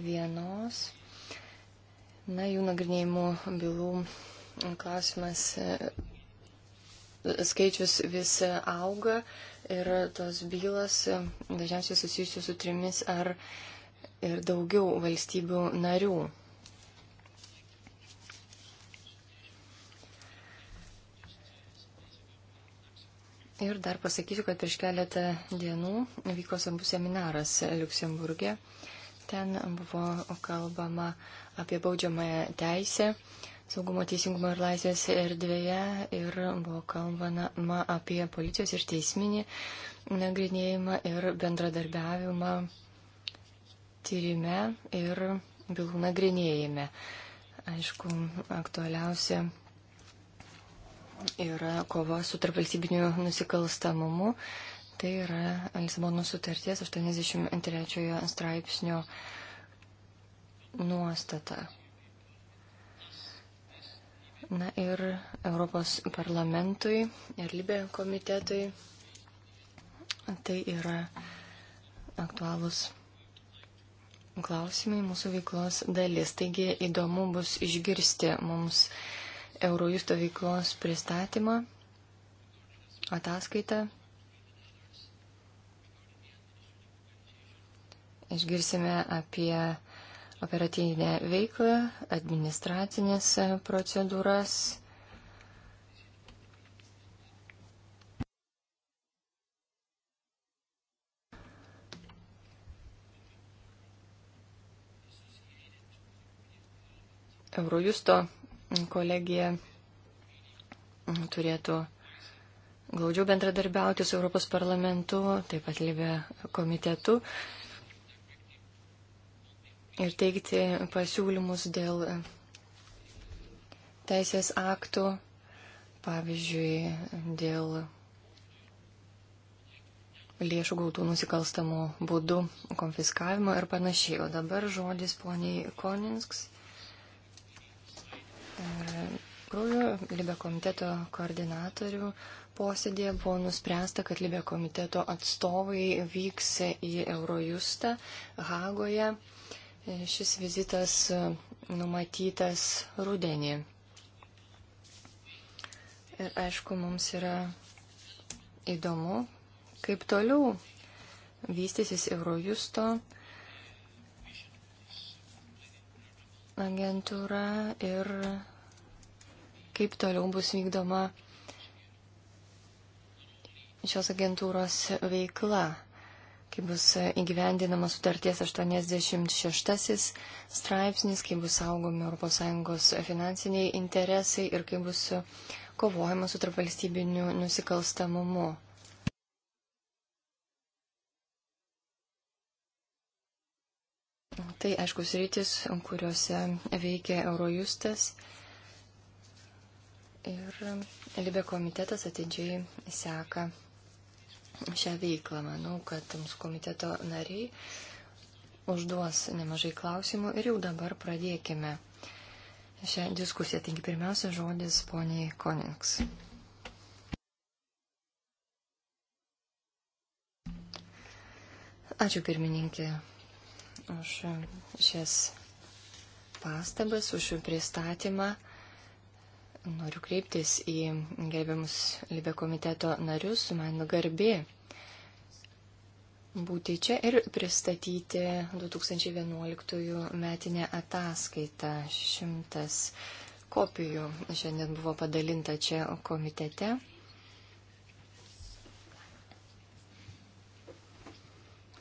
vienos. Na, jų nagrinėjimų bylų klausimas skaičius vis auga ir tos bylas dažniausiai susijusios su trimis ar ir daugiau valstybių narių. Ir dar pasakysiu, kad prieš keletą dienų vyko svarbus seminaras Luksemburgė. E Ten buvo kalbama apie baudžiamąją teisę, saugumo, teisingumo ir laisvės erdvėje ir buvo kalbama apie policijos ir teisminį nagrinėjimą ir bendradarbiavimą tyrime ir bylų nagrinėjime. Aišku, aktualiausia yra kova su tarpvalstybiniu nusikalstamumu Tai yra Lisabono sutarties 83 straipsnio nuostata. Na ir Europos parlamentui ir Libė komitetui tai yra aktualūs klausimai mūsų veiklos dalis. Taigi įdomu bus išgirsti mums Eurojusto veiklos pristatymą, ataskaitą Išgirsime apie operatyvinę veiklą, administracinės procedūras. Eurojusto kolegija turėtų glaudžiau bendradarbiauti su Europos parlamentu, taip pat Libė komitetu ir teikti pasiūlymus dėl teisės aktų, pavyzdžiui, dėl lėšų gautų nusikalstamų būdų, konfiskavimo ir panašiai. O dabar žodis poniai Koninsks. Ir e, tikrųjų, Libė komiteto koordinatorių posėdėje buvo nuspręsta, kad Libė komiteto atstovai vyks į Eurojustą Hagoje Šis vizitas e, numatytas rudenį. Ir aišku, mums yra įdomu, kaip toliau vystysis Eurojusto agentūra ir kaip toliau bus vykdoma šios agentūros veikla kai bus e, įgyvendinamas sutarties 86 straipsnis, kai bus saugomi ES finansiniai interesai ir kai bus e, kovojama su tarpvalstybiniu nusikalstamumu. Tai aiškus rytis, kuriuose veikia Eurojustas ir Libė komitetas atidžiai seka šią veiklą. Manau, kad mūsų komiteto nariai užduos nemažai klausimų ir jau dabar pradėkime šią diskusiją. Taigi pirmiausia žodis poniai Konings. Ačiū pirmininkė už šias pastabas, už jų pristatymą. Noriu kreiptis į gerbiamus Libė komiteto narius, man garbė būti čia ir pristatyti 2011 metinę ataskaitą. Šimtas kopijų šiandien buvo padalinta čia komitete.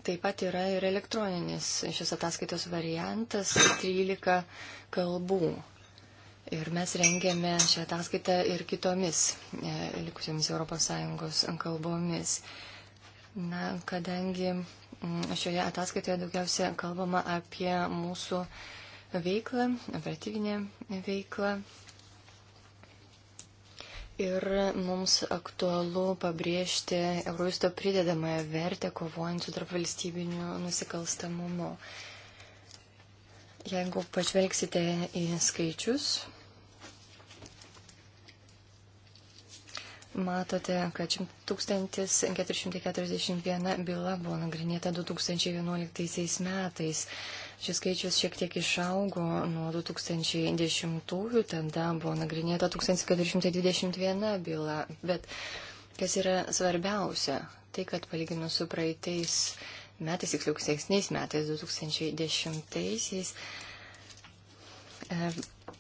Taip pat yra ir elektroninis šios ataskaitos variantas 13 kalbų. Ir mes rengėme šią ataskaitą ir kitomis e, likusiomis ES kalbomis. Na, kadangi mm, šioje ataskaitoje daugiausia kalbama apie mūsų veiklą, operatyvinę veiklą. Ir mums aktualu pabrėžti Eurojusto pridedamąją vertę kovojant su tarp valstybiniu nusikalstamumu. Jeigu pažvelgsite į skaičius, Matote, kad 1441 byla buvo nagrinėta 2011 metais. Šis skaičius šiek tiek išaugo nuo 2010-ųjų, tada buvo nagrinėta 1421 byla. Bet kas yra svarbiausia, tai kad palyginus su praeitais metais, tiksliau, seksniais metais, 2010-aisiais,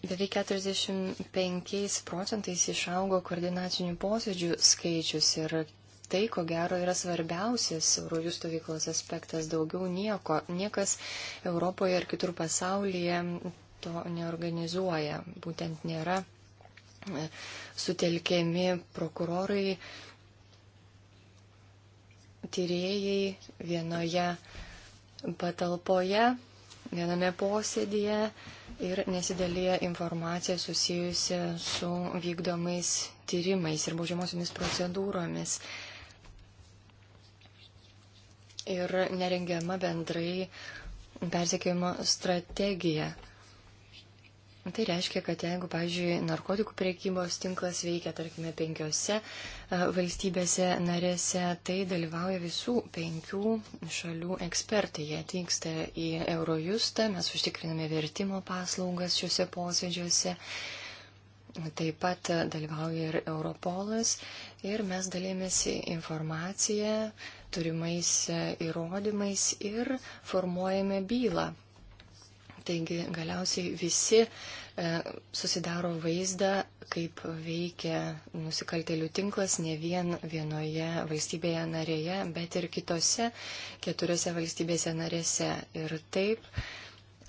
Beveik 45 procentais išaugo koordinacinių posėdžių skaičius ir tai, ko gero, yra svarbiausias Eurojus stovyklos aspektas. Daugiau nieko. Niekas Europoje ar kitur pasaulyje to neorganizuoja. Būtent nėra e, sutelkiami prokurorai, tyrėjai vienoje patalpoje, viename posėdėje ir nesidalėja informacija susijusi su vykdomais tyrimais ir baudžiamosiomis procedūromis. Ir nerengiama bendrai persiekimo strategija. Tai reiškia, kad jeigu, pavyzdžiui, narkotikų priekybos tinklas veikia, tarkime, penkiose e, valstybėse narėse, tai dalyvauja visų penkių šalių ekspertai. Jie atvyksta į Eurojustą, mes užtikriname vertimo paslaugas šiuose posėdžiuose. Taip pat dalyvauja ir Europolas ir mes dalėmės informaciją, turimais e, įrodymais ir formuojame bylą Taigi galiausiai visi e, susidaro vaizdą, kaip veikia nusikaltelių tinklas ne vien vienoje valstybėje narėje, bet ir kitose keturiose valstybėse narėse. Ir taip,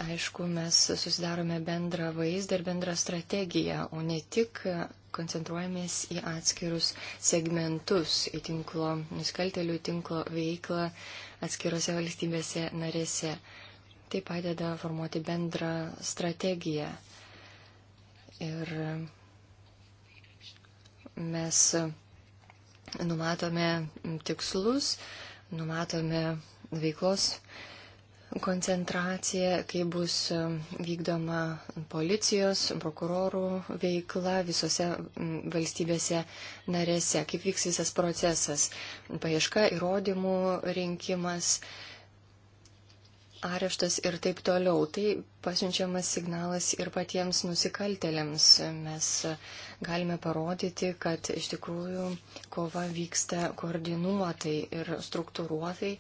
aišku, mes susidarome bendrą vaizdą ir bendrą strategiją, o ne tik koncentruojamės į atskirus segmentus, į tinklo, nusikaltelių tinklo veiklą atskirose valstybėse narėse. Tai padeda formuoti bendrą strategiją. Ir mes numatome tikslus, numatome veiklos koncentracija, kai bus vykdoma policijos, prokurorų veikla visose valstybėse narėse, kaip vyks visas procesas, paieška įrodymų rinkimas, areštas ir taip toliau. Tai pasiunčiamas signalas ir patiems nusikaltelėms. Mes galime parodyti, kad iš tikrųjų kova vyksta koordinuotai ir struktūruotai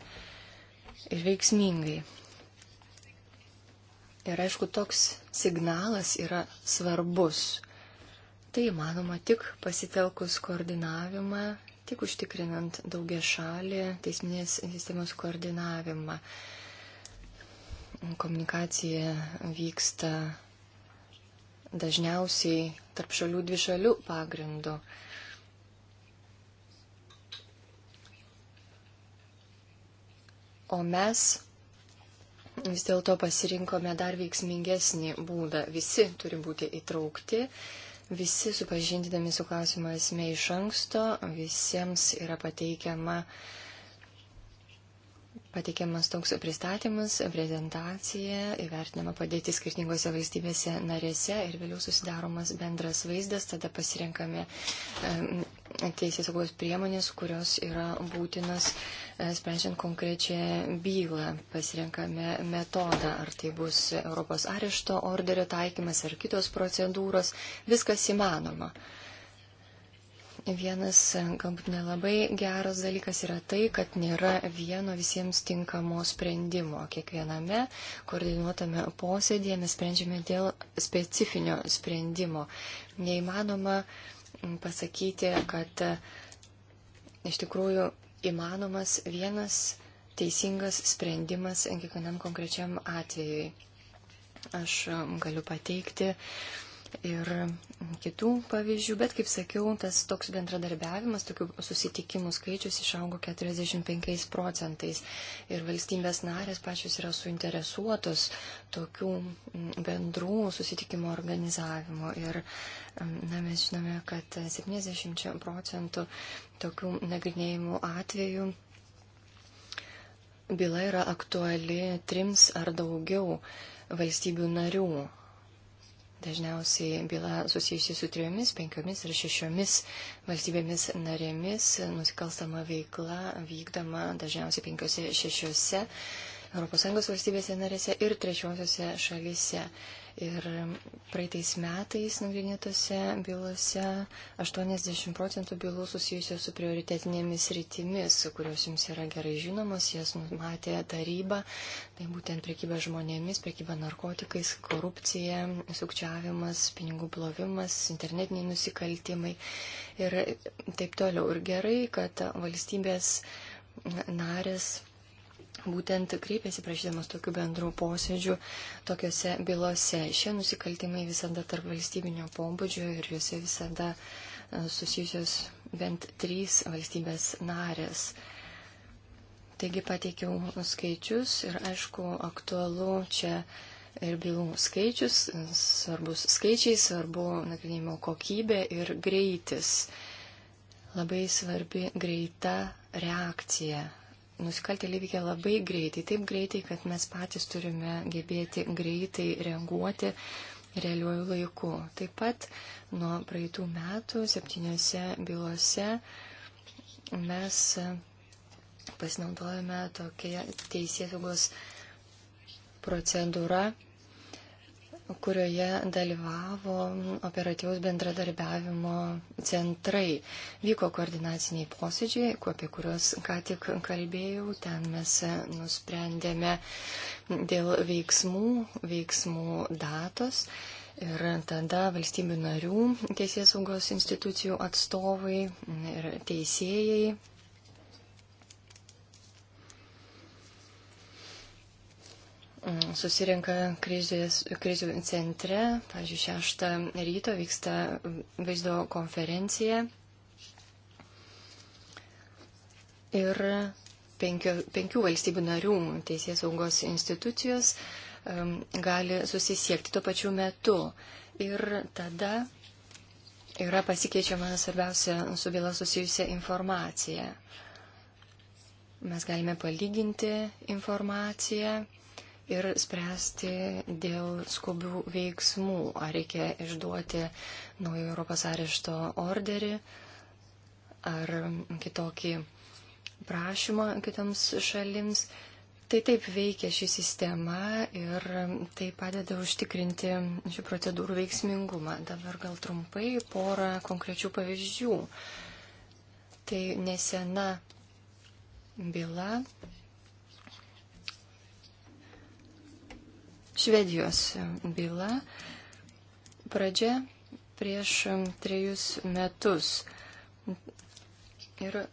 ir veiksmingai. Ir aišku, toks signalas yra svarbus. Tai manoma tik pasitelkus koordinavimą, tik užtikrinant daugia šalį teisminės sistemos koordinavimą komunikacija vyksta dažniausiai tarp šalių dvišalių pagrindų. O mes vis dėlto pasirinkome dar veiksmingesnį būdą. Visi turi būti įtraukti, visi supažindinami su klausimo esmė iš anksto, visiems yra pateikiama uh, Pateikiamas toks pristatymas, prezentacija, įvertinama padėti skirtingose valstybėse narėse ir vėliau susidaromas bendras vaizdas, tada pasirenkame e, teisės saugos priemonės, kurios yra būtinas e, sprendžiant konkrečią bylą. Pasirenkame metodą, ar tai bus Europos arešto orderio taikymas ar kitos procedūros. Viskas įmanoma. Vienas galbūt nelabai geras dalykas yra tai, kad nėra vieno visiems tinkamo sprendimo. Kiekviename koordinuotame posėdėje mes sprendžiame dėl specifinio sprendimo. Neįmanoma mm, pasakyti, kad e, iš tikrųjų įmanomas vienas teisingas sprendimas kiekvienam konkrečiam atvejui. Aš mm, galiu pateikti uh, ir kitų pavyzdžių, bet kaip sakiau, tas toks bendradarbiavimas, tokių susitikimų skaičius išaugo 45 procentais ir valstybės narės pačios yra suinteresuotos tokių bendrų susitikimų organizavimo. Ir na, mes žinome, kad 70 procentų tokių nagrinėjimų atvejų byla yra aktuali trims ar daugiau valstybių narių Dažniausiai byla susijusi su trijomis, penkiomis ar šešiomis valstybėmis narėmis. Nusikalstama veikla vykdoma dažniausiai penkiose, šešiose ES valstybėse narėse ir trečiosiose šalyse. Ir praeitais metais nagrinėtose bylose 80 procentų bylų susijusios su prioritetinėmis rytimis, kurios jums yra gerai žinomos, jas numatė taryba, tai būtent prekyba žmonėmis, prekyba narkotikais, korupcija, sukčiavimas, pinigų plovimas, internetiniai nusikaltimai ir taip toliau. Ir gerai, kad valstybės narės būtent kreipėsi prašydamas tokių bendrų posėdžių tokiuose bylose. Šie nusikaltimai visada tarp valstybinio pobūdžio ir juose visada e, susijusios bent trys valstybės narės. Taigi pateikiau skaičius ir aišku aktualu čia ir bylų skaičius, svarbus skaičiai, svarbu nagrinėjimo kokybė ir greitis. Labai svarbi greita reakcija nusikaltėliai veikia labai greitai, taip greitai, kad mes patys turime gebėti greitai reaguoti realiuoju laiku. Taip pat nuo praeitų metų septyniose bylose mes pasinaudojame tokia teisėsaugos procedūra kurioje dalyvavo operatyvaus bendradarbiavimo centrai. Vyko koordinaciniai posėdžiai, apie kuriuos ką tik kalbėjau. Ten mes e, nusprendėme dėl veiksmų, veiksmų datos. Ir tada valstybių narių teisės saugos institucijų atstovai ir teisėjai Mm, susirenka krizės, krizių centre, pavyzdžiui, 6 ryto vyksta vaizdo konferencija ir penkio, penkių valstybių narių teisės saugos institucijos um, gali susisiekti tuo pačiu metu. Ir tada yra pasikeičiama svarbiausia su byla susijusia informacija. Mes galime palyginti informaciją ir spręsti dėl skubių veiksmų, ar reikia išduoti naują Europos arešto orderį ar kitokį prašymą kitams šalims. Tai taip veikia ši sistema ir tai padeda užtikrinti šių procedūrų veiksmingumą. Dabar gal trumpai porą konkrečių pavyzdžių. Tai nesena byla Švedijos byla. Pradžia prieš trejus metus. Ir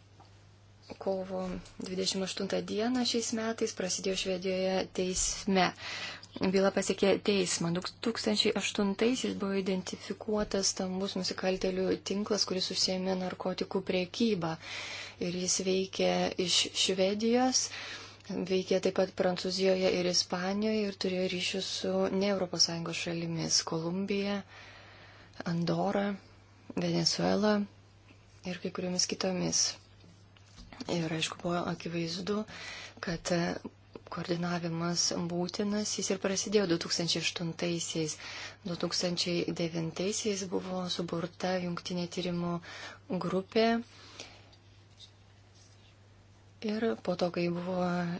kovo 28 dieną šiais metais prasidėjo Švedijoje teisme. Byla pasiekė teismą. 2008-aisiais buvo identifikuotas stambus nusikaltelių tinklas, kuris užsėmė narkotikų priekybą. Ir jis veikė iš Švedijos veikė taip pat Prancūzijoje ir Ispanijoje ir turėjo ryšių su ne ES šalimis - Kolumbija, Andora, Venezuela ir kai kuriomis kitomis. Ir aišku, buvo akivaizdu, kad koordinavimas būtinas, jis ir prasidėjo 2008-aisiais. 2009-aisiais buvo suburta jungtinė tyrimų grupė Ir po to, kai buvo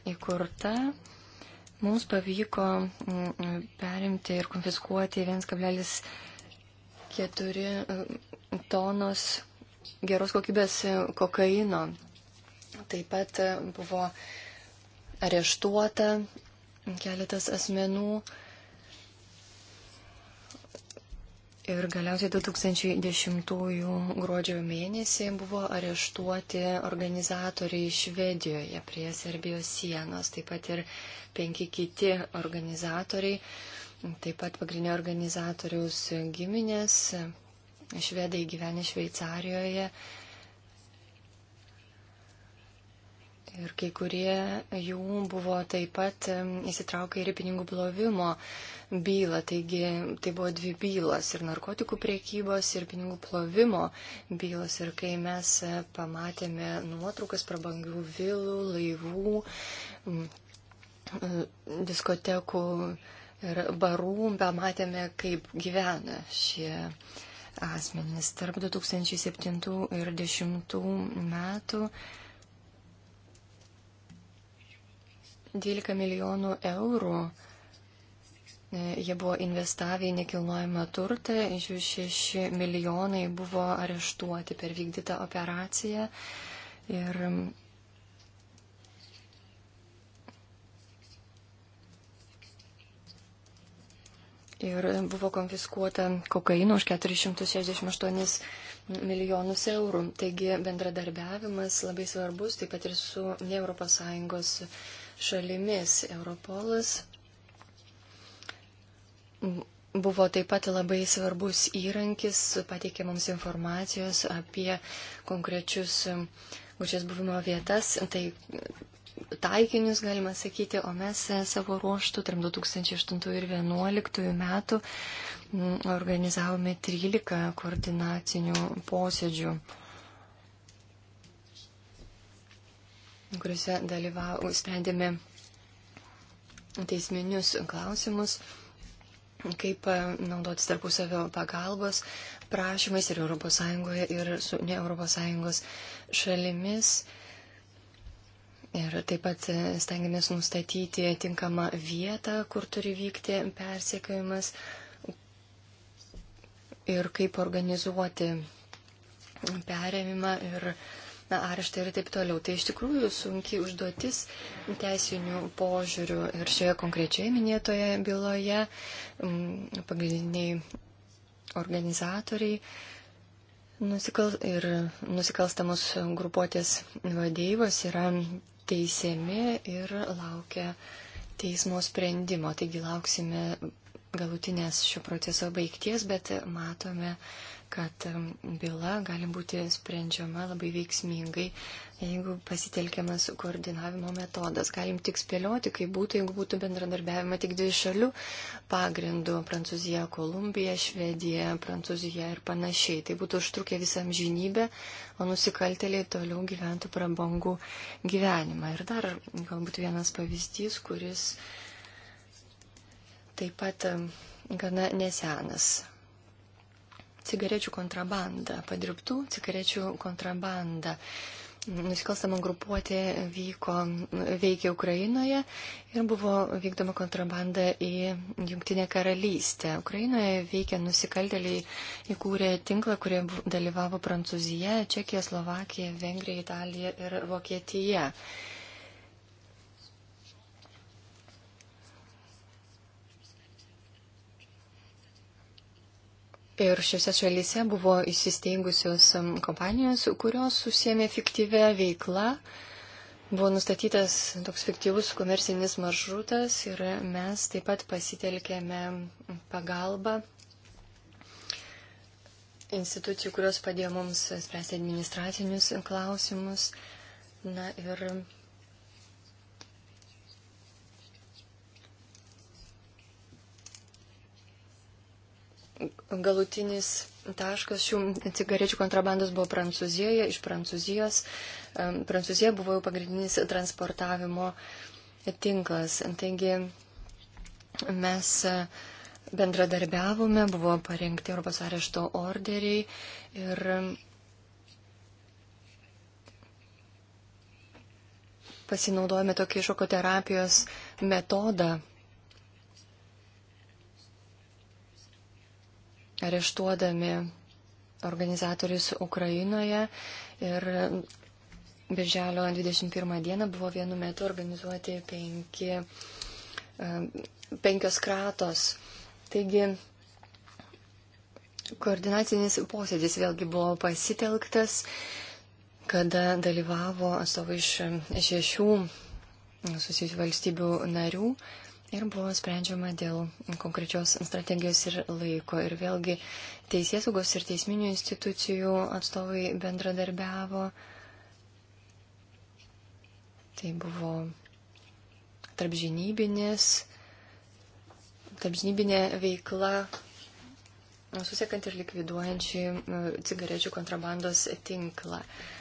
įkurta, mums pavyko mm, perimti ir konfiskuoti 1,4 mm, tonos geros kokybės kokaino. Taip pat mm, buvo areštuota keletas asmenų Ir galiausiai 2010 gruodžio mėnesį buvo areštuoti organizatoriai Švedijoje prie Serbijos sienos, taip pat ir penki kiti organizatoriai, taip pat pagrindinio organizatoriaus giminės, švedai gyvenę Šveicarijoje Ir kai kurie jų buvo taip pat įsitraukę ir į pinigų plovimo bylą. Taigi tai buvo dvi bylos - ir narkotikų priekybos, ir pinigų plovimo bylos. Ir kai mes e, pamatėme nuotraukas prabangių vilų, laivų, e, diskotekų ir barų, pamatėme, kaip gyvena šie asmenys. Tarp 2007 ir 2010 metų 12 milijonų eurų. E, jie buvo investavę į nekilnojamą turtą, iš jų 6 milijonai buvo areštuoti per vykdytą operaciją. Ir Ir buvo konfiskuota kokaino už 468 milijonus eurų. Taigi bendradarbiavimas labai svarbus, taip pat ir su ne ES šalimis. Europolas buvo taip pat labai svarbus įrankis, pateikė mums informacijos apie konkrečius gučias buvimo vietas, tai taikinius galima sakyti, o mes savo ruoštų tarp 2008 ir 2011 metų mm, organizavome 13 koordinacinių posėdžių kuriuose dalyvau, sprendėme teisminius klausimus, kaip e, naudotis tarpusavio pagalbos prašymais ir ES ir su ne ES šalimis. Ir taip pat e, stengiamės nustatyti tinkamą vietą, kur turi vykti persiekiojimas ir kaip organizuoti perėmimą ir uh, na, areštą ir taip toliau. Tai iš tikrųjų sunki užduotis teisinių požiūrių ir šioje konkrečioje minėtoje byloje pagrindiniai organizatoriai nusikal ir nusikalstamos grupuotės vadėjos yra teisiami ir laukia teismo sprendimo. Taigi lauksime galutinės šio proceso baigties, bet matome kad byla gali būti sprendžiama labai veiksmingai, jeigu pasitelkiamas koordinavimo metodas. Galim tik spėlioti, kaip būtų, jeigu būtų bendradarbiavima tik dvi šalių pagrindų - Prancūzija, Kolumbija, Švedija, Prancūzija ir panašiai. Tai būtų užtrukę visą amžinybę, o nusikaltėliai toliau gyventų prabangų gyvenimą. Ir dar galbūt vienas pavyzdys, kuris taip pat gana nesenas cigarečių kontrabandą, padirbtų cigarečių kontrabandą. Nusikalstama grupuotė vyko, veikė Ukrainoje ir buvo vykdoma kontrabanda į Junktinę karalystę. Ukrainoje veikia nusikaltėliai, įkūrė tinklą, kurie dalyvavo Prancūzija, Čekija, Slovakija, Vengrija, Italija ir Vokietija. Ir šiuose šalyse buvo įsisteigusios um, kompanijos, kurios susėmė fiktyvę veiklą. Buvo nustatytas toks fiktyvus komercinis maršrutas ir mes taip pat pasitelkėme pagalbą institucijų, kurios padėjo mums spręsti administracinius klausimus. Na ir galutinis taškas šių cigarečių kontrabandos buvo Prancūzijoje, iš Prancūzijos. Prancūzija buvo jau pagrindinis transportavimo tinklas. Taigi mes e, bendradarbiavome, buvo parengti Europos arešto orderiai ir pasinaudojame tokį šoko terapijos metodą areštuodami organizatorius Ukrainoje ir Birželio 21 dieną buvo vienu metu organizuoti penki, e, penkios kratos. Taigi koordinacinis posėdis vėlgi buvo pasitelktas, kada dalyvavo atstovai iš šešių susijusių valstybių narių ir buvo sprendžiama dėl konkrečios strategijos ir laiko. Ir vėlgi teisėsaugos ir teisminių institucijų atstovai bendradarbiavo. Tai buvo tarpžinybinis, tarpžinybinė veikla, susiekant ir likviduojant šį cigarečių kontrabandos tinklą. Uh,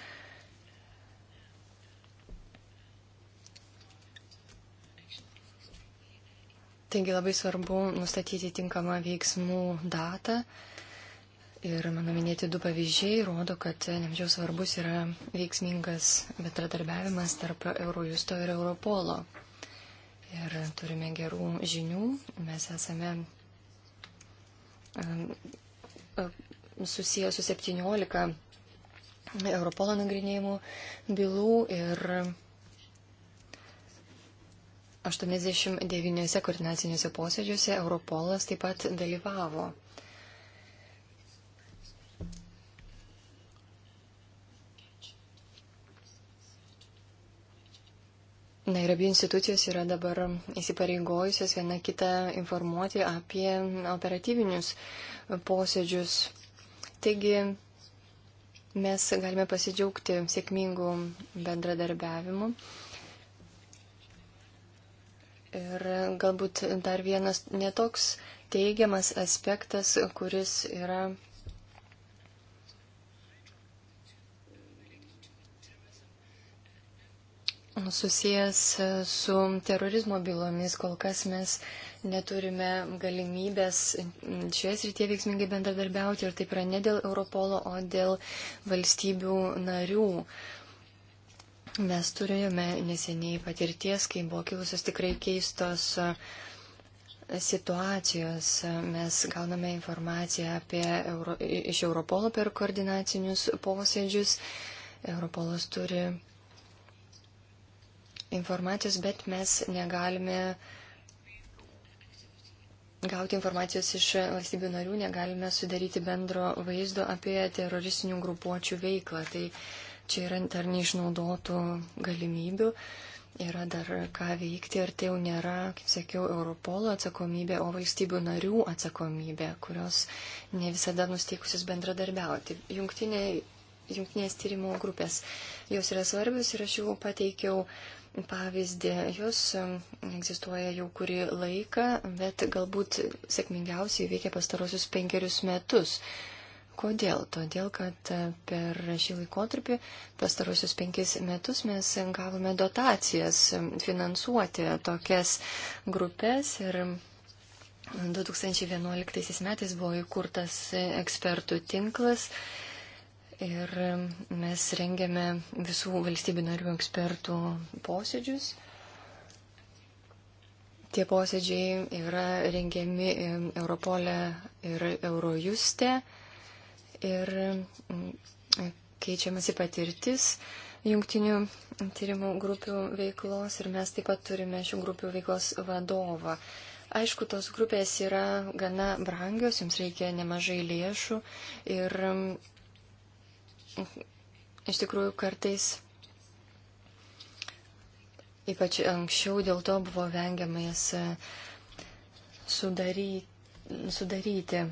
Taigi labai svarbu nustatyti tinkamą veiksmų datą. Ir mano minėti du pavyzdžiai rodo, kad nemažiau svarbus yra veiksmingas bendradarbiavimas tarp Eurojusto ir Europolo. Ir turime gerų žinių. Mes esame susiję su 17 Europolo nagrinėjimų bylų ir 89 koordinaciniuose posėdžiuose Europolas taip pat dalyvavo. Na ir abi institucijos yra dabar įsipareigojusios viena kitą informuoti apie operatyvinius posėdžius. Taigi mes galime pasidžiaugti sėkmingų bendradarbiavimų. Ir galbūt dar vienas netoks teigiamas aspektas, kuris yra susijęs su terorizmo bylomis. Kol kas mes neturime galimybės šioje srityje veiksmingai bendradarbiauti ir taip yra ne dėl Europolo, o dėl valstybių narių. Uh, Mes turėjome neseniai patirties, kai buvo kilusios tikrai keistos situacijos. Mes gauname informaciją apie, Euro, iš Europolo per koordinacinius posėdžius. Europolas turi informacijos, bet mes negalime gauti informacijos iš valstybių narių, negalime sudaryti bendro vaizdo apie teroristinių grupuočių veiklą. Tai čia yra dar neišnaudotų galimybių, yra dar ką veikti ir tai jau nėra, kaip sakiau, Europolo atsakomybė, o valstybių narių atsakomybė, kurios ne visada nusteikusios bendradarbiauti. Jungtinė, jungtinės tyrimo grupės, jos yra svarbios ir aš jau pateikiau pavyzdį. Jos um, egzistuoja jau kurį laiką, bet galbūt sėkmingiausiai veikia pastarosius penkerius metus. Kodėl? Todėl, kad e, per šį laikotarpį, pastarosius penkis metus, mes gavome dotacijas e, finansuoti tokias grupės ir 2011 e, metais buvo įkurtas ekspertų tinklas ir mes rengėme visų valstybių narių ekspertų posėdžius. Tie posėdžiai yra rengiami Europolė ir Eurojuste ir mm, keičiamasi patirtis jungtinių tyrimų grupių veiklos ir mes taip pat turime šių grupių veiklos vadovą. Aišku, tos grupės yra gana brangios, jums reikia nemažai lėšų ir mm, iš tikrųjų kartais, ypač anksčiau, dėl to buvo vengiamas sudaryti. sudaryti.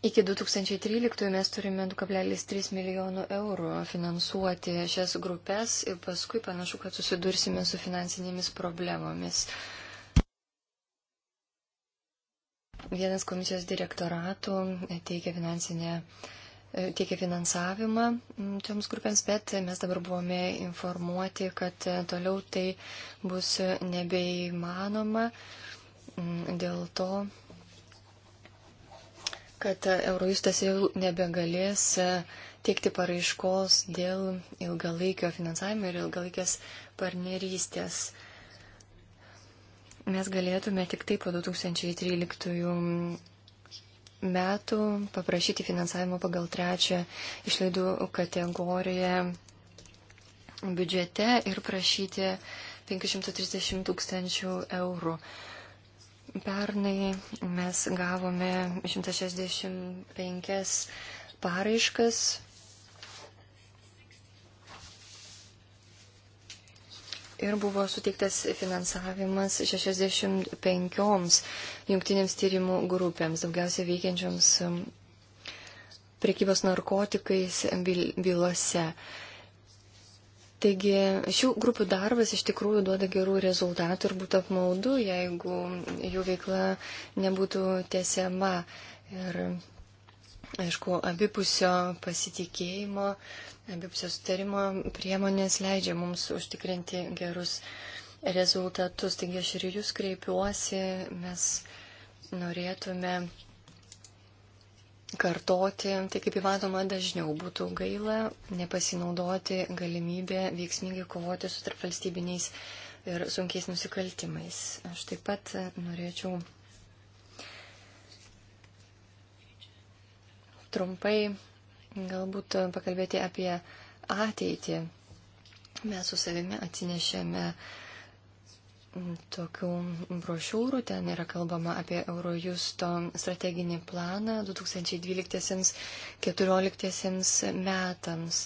Iki 2013 mes turime 2,3 milijonų eurų finansuoti šias grupės ir paskui panašu, kad susidursime su finansinėmis problemomis. Vienas komisijos direktoratų e, teikia finansinę e, teikia finansavimą toms grupėms, bet mes dabar buvome informuoti, kad e, toliau tai bus nebeįmanoma. Dėl to kad Eurojustas jau nebegalės e, teikti paraiškos dėl ilgalaikio finansavimo ir ilgalaikės partnerystės. Mes galėtume tik taip po 2013 metų paprašyti finansavimo pagal trečią išlaidų kategoriją biudžete ir prašyti 530 tūkstančių eurų. Pernai mes gavome 165 paraiškas. Ir buvo suteiktas finansavimas 65 jungtinėms tyrimų grupėms, daugiausia veikiančioms um, prekybos narkotikais bylose. Bil Taigi šių grupių darbas iš tikrųjų duoda gerų rezultatų ir būtų apmaudu, jeigu jų veikla nebūtų tiesiama. Ir aišku, abipusio pasitikėjimo, abipusio sutarimo priemonės leidžia mums užtikrinti gerus rezultatus. Taigi aš ir jūs kreipiuosi, mes norėtume kartoti, tai kaip įmanoma dažniau būtų gaila nepasinaudoti galimybę veiksmingai kovoti su tarpvalstybiniais ir sunkiais nusikaltimais. Aš taip pat norėčiau trumpai galbūt pakalbėti apie ateitį. Mes su savimi atsinešėme uh, tokių brošiūrų. Ten yra kalbama apie Eurojusto strateginį planą 2012-2014 metams.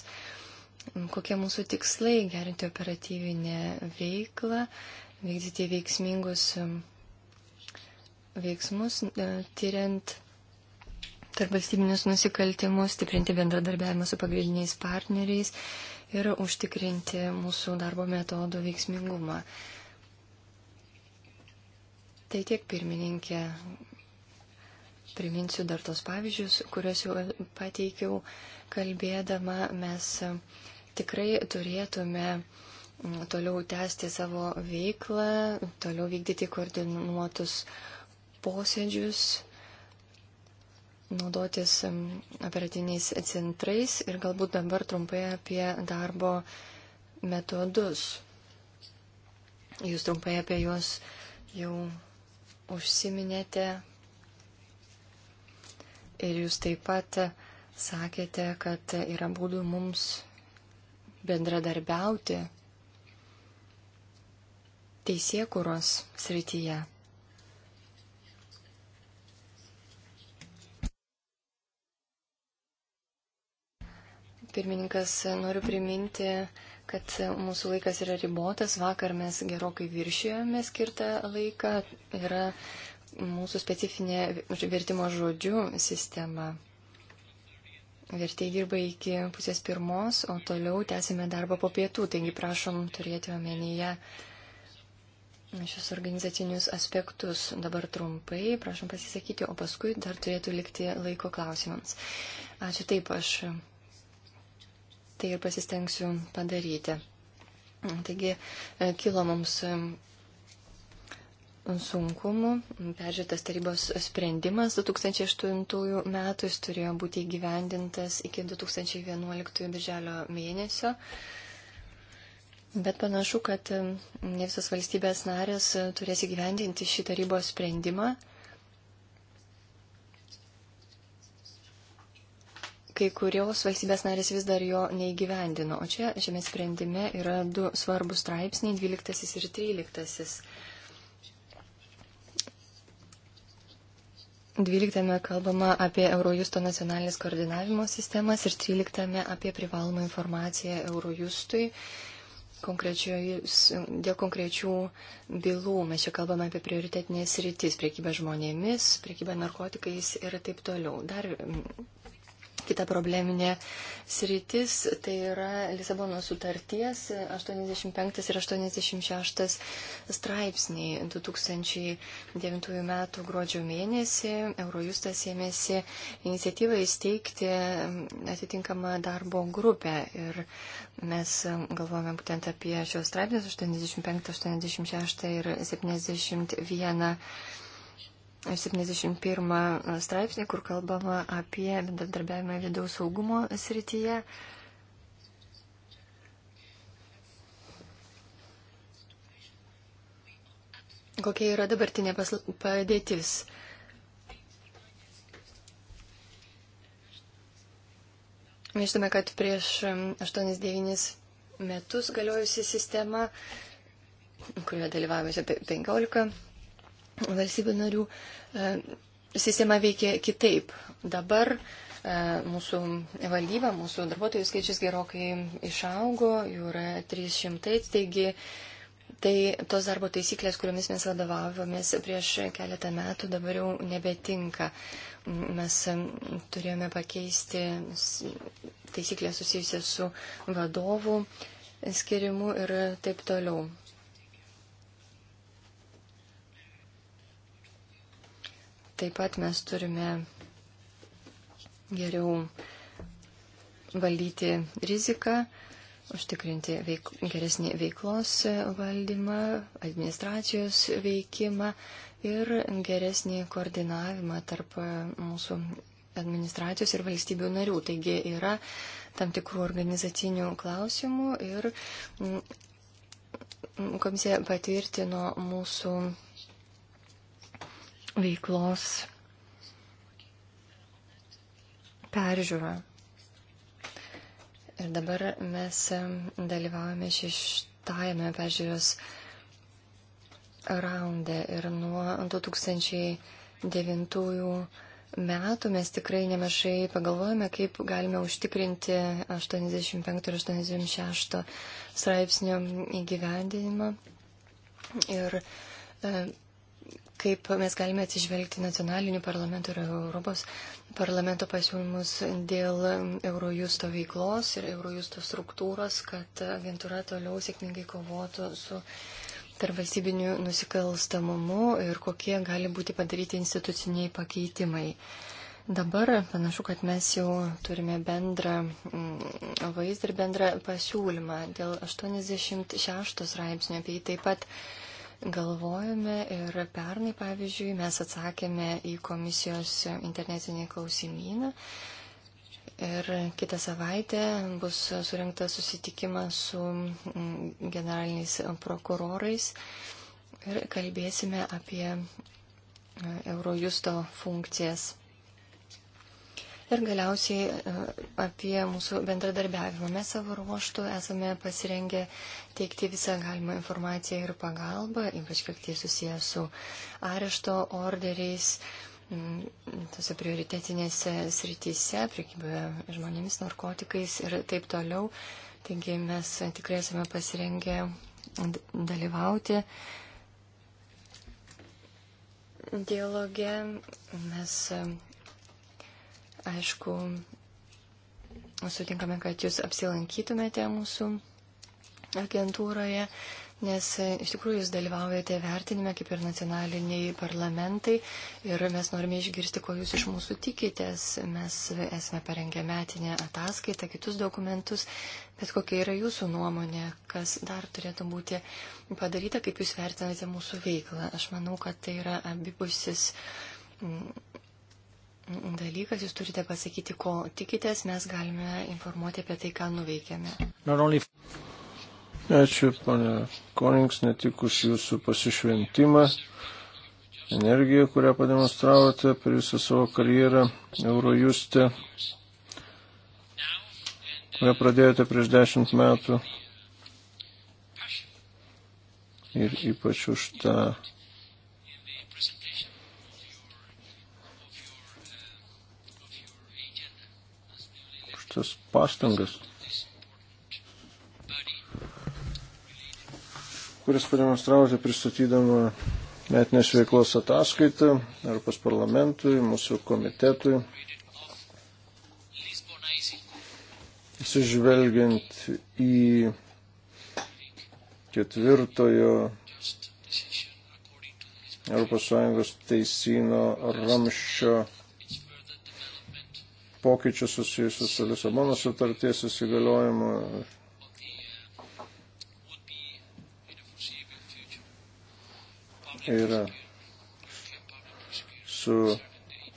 Kokie mūsų tikslai - gerinti operatyvinę veiklą, vykdyti veiksmingus veiksmus, e, tyriant tarp valstybinius nusikaltimus, stiprinti bendradarbiavimą su pagrindiniais partneriais ir užtikrinti mūsų darbo metodų veiksmingumą. Tai tiek pirmininkė. Priminsiu dar tos pavyzdžius, kuriuos jau pateikiau kalbėdama. Mes tikrai turėtume mm, toliau tęsti savo veiklą, toliau vykdyti koordinuotus posėdžius, naudotis mm, operatiniais centrais ir galbūt dabar trumpai apie darbo metodus. Jūs trumpai apie juos jau užsiminėte ir jūs taip pat sakėte, kad yra būdų mums bendradarbiauti teisėkuros srityje. Pirmininkas, noriu priminti kad mūsų laikas yra ribotas. Vakar mes gerokai viršijome skirtą laiką. Yra mūsų specifinė vertimo žodžių sistema. Vertėjai dirba iki pusės pirmos, o toliau tęsime darbą po pietų. Taigi prašom turėti omenyje šios organizacinius aspektus dabar trumpai. Prašom pasisakyti, o paskui dar turėtų likti laiko klausimams. Ačiū taip, aš tai ir pasistengsiu padaryti. Taigi e, kilo mums e, sunkumų. Peržiūrėtas tarybos sprendimas 2008 metų, jis turėjo būti įgyvendintas iki 2011 birželio mėnesio. Bet panašu, kad e, ne visas valstybės narės turės įgyvendinti šį tarybos sprendimą. kai kurios valstybės narės vis dar jo neįgyvendino. O čia šiame sprendime yra du svarbus straipsniai - 12 ir 13. 12 kalbama apie Eurojusto nacionalinės koordinavimo sistemas ir 13 apie privalomą informaciją Eurojustui dėl konkrečių bylų. Mes čia kalbame apie prioritetinės rytis - priekybę žmonėmis, priekybę narkotikais ir taip toliau. Dar kita probleminė sritis, tai yra Lisabono sutarties 85 ir 86 straipsniai. 2009 m. gruodžio mėnesį Eurojustas ėmėsi iniciatyvą įsteigti atitinkamą darbo grupę ir mes galvojame būtent apie šios straipsnius 85, 86 ir 71 71 straipsnį, kur kalbama apie bendradarbiavimą vidaus saugumo srityje. Kokia yra dabartinė padėtis? Mes žinome, kad prieš 8-9 um, metus galiojusi sistema, kurioje dalyvavosi 15 valstybių narių e, sistema veikia kitaip. Dabar e, mūsų valdyba, mūsų darbuotojų skaičius gerokai išaugo, jų yra 300, taigi tai tos darbo taisyklės, kuriomis mes vadovavomės prieš keletą metų, dabar jau nebetinka. Mes e, turėjome pakeisti taisyklę susijusią su vadovų skirimu ir taip toliau. Taip pat mes turime geriau valdyti riziką, užtikrinti veik, geresnį veiklos valdymą, administracijos veikimą ir geresnį koordinavimą tarp mūsų administracijos ir valstybių narių. Taigi yra tam tikrų organizacinių klausimų ir mm, mm, komisija patvirtino mūsų veiklos peržiūrą. Ir dabar mes dalyvavome šeštajame peržiūros raunde ir nuo 2009 metų mes tikrai nemažai pagalvojame, kaip galime užtikrinti 85 ir 86 straipsnio įgyvendinimą. Ir e, kaip mes galime atsižvelgti nacionalinių parlamentų ir Europos parlamento pasiūlymus dėl Eurojusto veiklos ir Eurojusto struktūros, kad agentūra toliau sėkmingai kovotų su tarvalstybiniu nusikalstamumu ir kokie gali būti padaryti instituciniai pakeitimai. Dabar panašu, kad mes jau turime bendrą mm, vaizdą ir bendrą pasiūlymą dėl 86 straipsnio, apie jį taip pat galvojame ir pernai, pavyzdžiui, mes atsakėme į komisijos internetinį klausimyną. Ir kitą savaitę bus surinktas susitikimas su mm, generaliniais prokurorais ir kalbėsime apie e, Eurojusto funkcijas. Ir galiausiai e, apie mūsų bendradarbiavimą. Mes savo ruoštų esame pasirengę teikti visą galimą informaciją ir pagalbą, ypač kiek tai susijęs su arešto orderiais tose prioritetinėse srityse, priekyboje žmonėmis, narkotikais ir taip toliau. Taigi mes tikrai esame pasirengę dalyvauti dialoge. Mes Aišku, sutinkame, kad jūs apsilankytumėte mūsų agentūroje, nes e, iš tikrųjų jūs dalyvaujate vertinime kaip ir nacionaliniai parlamentai ir mes norime išgirsti, ko jūs iš mūsų tikitės. Mes esame parengę metinę ataskaitą, kitus dokumentus, bet kokia yra jūsų nuomonė, kas dar turėtų būti padaryta, kaip jūs vertinate mūsų veiklą. Aš manau, kad tai yra abipusis dalykas, jūs turite pasakyti, ko tikitės, mes galime informuoti apie tai, ką nuveikėme. Ačiū, pane Konings, netikus jūsų pasišventimą, energiją, kurią pademonstravote per visą savo karjerą Eurojuste, kurią pradėjote prieš dešimt metų. Ir ypač už tą tas pastangas, kuris pademonstravote pristatydama metinės veiklos ataskaitą Europos parlamentui, mūsų komitetui. Sižvelgiant į ketvirtojo ES teisino ramščio pokyčius susijusius su Lisabono sutarties įsigaliojimu. Ir su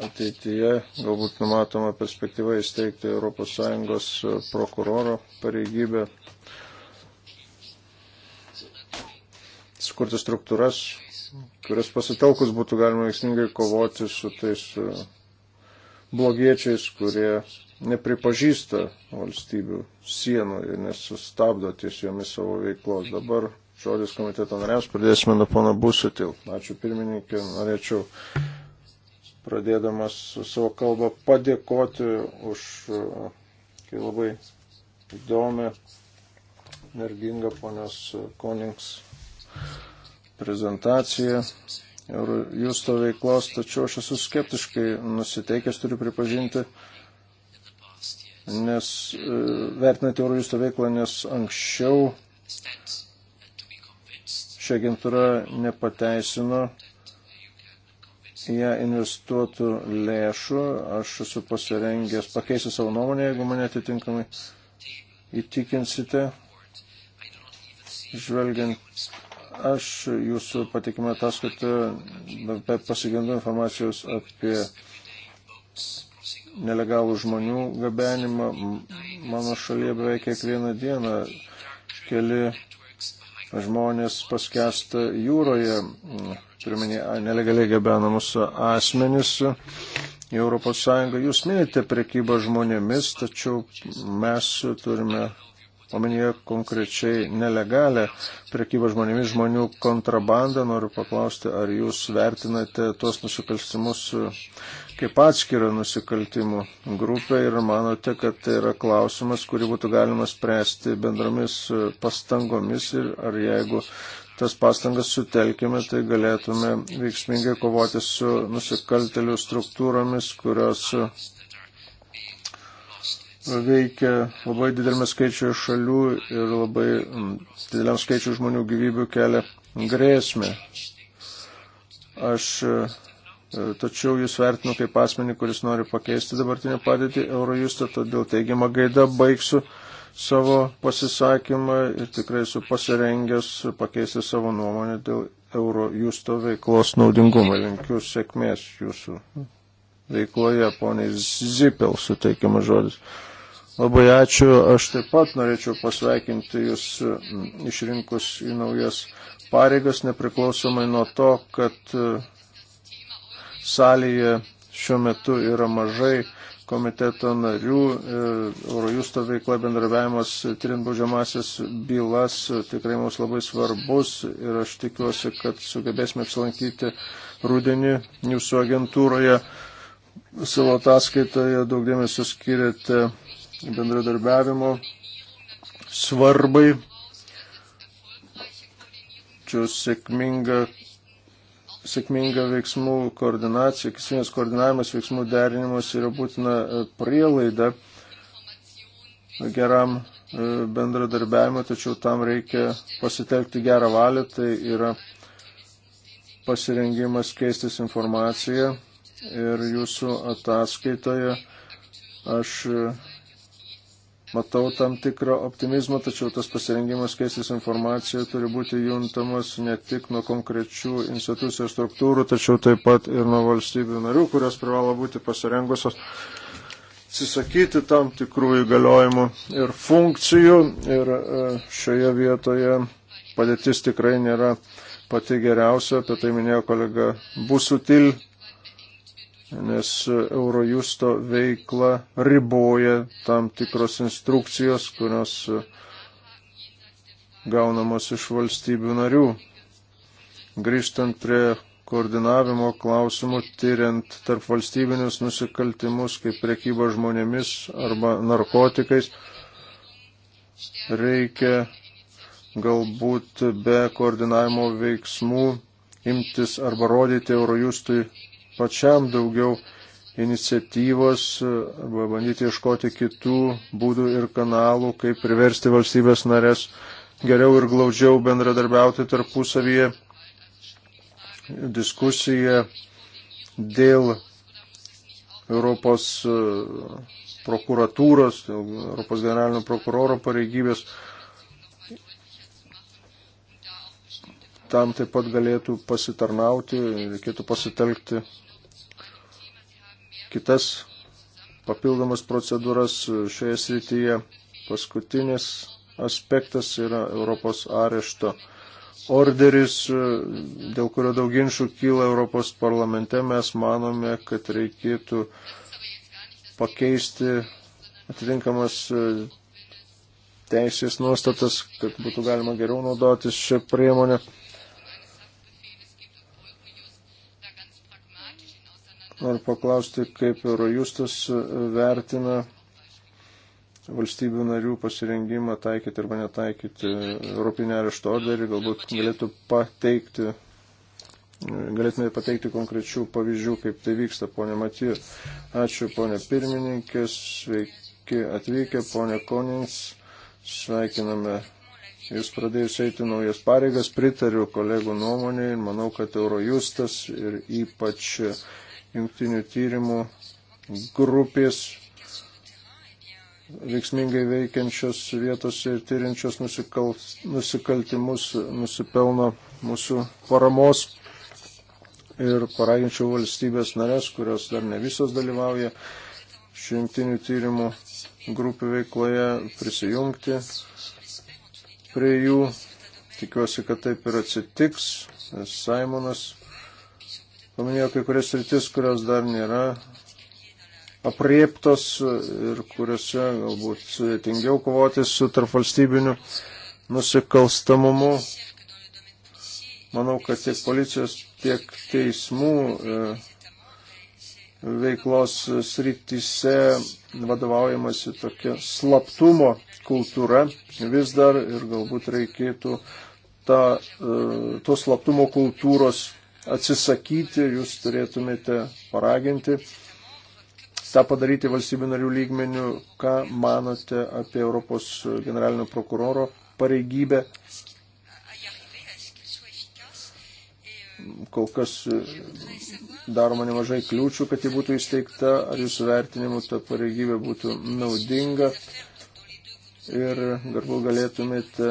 ateityje galbūt numatoma perspektyva įsteigti ES prokuroro pareigybę, sukurti struktūras, kurias pasitelkus būtų galima veiksmingai kovoti su tais blogiečiais, kurie nepripažįsta valstybių sienų ir nesustabdo ties jomis savo veiklos. Dabar žodis komiteto nariams pradėsime nuo pono Busutil. Ačiū pirmininkė, norėčiau pradėdamas savo kalbą padėkoti už e, kai labai įdomią, energingą ponios Konings prezentaciją ir jūsto veiklos, tačiau aš esu skeptiškai nusiteikęs, turiu pripažinti, nes e, vertinant euro jūsto veiklą, nes anksčiau ši agentūra nepateisino ją investuotų lėšų, aš esu pasirengęs pakeisti savo nuomonę, jeigu mane atitinkamai įtikinsite, žvelgiant Aš jūsų patikimą ataskaitą pasigendu informacijos apie nelegalų žmonių gabenimą. Mano šalyje beveik kiekvieną dieną keli žmonės paskesta jūroje, turiuomenį nelegaliai gabenamus asmenis į ES. Jūs minite prekybą žmonėmis, tačiau mes turime omenyje konkrečiai nelegalę prekybą žmonėmis, žmonių kontrabandą. Noriu paklausti, ar jūs vertinate tuos nusikalstimus kaip atskirą nusikaltimų grupę ir manote, kad tai yra klausimas, kurį būtų galima spręsti bendromis pastangomis ir ar jeigu tas pastangas sutelkime, tai galėtume veiksmingai kovoti su nusikaltelių struktūromis, kurios veikia labai didelėme skaičiuje šalių ir labai mm, dideliam skaičiu žmonių gyvybių kelia grėsmę. Aš e, e, tačiau jūs vertinu kaip asmenį, kuris nori pakeisti dabartinę padėtį Eurojustą, todėl teigiamą gaidą baigsiu savo pasisakymą ir tikrai esu pasirengęs pakeisti savo nuomonę dėl Eurojusto veiklos naudingumą. Linkiu sėkmės jūsų veikloje, poniai Zipel suteikiamas žodis. Labai ačiū. Aš taip pat norėčiau pasveikinti Jūs išrinkus į naujas pareigas, nepriklausomai nuo to, kad e, salėje šiuo metu yra mažai komiteto narių, e, Eurojusto veikla, bendravimas, tyrint baudžiamasias bylas e, tikrai mums labai svarbus ir aš tikiuosi, kad sugebėsime apsilankyti rudenį jūsų agentūroje. Savo ataskaitoje daug dėmesio skiriate bendradarbiavimo svarbai. Čia sėkminga, sėkminga veiksmų koordinacija, kiekvienas koordinavimas, veiksmų derinimas yra būtina e, prielaida geram e, bendradarbiavimui, tačiau tam reikia pasitelkti gerą valią, tai yra pasirengimas keistis informaciją ir jūsų ataskaitoje aš e, matau tam tikrą optimizmą, tačiau tas pasirengimas keistis informacija turi būti juntamas ne tik nuo konkrečių institucijų struktūrų, tačiau taip pat ir nuo valstybių narių, kurios privalo būti pasirengusios atsisakyti tam tikrų įgaliojimų ir funkcijų. Ir e, šioje vietoje padėtis tikrai nėra pati geriausia, apie tai minėjo kolega Busutil, nes Eurojusto veiklą riboja tam tikros instrukcijos, kurios gaunamos iš valstybių narių. Grįžtant prie koordinavimo klausimų, tyriant tarp valstybinius nusikaltimus, kaip priekyba žmonėmis arba narkotikais, reikia galbūt be koordinavimo veiksmų imtis arba rodyti Eurojustui pačiam daugiau iniciatyvos arba bandyti ieškoti kitų būdų ir kanalų, kaip priversti valstybės narės geriau ir glaudžiau bendradarbiauti tarpusavyje. Diskusija dėl Europos uh, prokuratūros, dėl Europos generalinio prokuroro pareigybės tam taip pat galėtų pasitarnauti, reikėtų pasitelkti kitas papildomas procedūras šioje srityje. Paskutinis aspektas yra Europos arešto orderis, dėl kurio daug ginčių kyla Europos parlamente. Mes manome, kad reikėtų pakeisti atitinkamas teisės nuostatas, kad būtų galima geriau naudotis šią priemonę. Noriu paklausti, kaip Eurojustas vertina valstybių narių pasirengimą taikyti arba netaikyti Europinę arešto orderį, galbūt galėtų pateikti, galėtume pateikti konkrečių pavyzdžių, kaip tai vyksta, ponė Matija. Ačiū, ponė pirmininkė, sveiki atvykę, ponė Konins, sveikiname. Jūs pradėjus eiti naujas pareigas, pritariu kolegų nuomonėje ir manau, kad Eurojustas ir ypač jungtinių tyrimų grupės veiksmingai veikiančios vietose ir tyrinčios nusikal, nusikaltimus nusipelno mūsų paramos. Ir paraginčiau valstybės narės, kurios dar ne visos dalyvauja šių jungtinių tyrimų grupių veikloje, prisijungti prie jų. Tikiuosi, kad taip ir atsitiks. Simonas paminėjau kai kurias sritis, kurios dar nėra apriektos ir kuriuose galbūt sudėtingiau kovoti su tarpvalstybiniu nusikalstamumu. Manau, kad tiek policijos, tiek teismų e, veiklos srityse vadovaujamasi tokia slaptumo kultūra vis dar ir galbūt reikėtų ta, e, tos slaptumo kultūros atsisakyti, jūs turėtumėte paraginti tą padaryti valstybių narių lygmenių, ką manote apie Europos generalinio prokuroro pareigybę. Kol kas e, daroma nemažai kliūčių, kad ji būtų įsteigta, ar jūsų vertinimu ta pareigybė būtų naudinga ir galbūt galėtumėte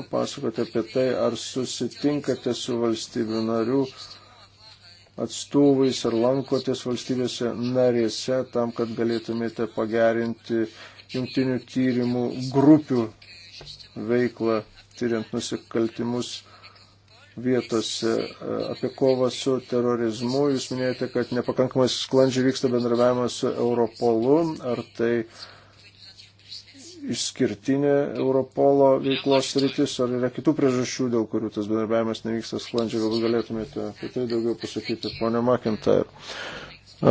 papasakoti apie tai, ar susitinkate su valstybių narių atstovais, ar lankotės valstybėse narėse tam, kad galėtumėte pagerinti jungtinių tyrimų grupių veiklą, tyriant nusikaltimus vietose e, apie kovą su terorizmu. Jūs minėjote, kad nepakankamai sklandžiai vyksta bendravimas su Europolu. Ar tai uh, išskirtinė Europolo veiklos rytis, ar yra kitų priežasčių, dėl kurių tas bendarbiavimas nevyksta sklandžiai, galbūt galėtumėte apie tai daugiau pasakyti, ponė McIntyre.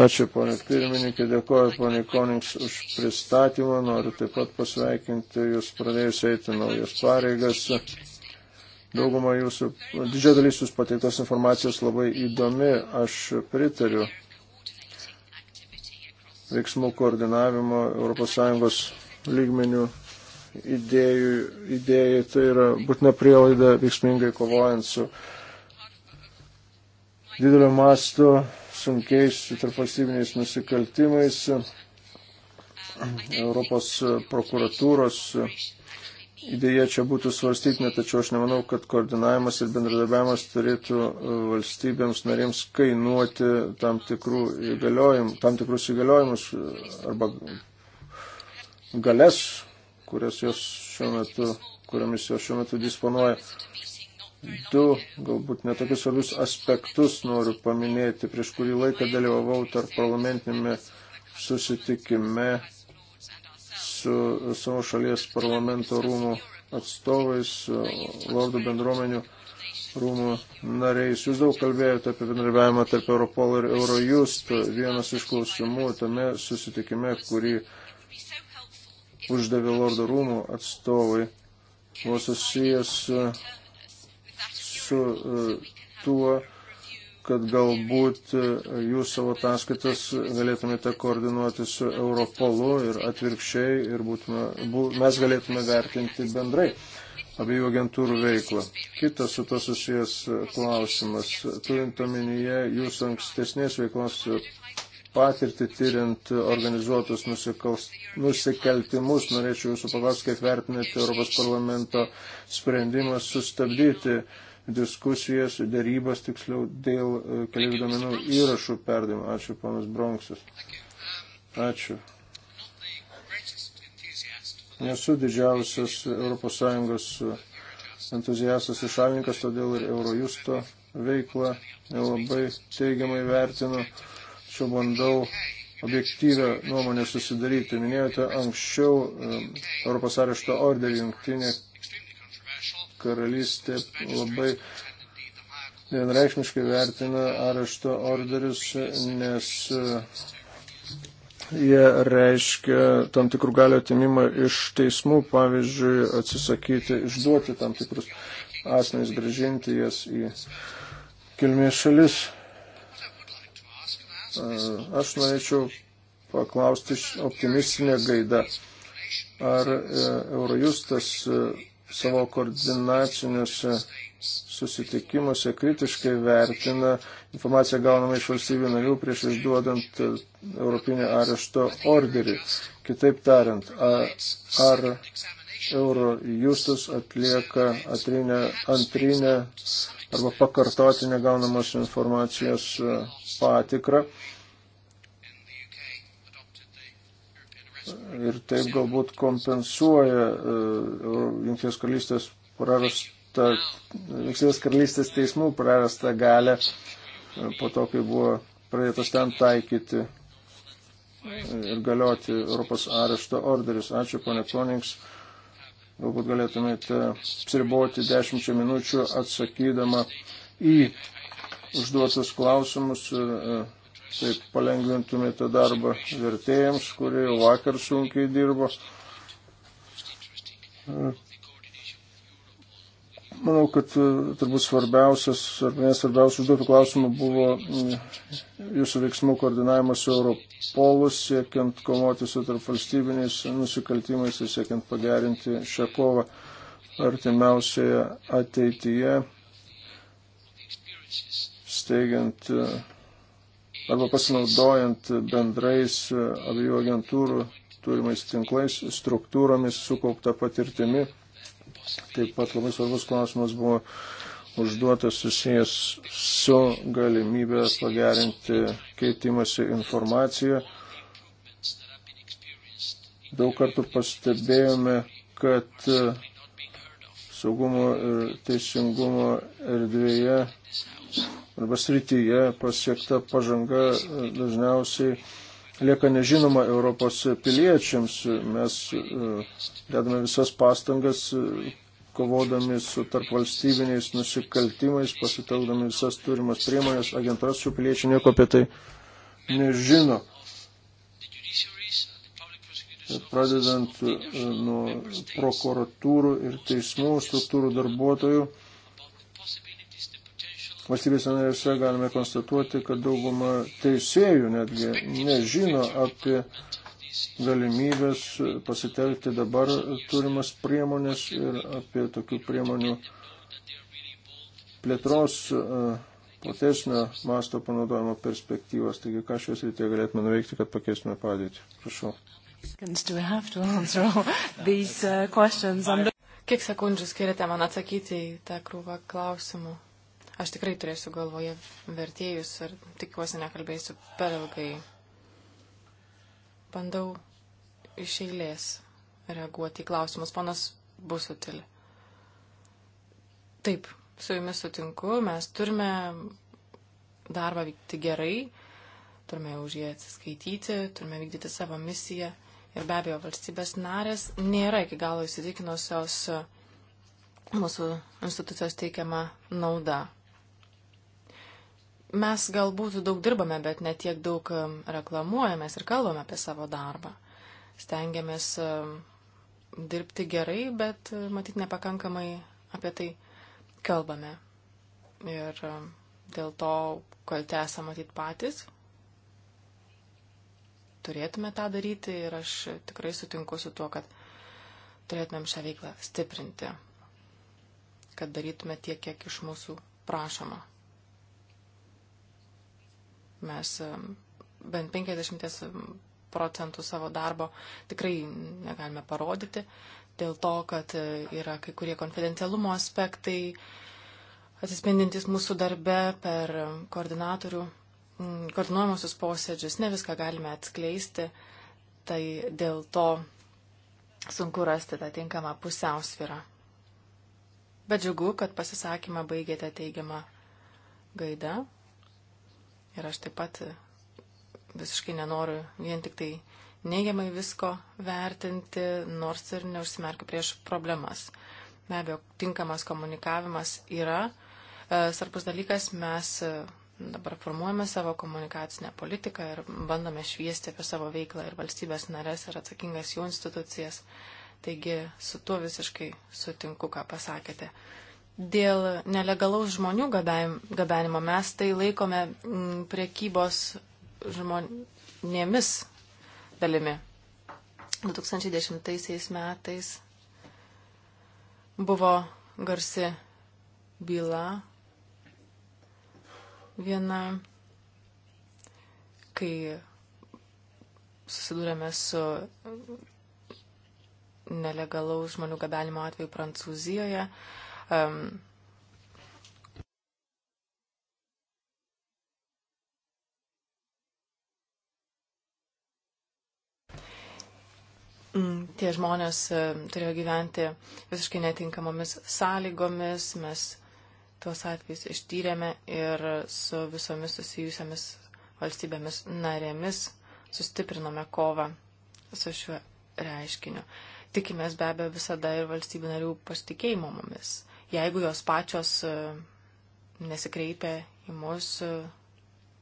Ačiū, ponė pirmininkė, dėkoju, ponė Konings, už pristatymą, noriu taip pat pasveikinti jūs pradėjus eiti naujas pareigas. Dauguma jūsų, didžia dalis jūsų pateiktos informacijos labai įdomi, aš pritariu veiksmų koordinavimo ES lygmenių idėjų, idėjai, tai yra būtina prielaida veiksmingai kovojant su didelio masto sunkiais tarpvalstybiniais nusikaltimais Europos prokuratūros idėja čia būtų svarstytinė, tačiau aš nemanau, kad koordinavimas ir bendradarbiavimas turėtų valstybėms narėms kainuoti tam, įgaliojim, tam tikrus įgaliojimus arba galės, kurias jos šiuo metu, kuriomis jos šiuo metu disponuoja. Du, galbūt netokius svarbius aspektus noriu paminėti. Prieš kurį laiką dalyvavau tarp parlamentinėme susitikime su savo šalies parlamento rūmų atstovais, lordų bendruomenių rūmų nariais. Jūs daug kalbėjote apie bendradarbiavimą tarp Europol ir Eurojust. Vienas iš klausimų tame susitikime, kurį uždavė Lordo rūmų atstovai, buvo susijęs e, su e, tuo, kad galbūt e, jūs savo ataskaitas galėtumėte koordinuoti su Europolu ir atvirkščiai, ir būtume, bū, mes galėtume vertinti bendrai abiejų agentūrų veiklą. Kitas su to susijęs klausimas, turint omenyje jūsų ankstesnės veiklos patirtį tyriant organizuotus nusikals, nusikaltimus. Norėčiau jūsų paklausti, kaip vertinate Europos parlamento sprendimą sustabdyti diskusijas, dėrybas tiksliau dėl e, kelių domenų įrašų perdavimo. Ačiū, panas Bronksas. Ačiū. Nesu didžiausias ES e, entuziastas ir šalininkas, todėl ir Eurojusto veiklą nelabai teigiamai vertinu. Čia bandau objektyvę nuomonę susidaryti. Minėjote anksčiau um, Europos arešto orderį jungtinė karalystė labai vienreikšmiškai vertina arešto orderius, nes uh, jie reiškia tam tikrų galio atimimą iš teismų, pavyzdžiui, atsisakyti, išduoti tam tikrus asmenys, gražinti jas į kilmės šalis. Aš norėčiau paklausti optimistinę gaidą. Ar e, Eurojustas e, savo koordinaciniuose susitikimuose kritiškai vertina informaciją gaunamą iš valstybių narių prieš išduodant e, Europinį arešto orderį. Kitaip tariant, ar Eurojustas atlieka atrinę, antrinę, antrinę arba pakartoti negaunamos informacijos e, patikrą. Ir taip galbūt kompensuoja e, Junktinės karalystės prarastą, Junktinės karalystės teismų prarastą galę e, po to, kai buvo pradėtas ten taikyti ir galioti Europos arešto orderis. Ačiū, ponė Konings. Galbūt galėtumėte apsiriboti dešimčia minučių atsakydama į užduotus klausimus ir e, taip palengvintumėte darbą vertėjams, kurie jau vakar sunkiai dirbo. E, Manau, kad e, turbūt svarbiausias, ar vienas svarbiausių užduotų klausimų buvo mm, jūsų veiksmų koordinavimas su Europolu, siekiant komuoti su tarpvalstybiniais nusikaltimais ir siekiant pagerinti šią kovą artimiausioje ateityje, steigiant e, arba pasinaudojant bendrais e, abiejų agentūrų turimais tinklais, struktūromis, sukaupta patirtimi Taip pat labai svarbus klausimas buvo užduotas susijęs su galimybė pagerinti keitimąsi informaciją. Daug kartų pastebėjome, kad e, saugumo ir teisingumo erdvėje arba srityje pasiekta pažanga e, dažniausiai lieka nežinoma Europos piliečiams. Mes e, dedame visas pastangas e, kovodami su tarpvalstybiniais nusikaltimais, pasitelkdami visas turimas priemonės, agentūros šių piliečių nieko apie tai nežino. Pradedant e, nuo prokuratūrų ir teismų struktūrų darbuotojų valstybės narėse galime konstatuoti, kad dauguma teisėjų netgi nežino apie galimybės pasitelkti dabar turimas priemonės ir apie tokių priemonių plėtros e, platesnio masto panaudojimo perspektyvas. Taigi, ką šios rytėje galėtume nuveikti, kad pakeistume padėtį? Prašau. Uh, Kiek sekundžių skiriate man atsakyti į tą krūvą klausimų? Aš tikrai turėsiu galvoje vertėjus ir tikiuosi nekalbėsiu per ilgai. Bandau iš eilės reaguoti į klausimus. Ponas Busutil. Taip, su jumis sutinku, mes turime darbą vykti gerai, turime už jį atsiskaityti, turime vykdyti savo misiją. Ir be abejo, valstybės narės nėra iki galo įsitikinusios mūsų institucijos teikiama nauda. Mes galbūt daug dirbame, bet netiek daug um, reklamuojamės ir kalbame apie savo darbą. Stengiamės um, dirbti gerai, bet uh, matyt nepakankamai apie tai kalbame. Ir um, dėl to kalte esame matyt patys. Turėtume tą daryti ir aš tikrai sutinku su tuo, kad turėtumėm šią veiklą stiprinti, kad darytume tiek, kiek iš mūsų prašoma. Mes e, bent 50 procentų savo darbo tikrai negalime parodyti dėl to, kad e, yra kai kurie konfidencialumo aspektai atsispindintys mūsų darbe per koordinatorių, koordinuojamosius posėdžius. Ne viską galime atskleisti, tai dėl to sunku rasti tą tinkamą pusiausvyrą. Bet džiugu, kad pasisakymą baigėte teigiamą gaidą. Ir aš taip pat visiškai nenoriu vien tik tai neigiamai visko vertinti, nors ir neužsimerkiu prieš problemas. Be abejo, tinkamas komunikavimas yra e, svarbus dalykas. Mes e, dabar formuojame savo komunikacinę politiką ir bandome šviesti apie savo veiklą ir valstybės narės ir atsakingas jų institucijas. Taigi su tuo visiškai sutinku, ką pasakėte. Dėl nelegalaus žmonių gabenimo mes tai laikome mm, priekybos žmonėmis dalimi. 2010 metais buvo garsi byla viena, kai susidūrėme su nelegalaus žmonių gabenimo atveju Prancūzijoje um, tie žmonės e, turėjo gyventi visiškai netinkamomis sąlygomis, mes tuos atvejus ištyrėme ir su visomis susijusiamis valstybėmis narėmis sustiprinome kovą su šiuo reiškiniu. Tikimės be abejo visada ir valstybių narių pasitikėjimo mumis. Jeigu jos pačios e, nesikreipia į mus, e,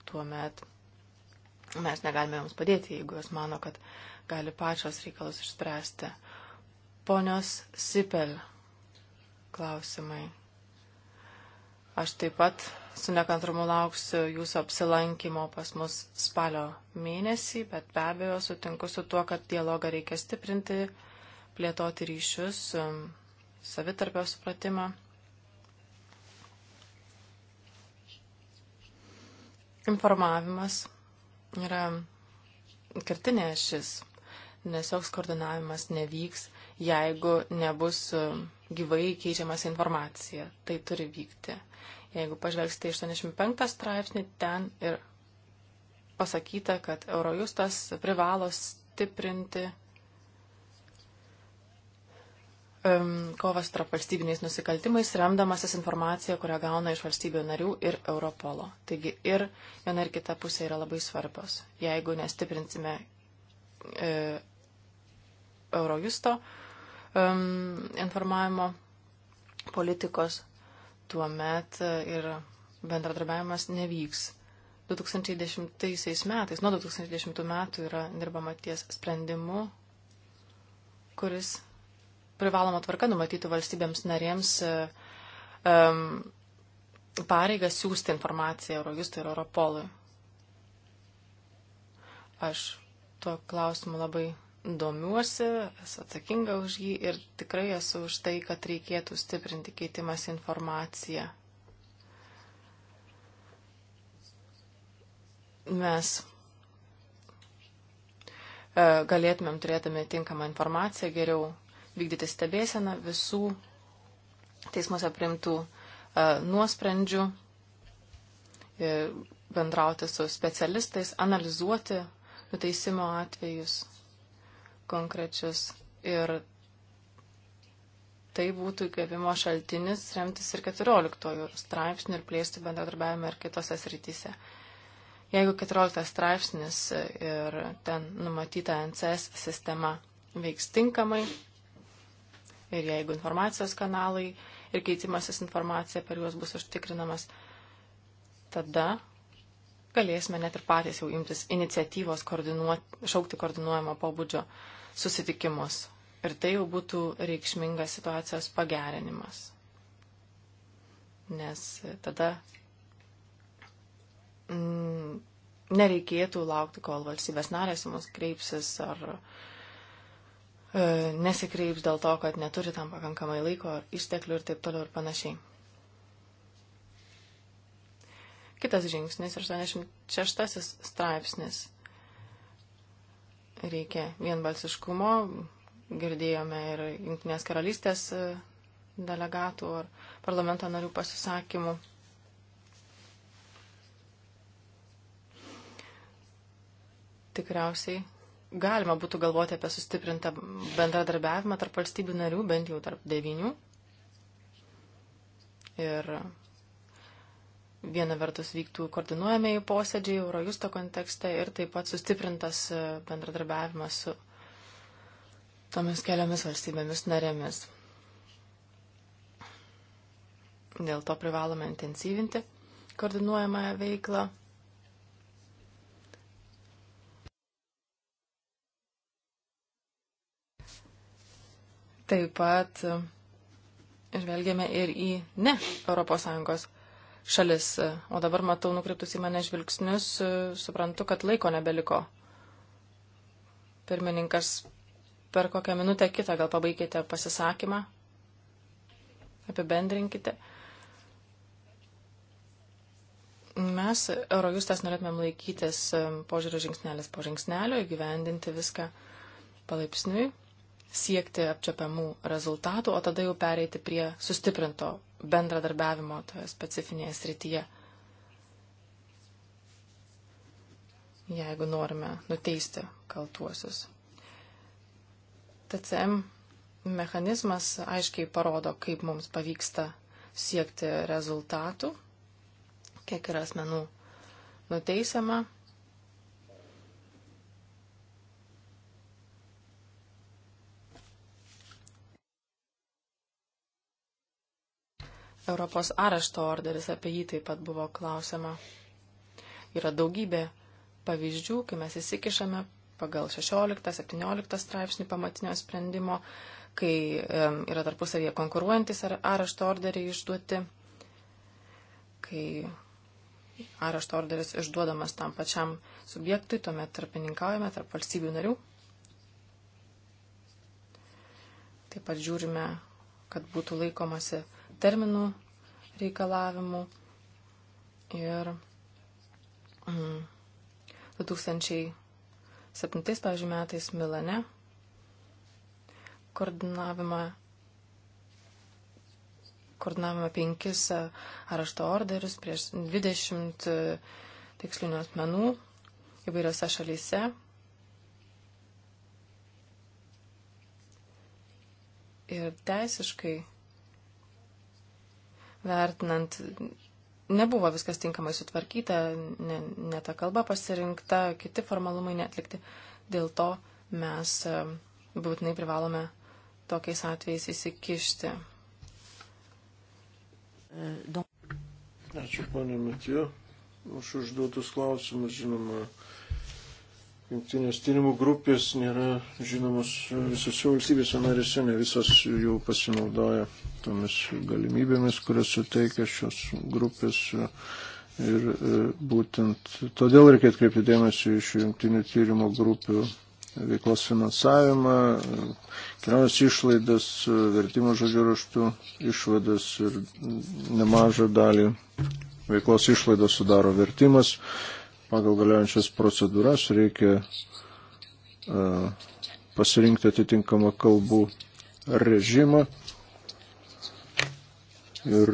tuomet mes negalime joms padėti, jeigu jos mano, kad gali pačios reikalus išspręsti. Ponios Sipel klausimai. Aš taip pat su nekantrumu lauksiu jūsų apsilankimo pas mus spalio mėnesį, bet be abejo sutinku su tuo, kad dialogą reikia stiprinti, plėtoti ryšius, e, savitarpio supratimą. Informavimas yra kertinė šis, nes joks koordinavimas nevyks, jeigu nebus e, gyvai keičiamas informacija. Tai turi vykti. Jeigu pažvelgsite 85 straipsnį, ten ir pasakyta, kad Eurojustas privalo stiprinti Um, kovas tarp valstybiniais nusikaltimais, remdamasis informacija, kurią gauna iš valstybių narių ir Europolo. Taigi ir viena ir kita pusė yra labai svarbios. Jeigu nestiprinsime e, Eurojusto e, informavimo politikos, tuomet e, ir bendradarbiavimas nevyks. 2010 metais, nuo 2010 metų yra dirbama ties sprendimu, kuris privaloma tvarka numatytų valstybėms narėms um, pareigą siūsti informaciją Eurojustui ir Europolui. Aš tuo klausimu labai domiuosi, esu atsakinga už jį ir tikrai esu už tai, kad reikėtų stiprinti keitimas informaciją. Mes e, galėtumėm turėtume tinkamą informaciją geriau vykdyti stebėseną visų teismuose primtų e, nuosprendžių, e, bendrauti su specialistais, analizuoti nuteisimo atvejus konkrečius. Ir tai būtų įkvėpimo šaltinis remtis ir 14 straipsnių ir plėsti bendradarbiavimą ir kitose srityse. Jeigu 14 straipsnis ir ten numatyta NCS sistema veiks tinkamai, ir jeigu informacijos kanalai ir keitimasis informacija per juos bus užtikrinamas, tada galėsime net ir patys jau imtis iniciatyvos šaukti koordinuojamo pobūdžio susitikimus. Ir tai jau būtų reikšmingas situacijos pagerinimas. Nes tada mm, nereikėtų laukti, kol valstybės narės mus kreipsis ar uh, E, nesikreips dėl to, kad neturi tam pakankamai laiko ar išteklių ir taip toliau ir panašiai. Kitas žingsnis, 86 straipsnis. Reikia vienbalsiškumo, girdėjome ir Junktinės karalystės e, delegatų ar parlamento narių pasisakymų. Tikriausiai galima būtų galvoti apie sustiprintą bendradarbiavimą tarp valstybių narių, bent jau tarp devinių. Ir viena vertus vyktų koordinuojamieji posėdžiai Eurojusto kontekste ir taip pat sustiprintas bendradarbiavimas su tomis keliomis valstybėmis narėmis. Dėl to privalome intensyvinti koordinuojamąją veiklą Taip pat žvelgėme ir į ne ES šalis. O dabar matau nukreiptus į mane žvilgsnius, suprantu, kad laiko nebeliko. Pirmininkas, per kokią minutę kitą gal pabaikite pasisakymą, apibendrinkite. Mes, Eurojustas, norėtumėm laikytis požiūrio žingsnelis po žingsnelio, įgyvendinti viską palaipsniui siekti apčiopiamų rezultatų, o tada jau pereiti prie sustiprinto bendradarbiavimo toje specifinėje srityje. Jeigu norime nuteisti kaltuosius. TCM mechanizmas aiškiai parodo, kaip mums pavyksta siekti rezultatų, kiek yra asmenų nuteisiama Europos arešto orderis, apie jį taip pat buvo klausima. Yra daugybė pavyzdžių, kai mes įsikišame pagal 16-17 straipsnį pamatinio sprendimo, kai yra tarpusavėje konkuruojantis arešto orderiai išduoti, kai arešto orderis išduodamas tam pačiam subjektui, tuomet tarpininkaujame tarp valstybių narių. Taip pat žiūrime, kad būtų laikomasi terminų reikalavimų ir mm, 2007, pavyzdžiui, metais Milane koordinavimą koordinavome penkis arešto orderius prieš 20 tikslinių asmenų įvairiose šalyse. Ir teisiškai vertinant, nebuvo viskas tinkamai sutvarkyta, ne, ne ta kalba pasirinkta, kiti formalumai netlikti. Dėl to mes e, būtinai privalome tokiais atvejais įsikišti. Ačiū, ponė Matijo, už užduotus klausimus, žinoma Junktinės tyrimų grupės nėra žinomos visose valstybėse narėse, ne visos jau pasinaudoja tomis galimybėmis, kurias suteikia šios grupės. Ir e, būtent todėl reikia atkreipti dėmesį iš jungtinių tyrimo grupių veiklos finansavimą, kelionės išlaidas, vertimo žodžių raštų išvadas ir nemažą dalį veiklos išlaidos sudaro vertimas pagal galiojančias procedūras reikia e, pasirinkti atitinkamą kalbų režimą ir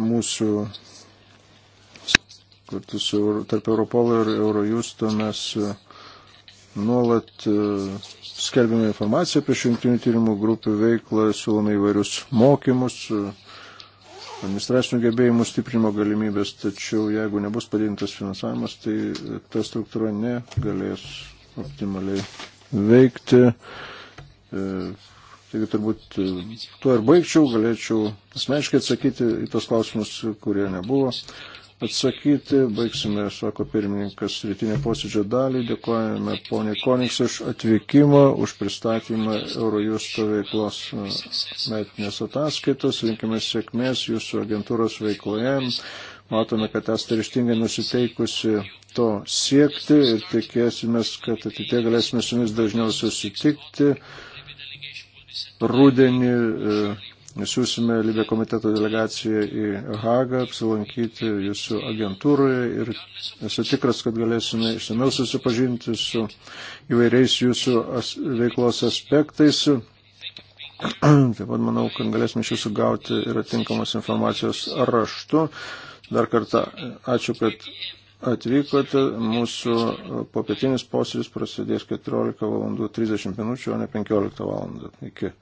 mūsų kartu su tarp Europolo ir Eurojusto mes e, nuolat e, skelbime informaciją apie šių jungtinių tyrimų grupių veiklą, siūlome įvairius mokymus, administracinių gebėjimų stiprinimo galimybės, tačiau jeigu nebus padidintas finansavimas, tai ta struktūra negalės optimaliai veikti. E, taigi turbūt e, tuo ir baigčiau, galėčiau asmeniškai atsakyti į tos klausimus, kurie nebuvo atsakyti. Baigsime, sako pirmininkas, rytinę posėdžio dalį. Dėkojame poniai Koniks už atvykimą, už pristatymą Eurojusto veiklos uh, metinės ataskaitos. Linkime sėkmės jūsų agentūros veikloje. Matome, kad esate ryštingai nusiteikusi to siekti ir tikėsime, kad ateitie galėsime su jumis dažniau susitikti. Rūdienį uh, siūsime Libė komiteto delegaciją į Hagą, apsilankyti jūsų agentūroje ir esu tikras, kad galėsime išsameu susipažinti su įvairiais jūsų as, veiklos aspektais. Taip pat manau, kad galėsime iš jūsų gauti ir atinkamos informacijos raštu. Dar kartą ačiū, kad atvykote. Mūsų popietinis posėdis prasidės 14 val. 30 min. o ne 15 val. Iki.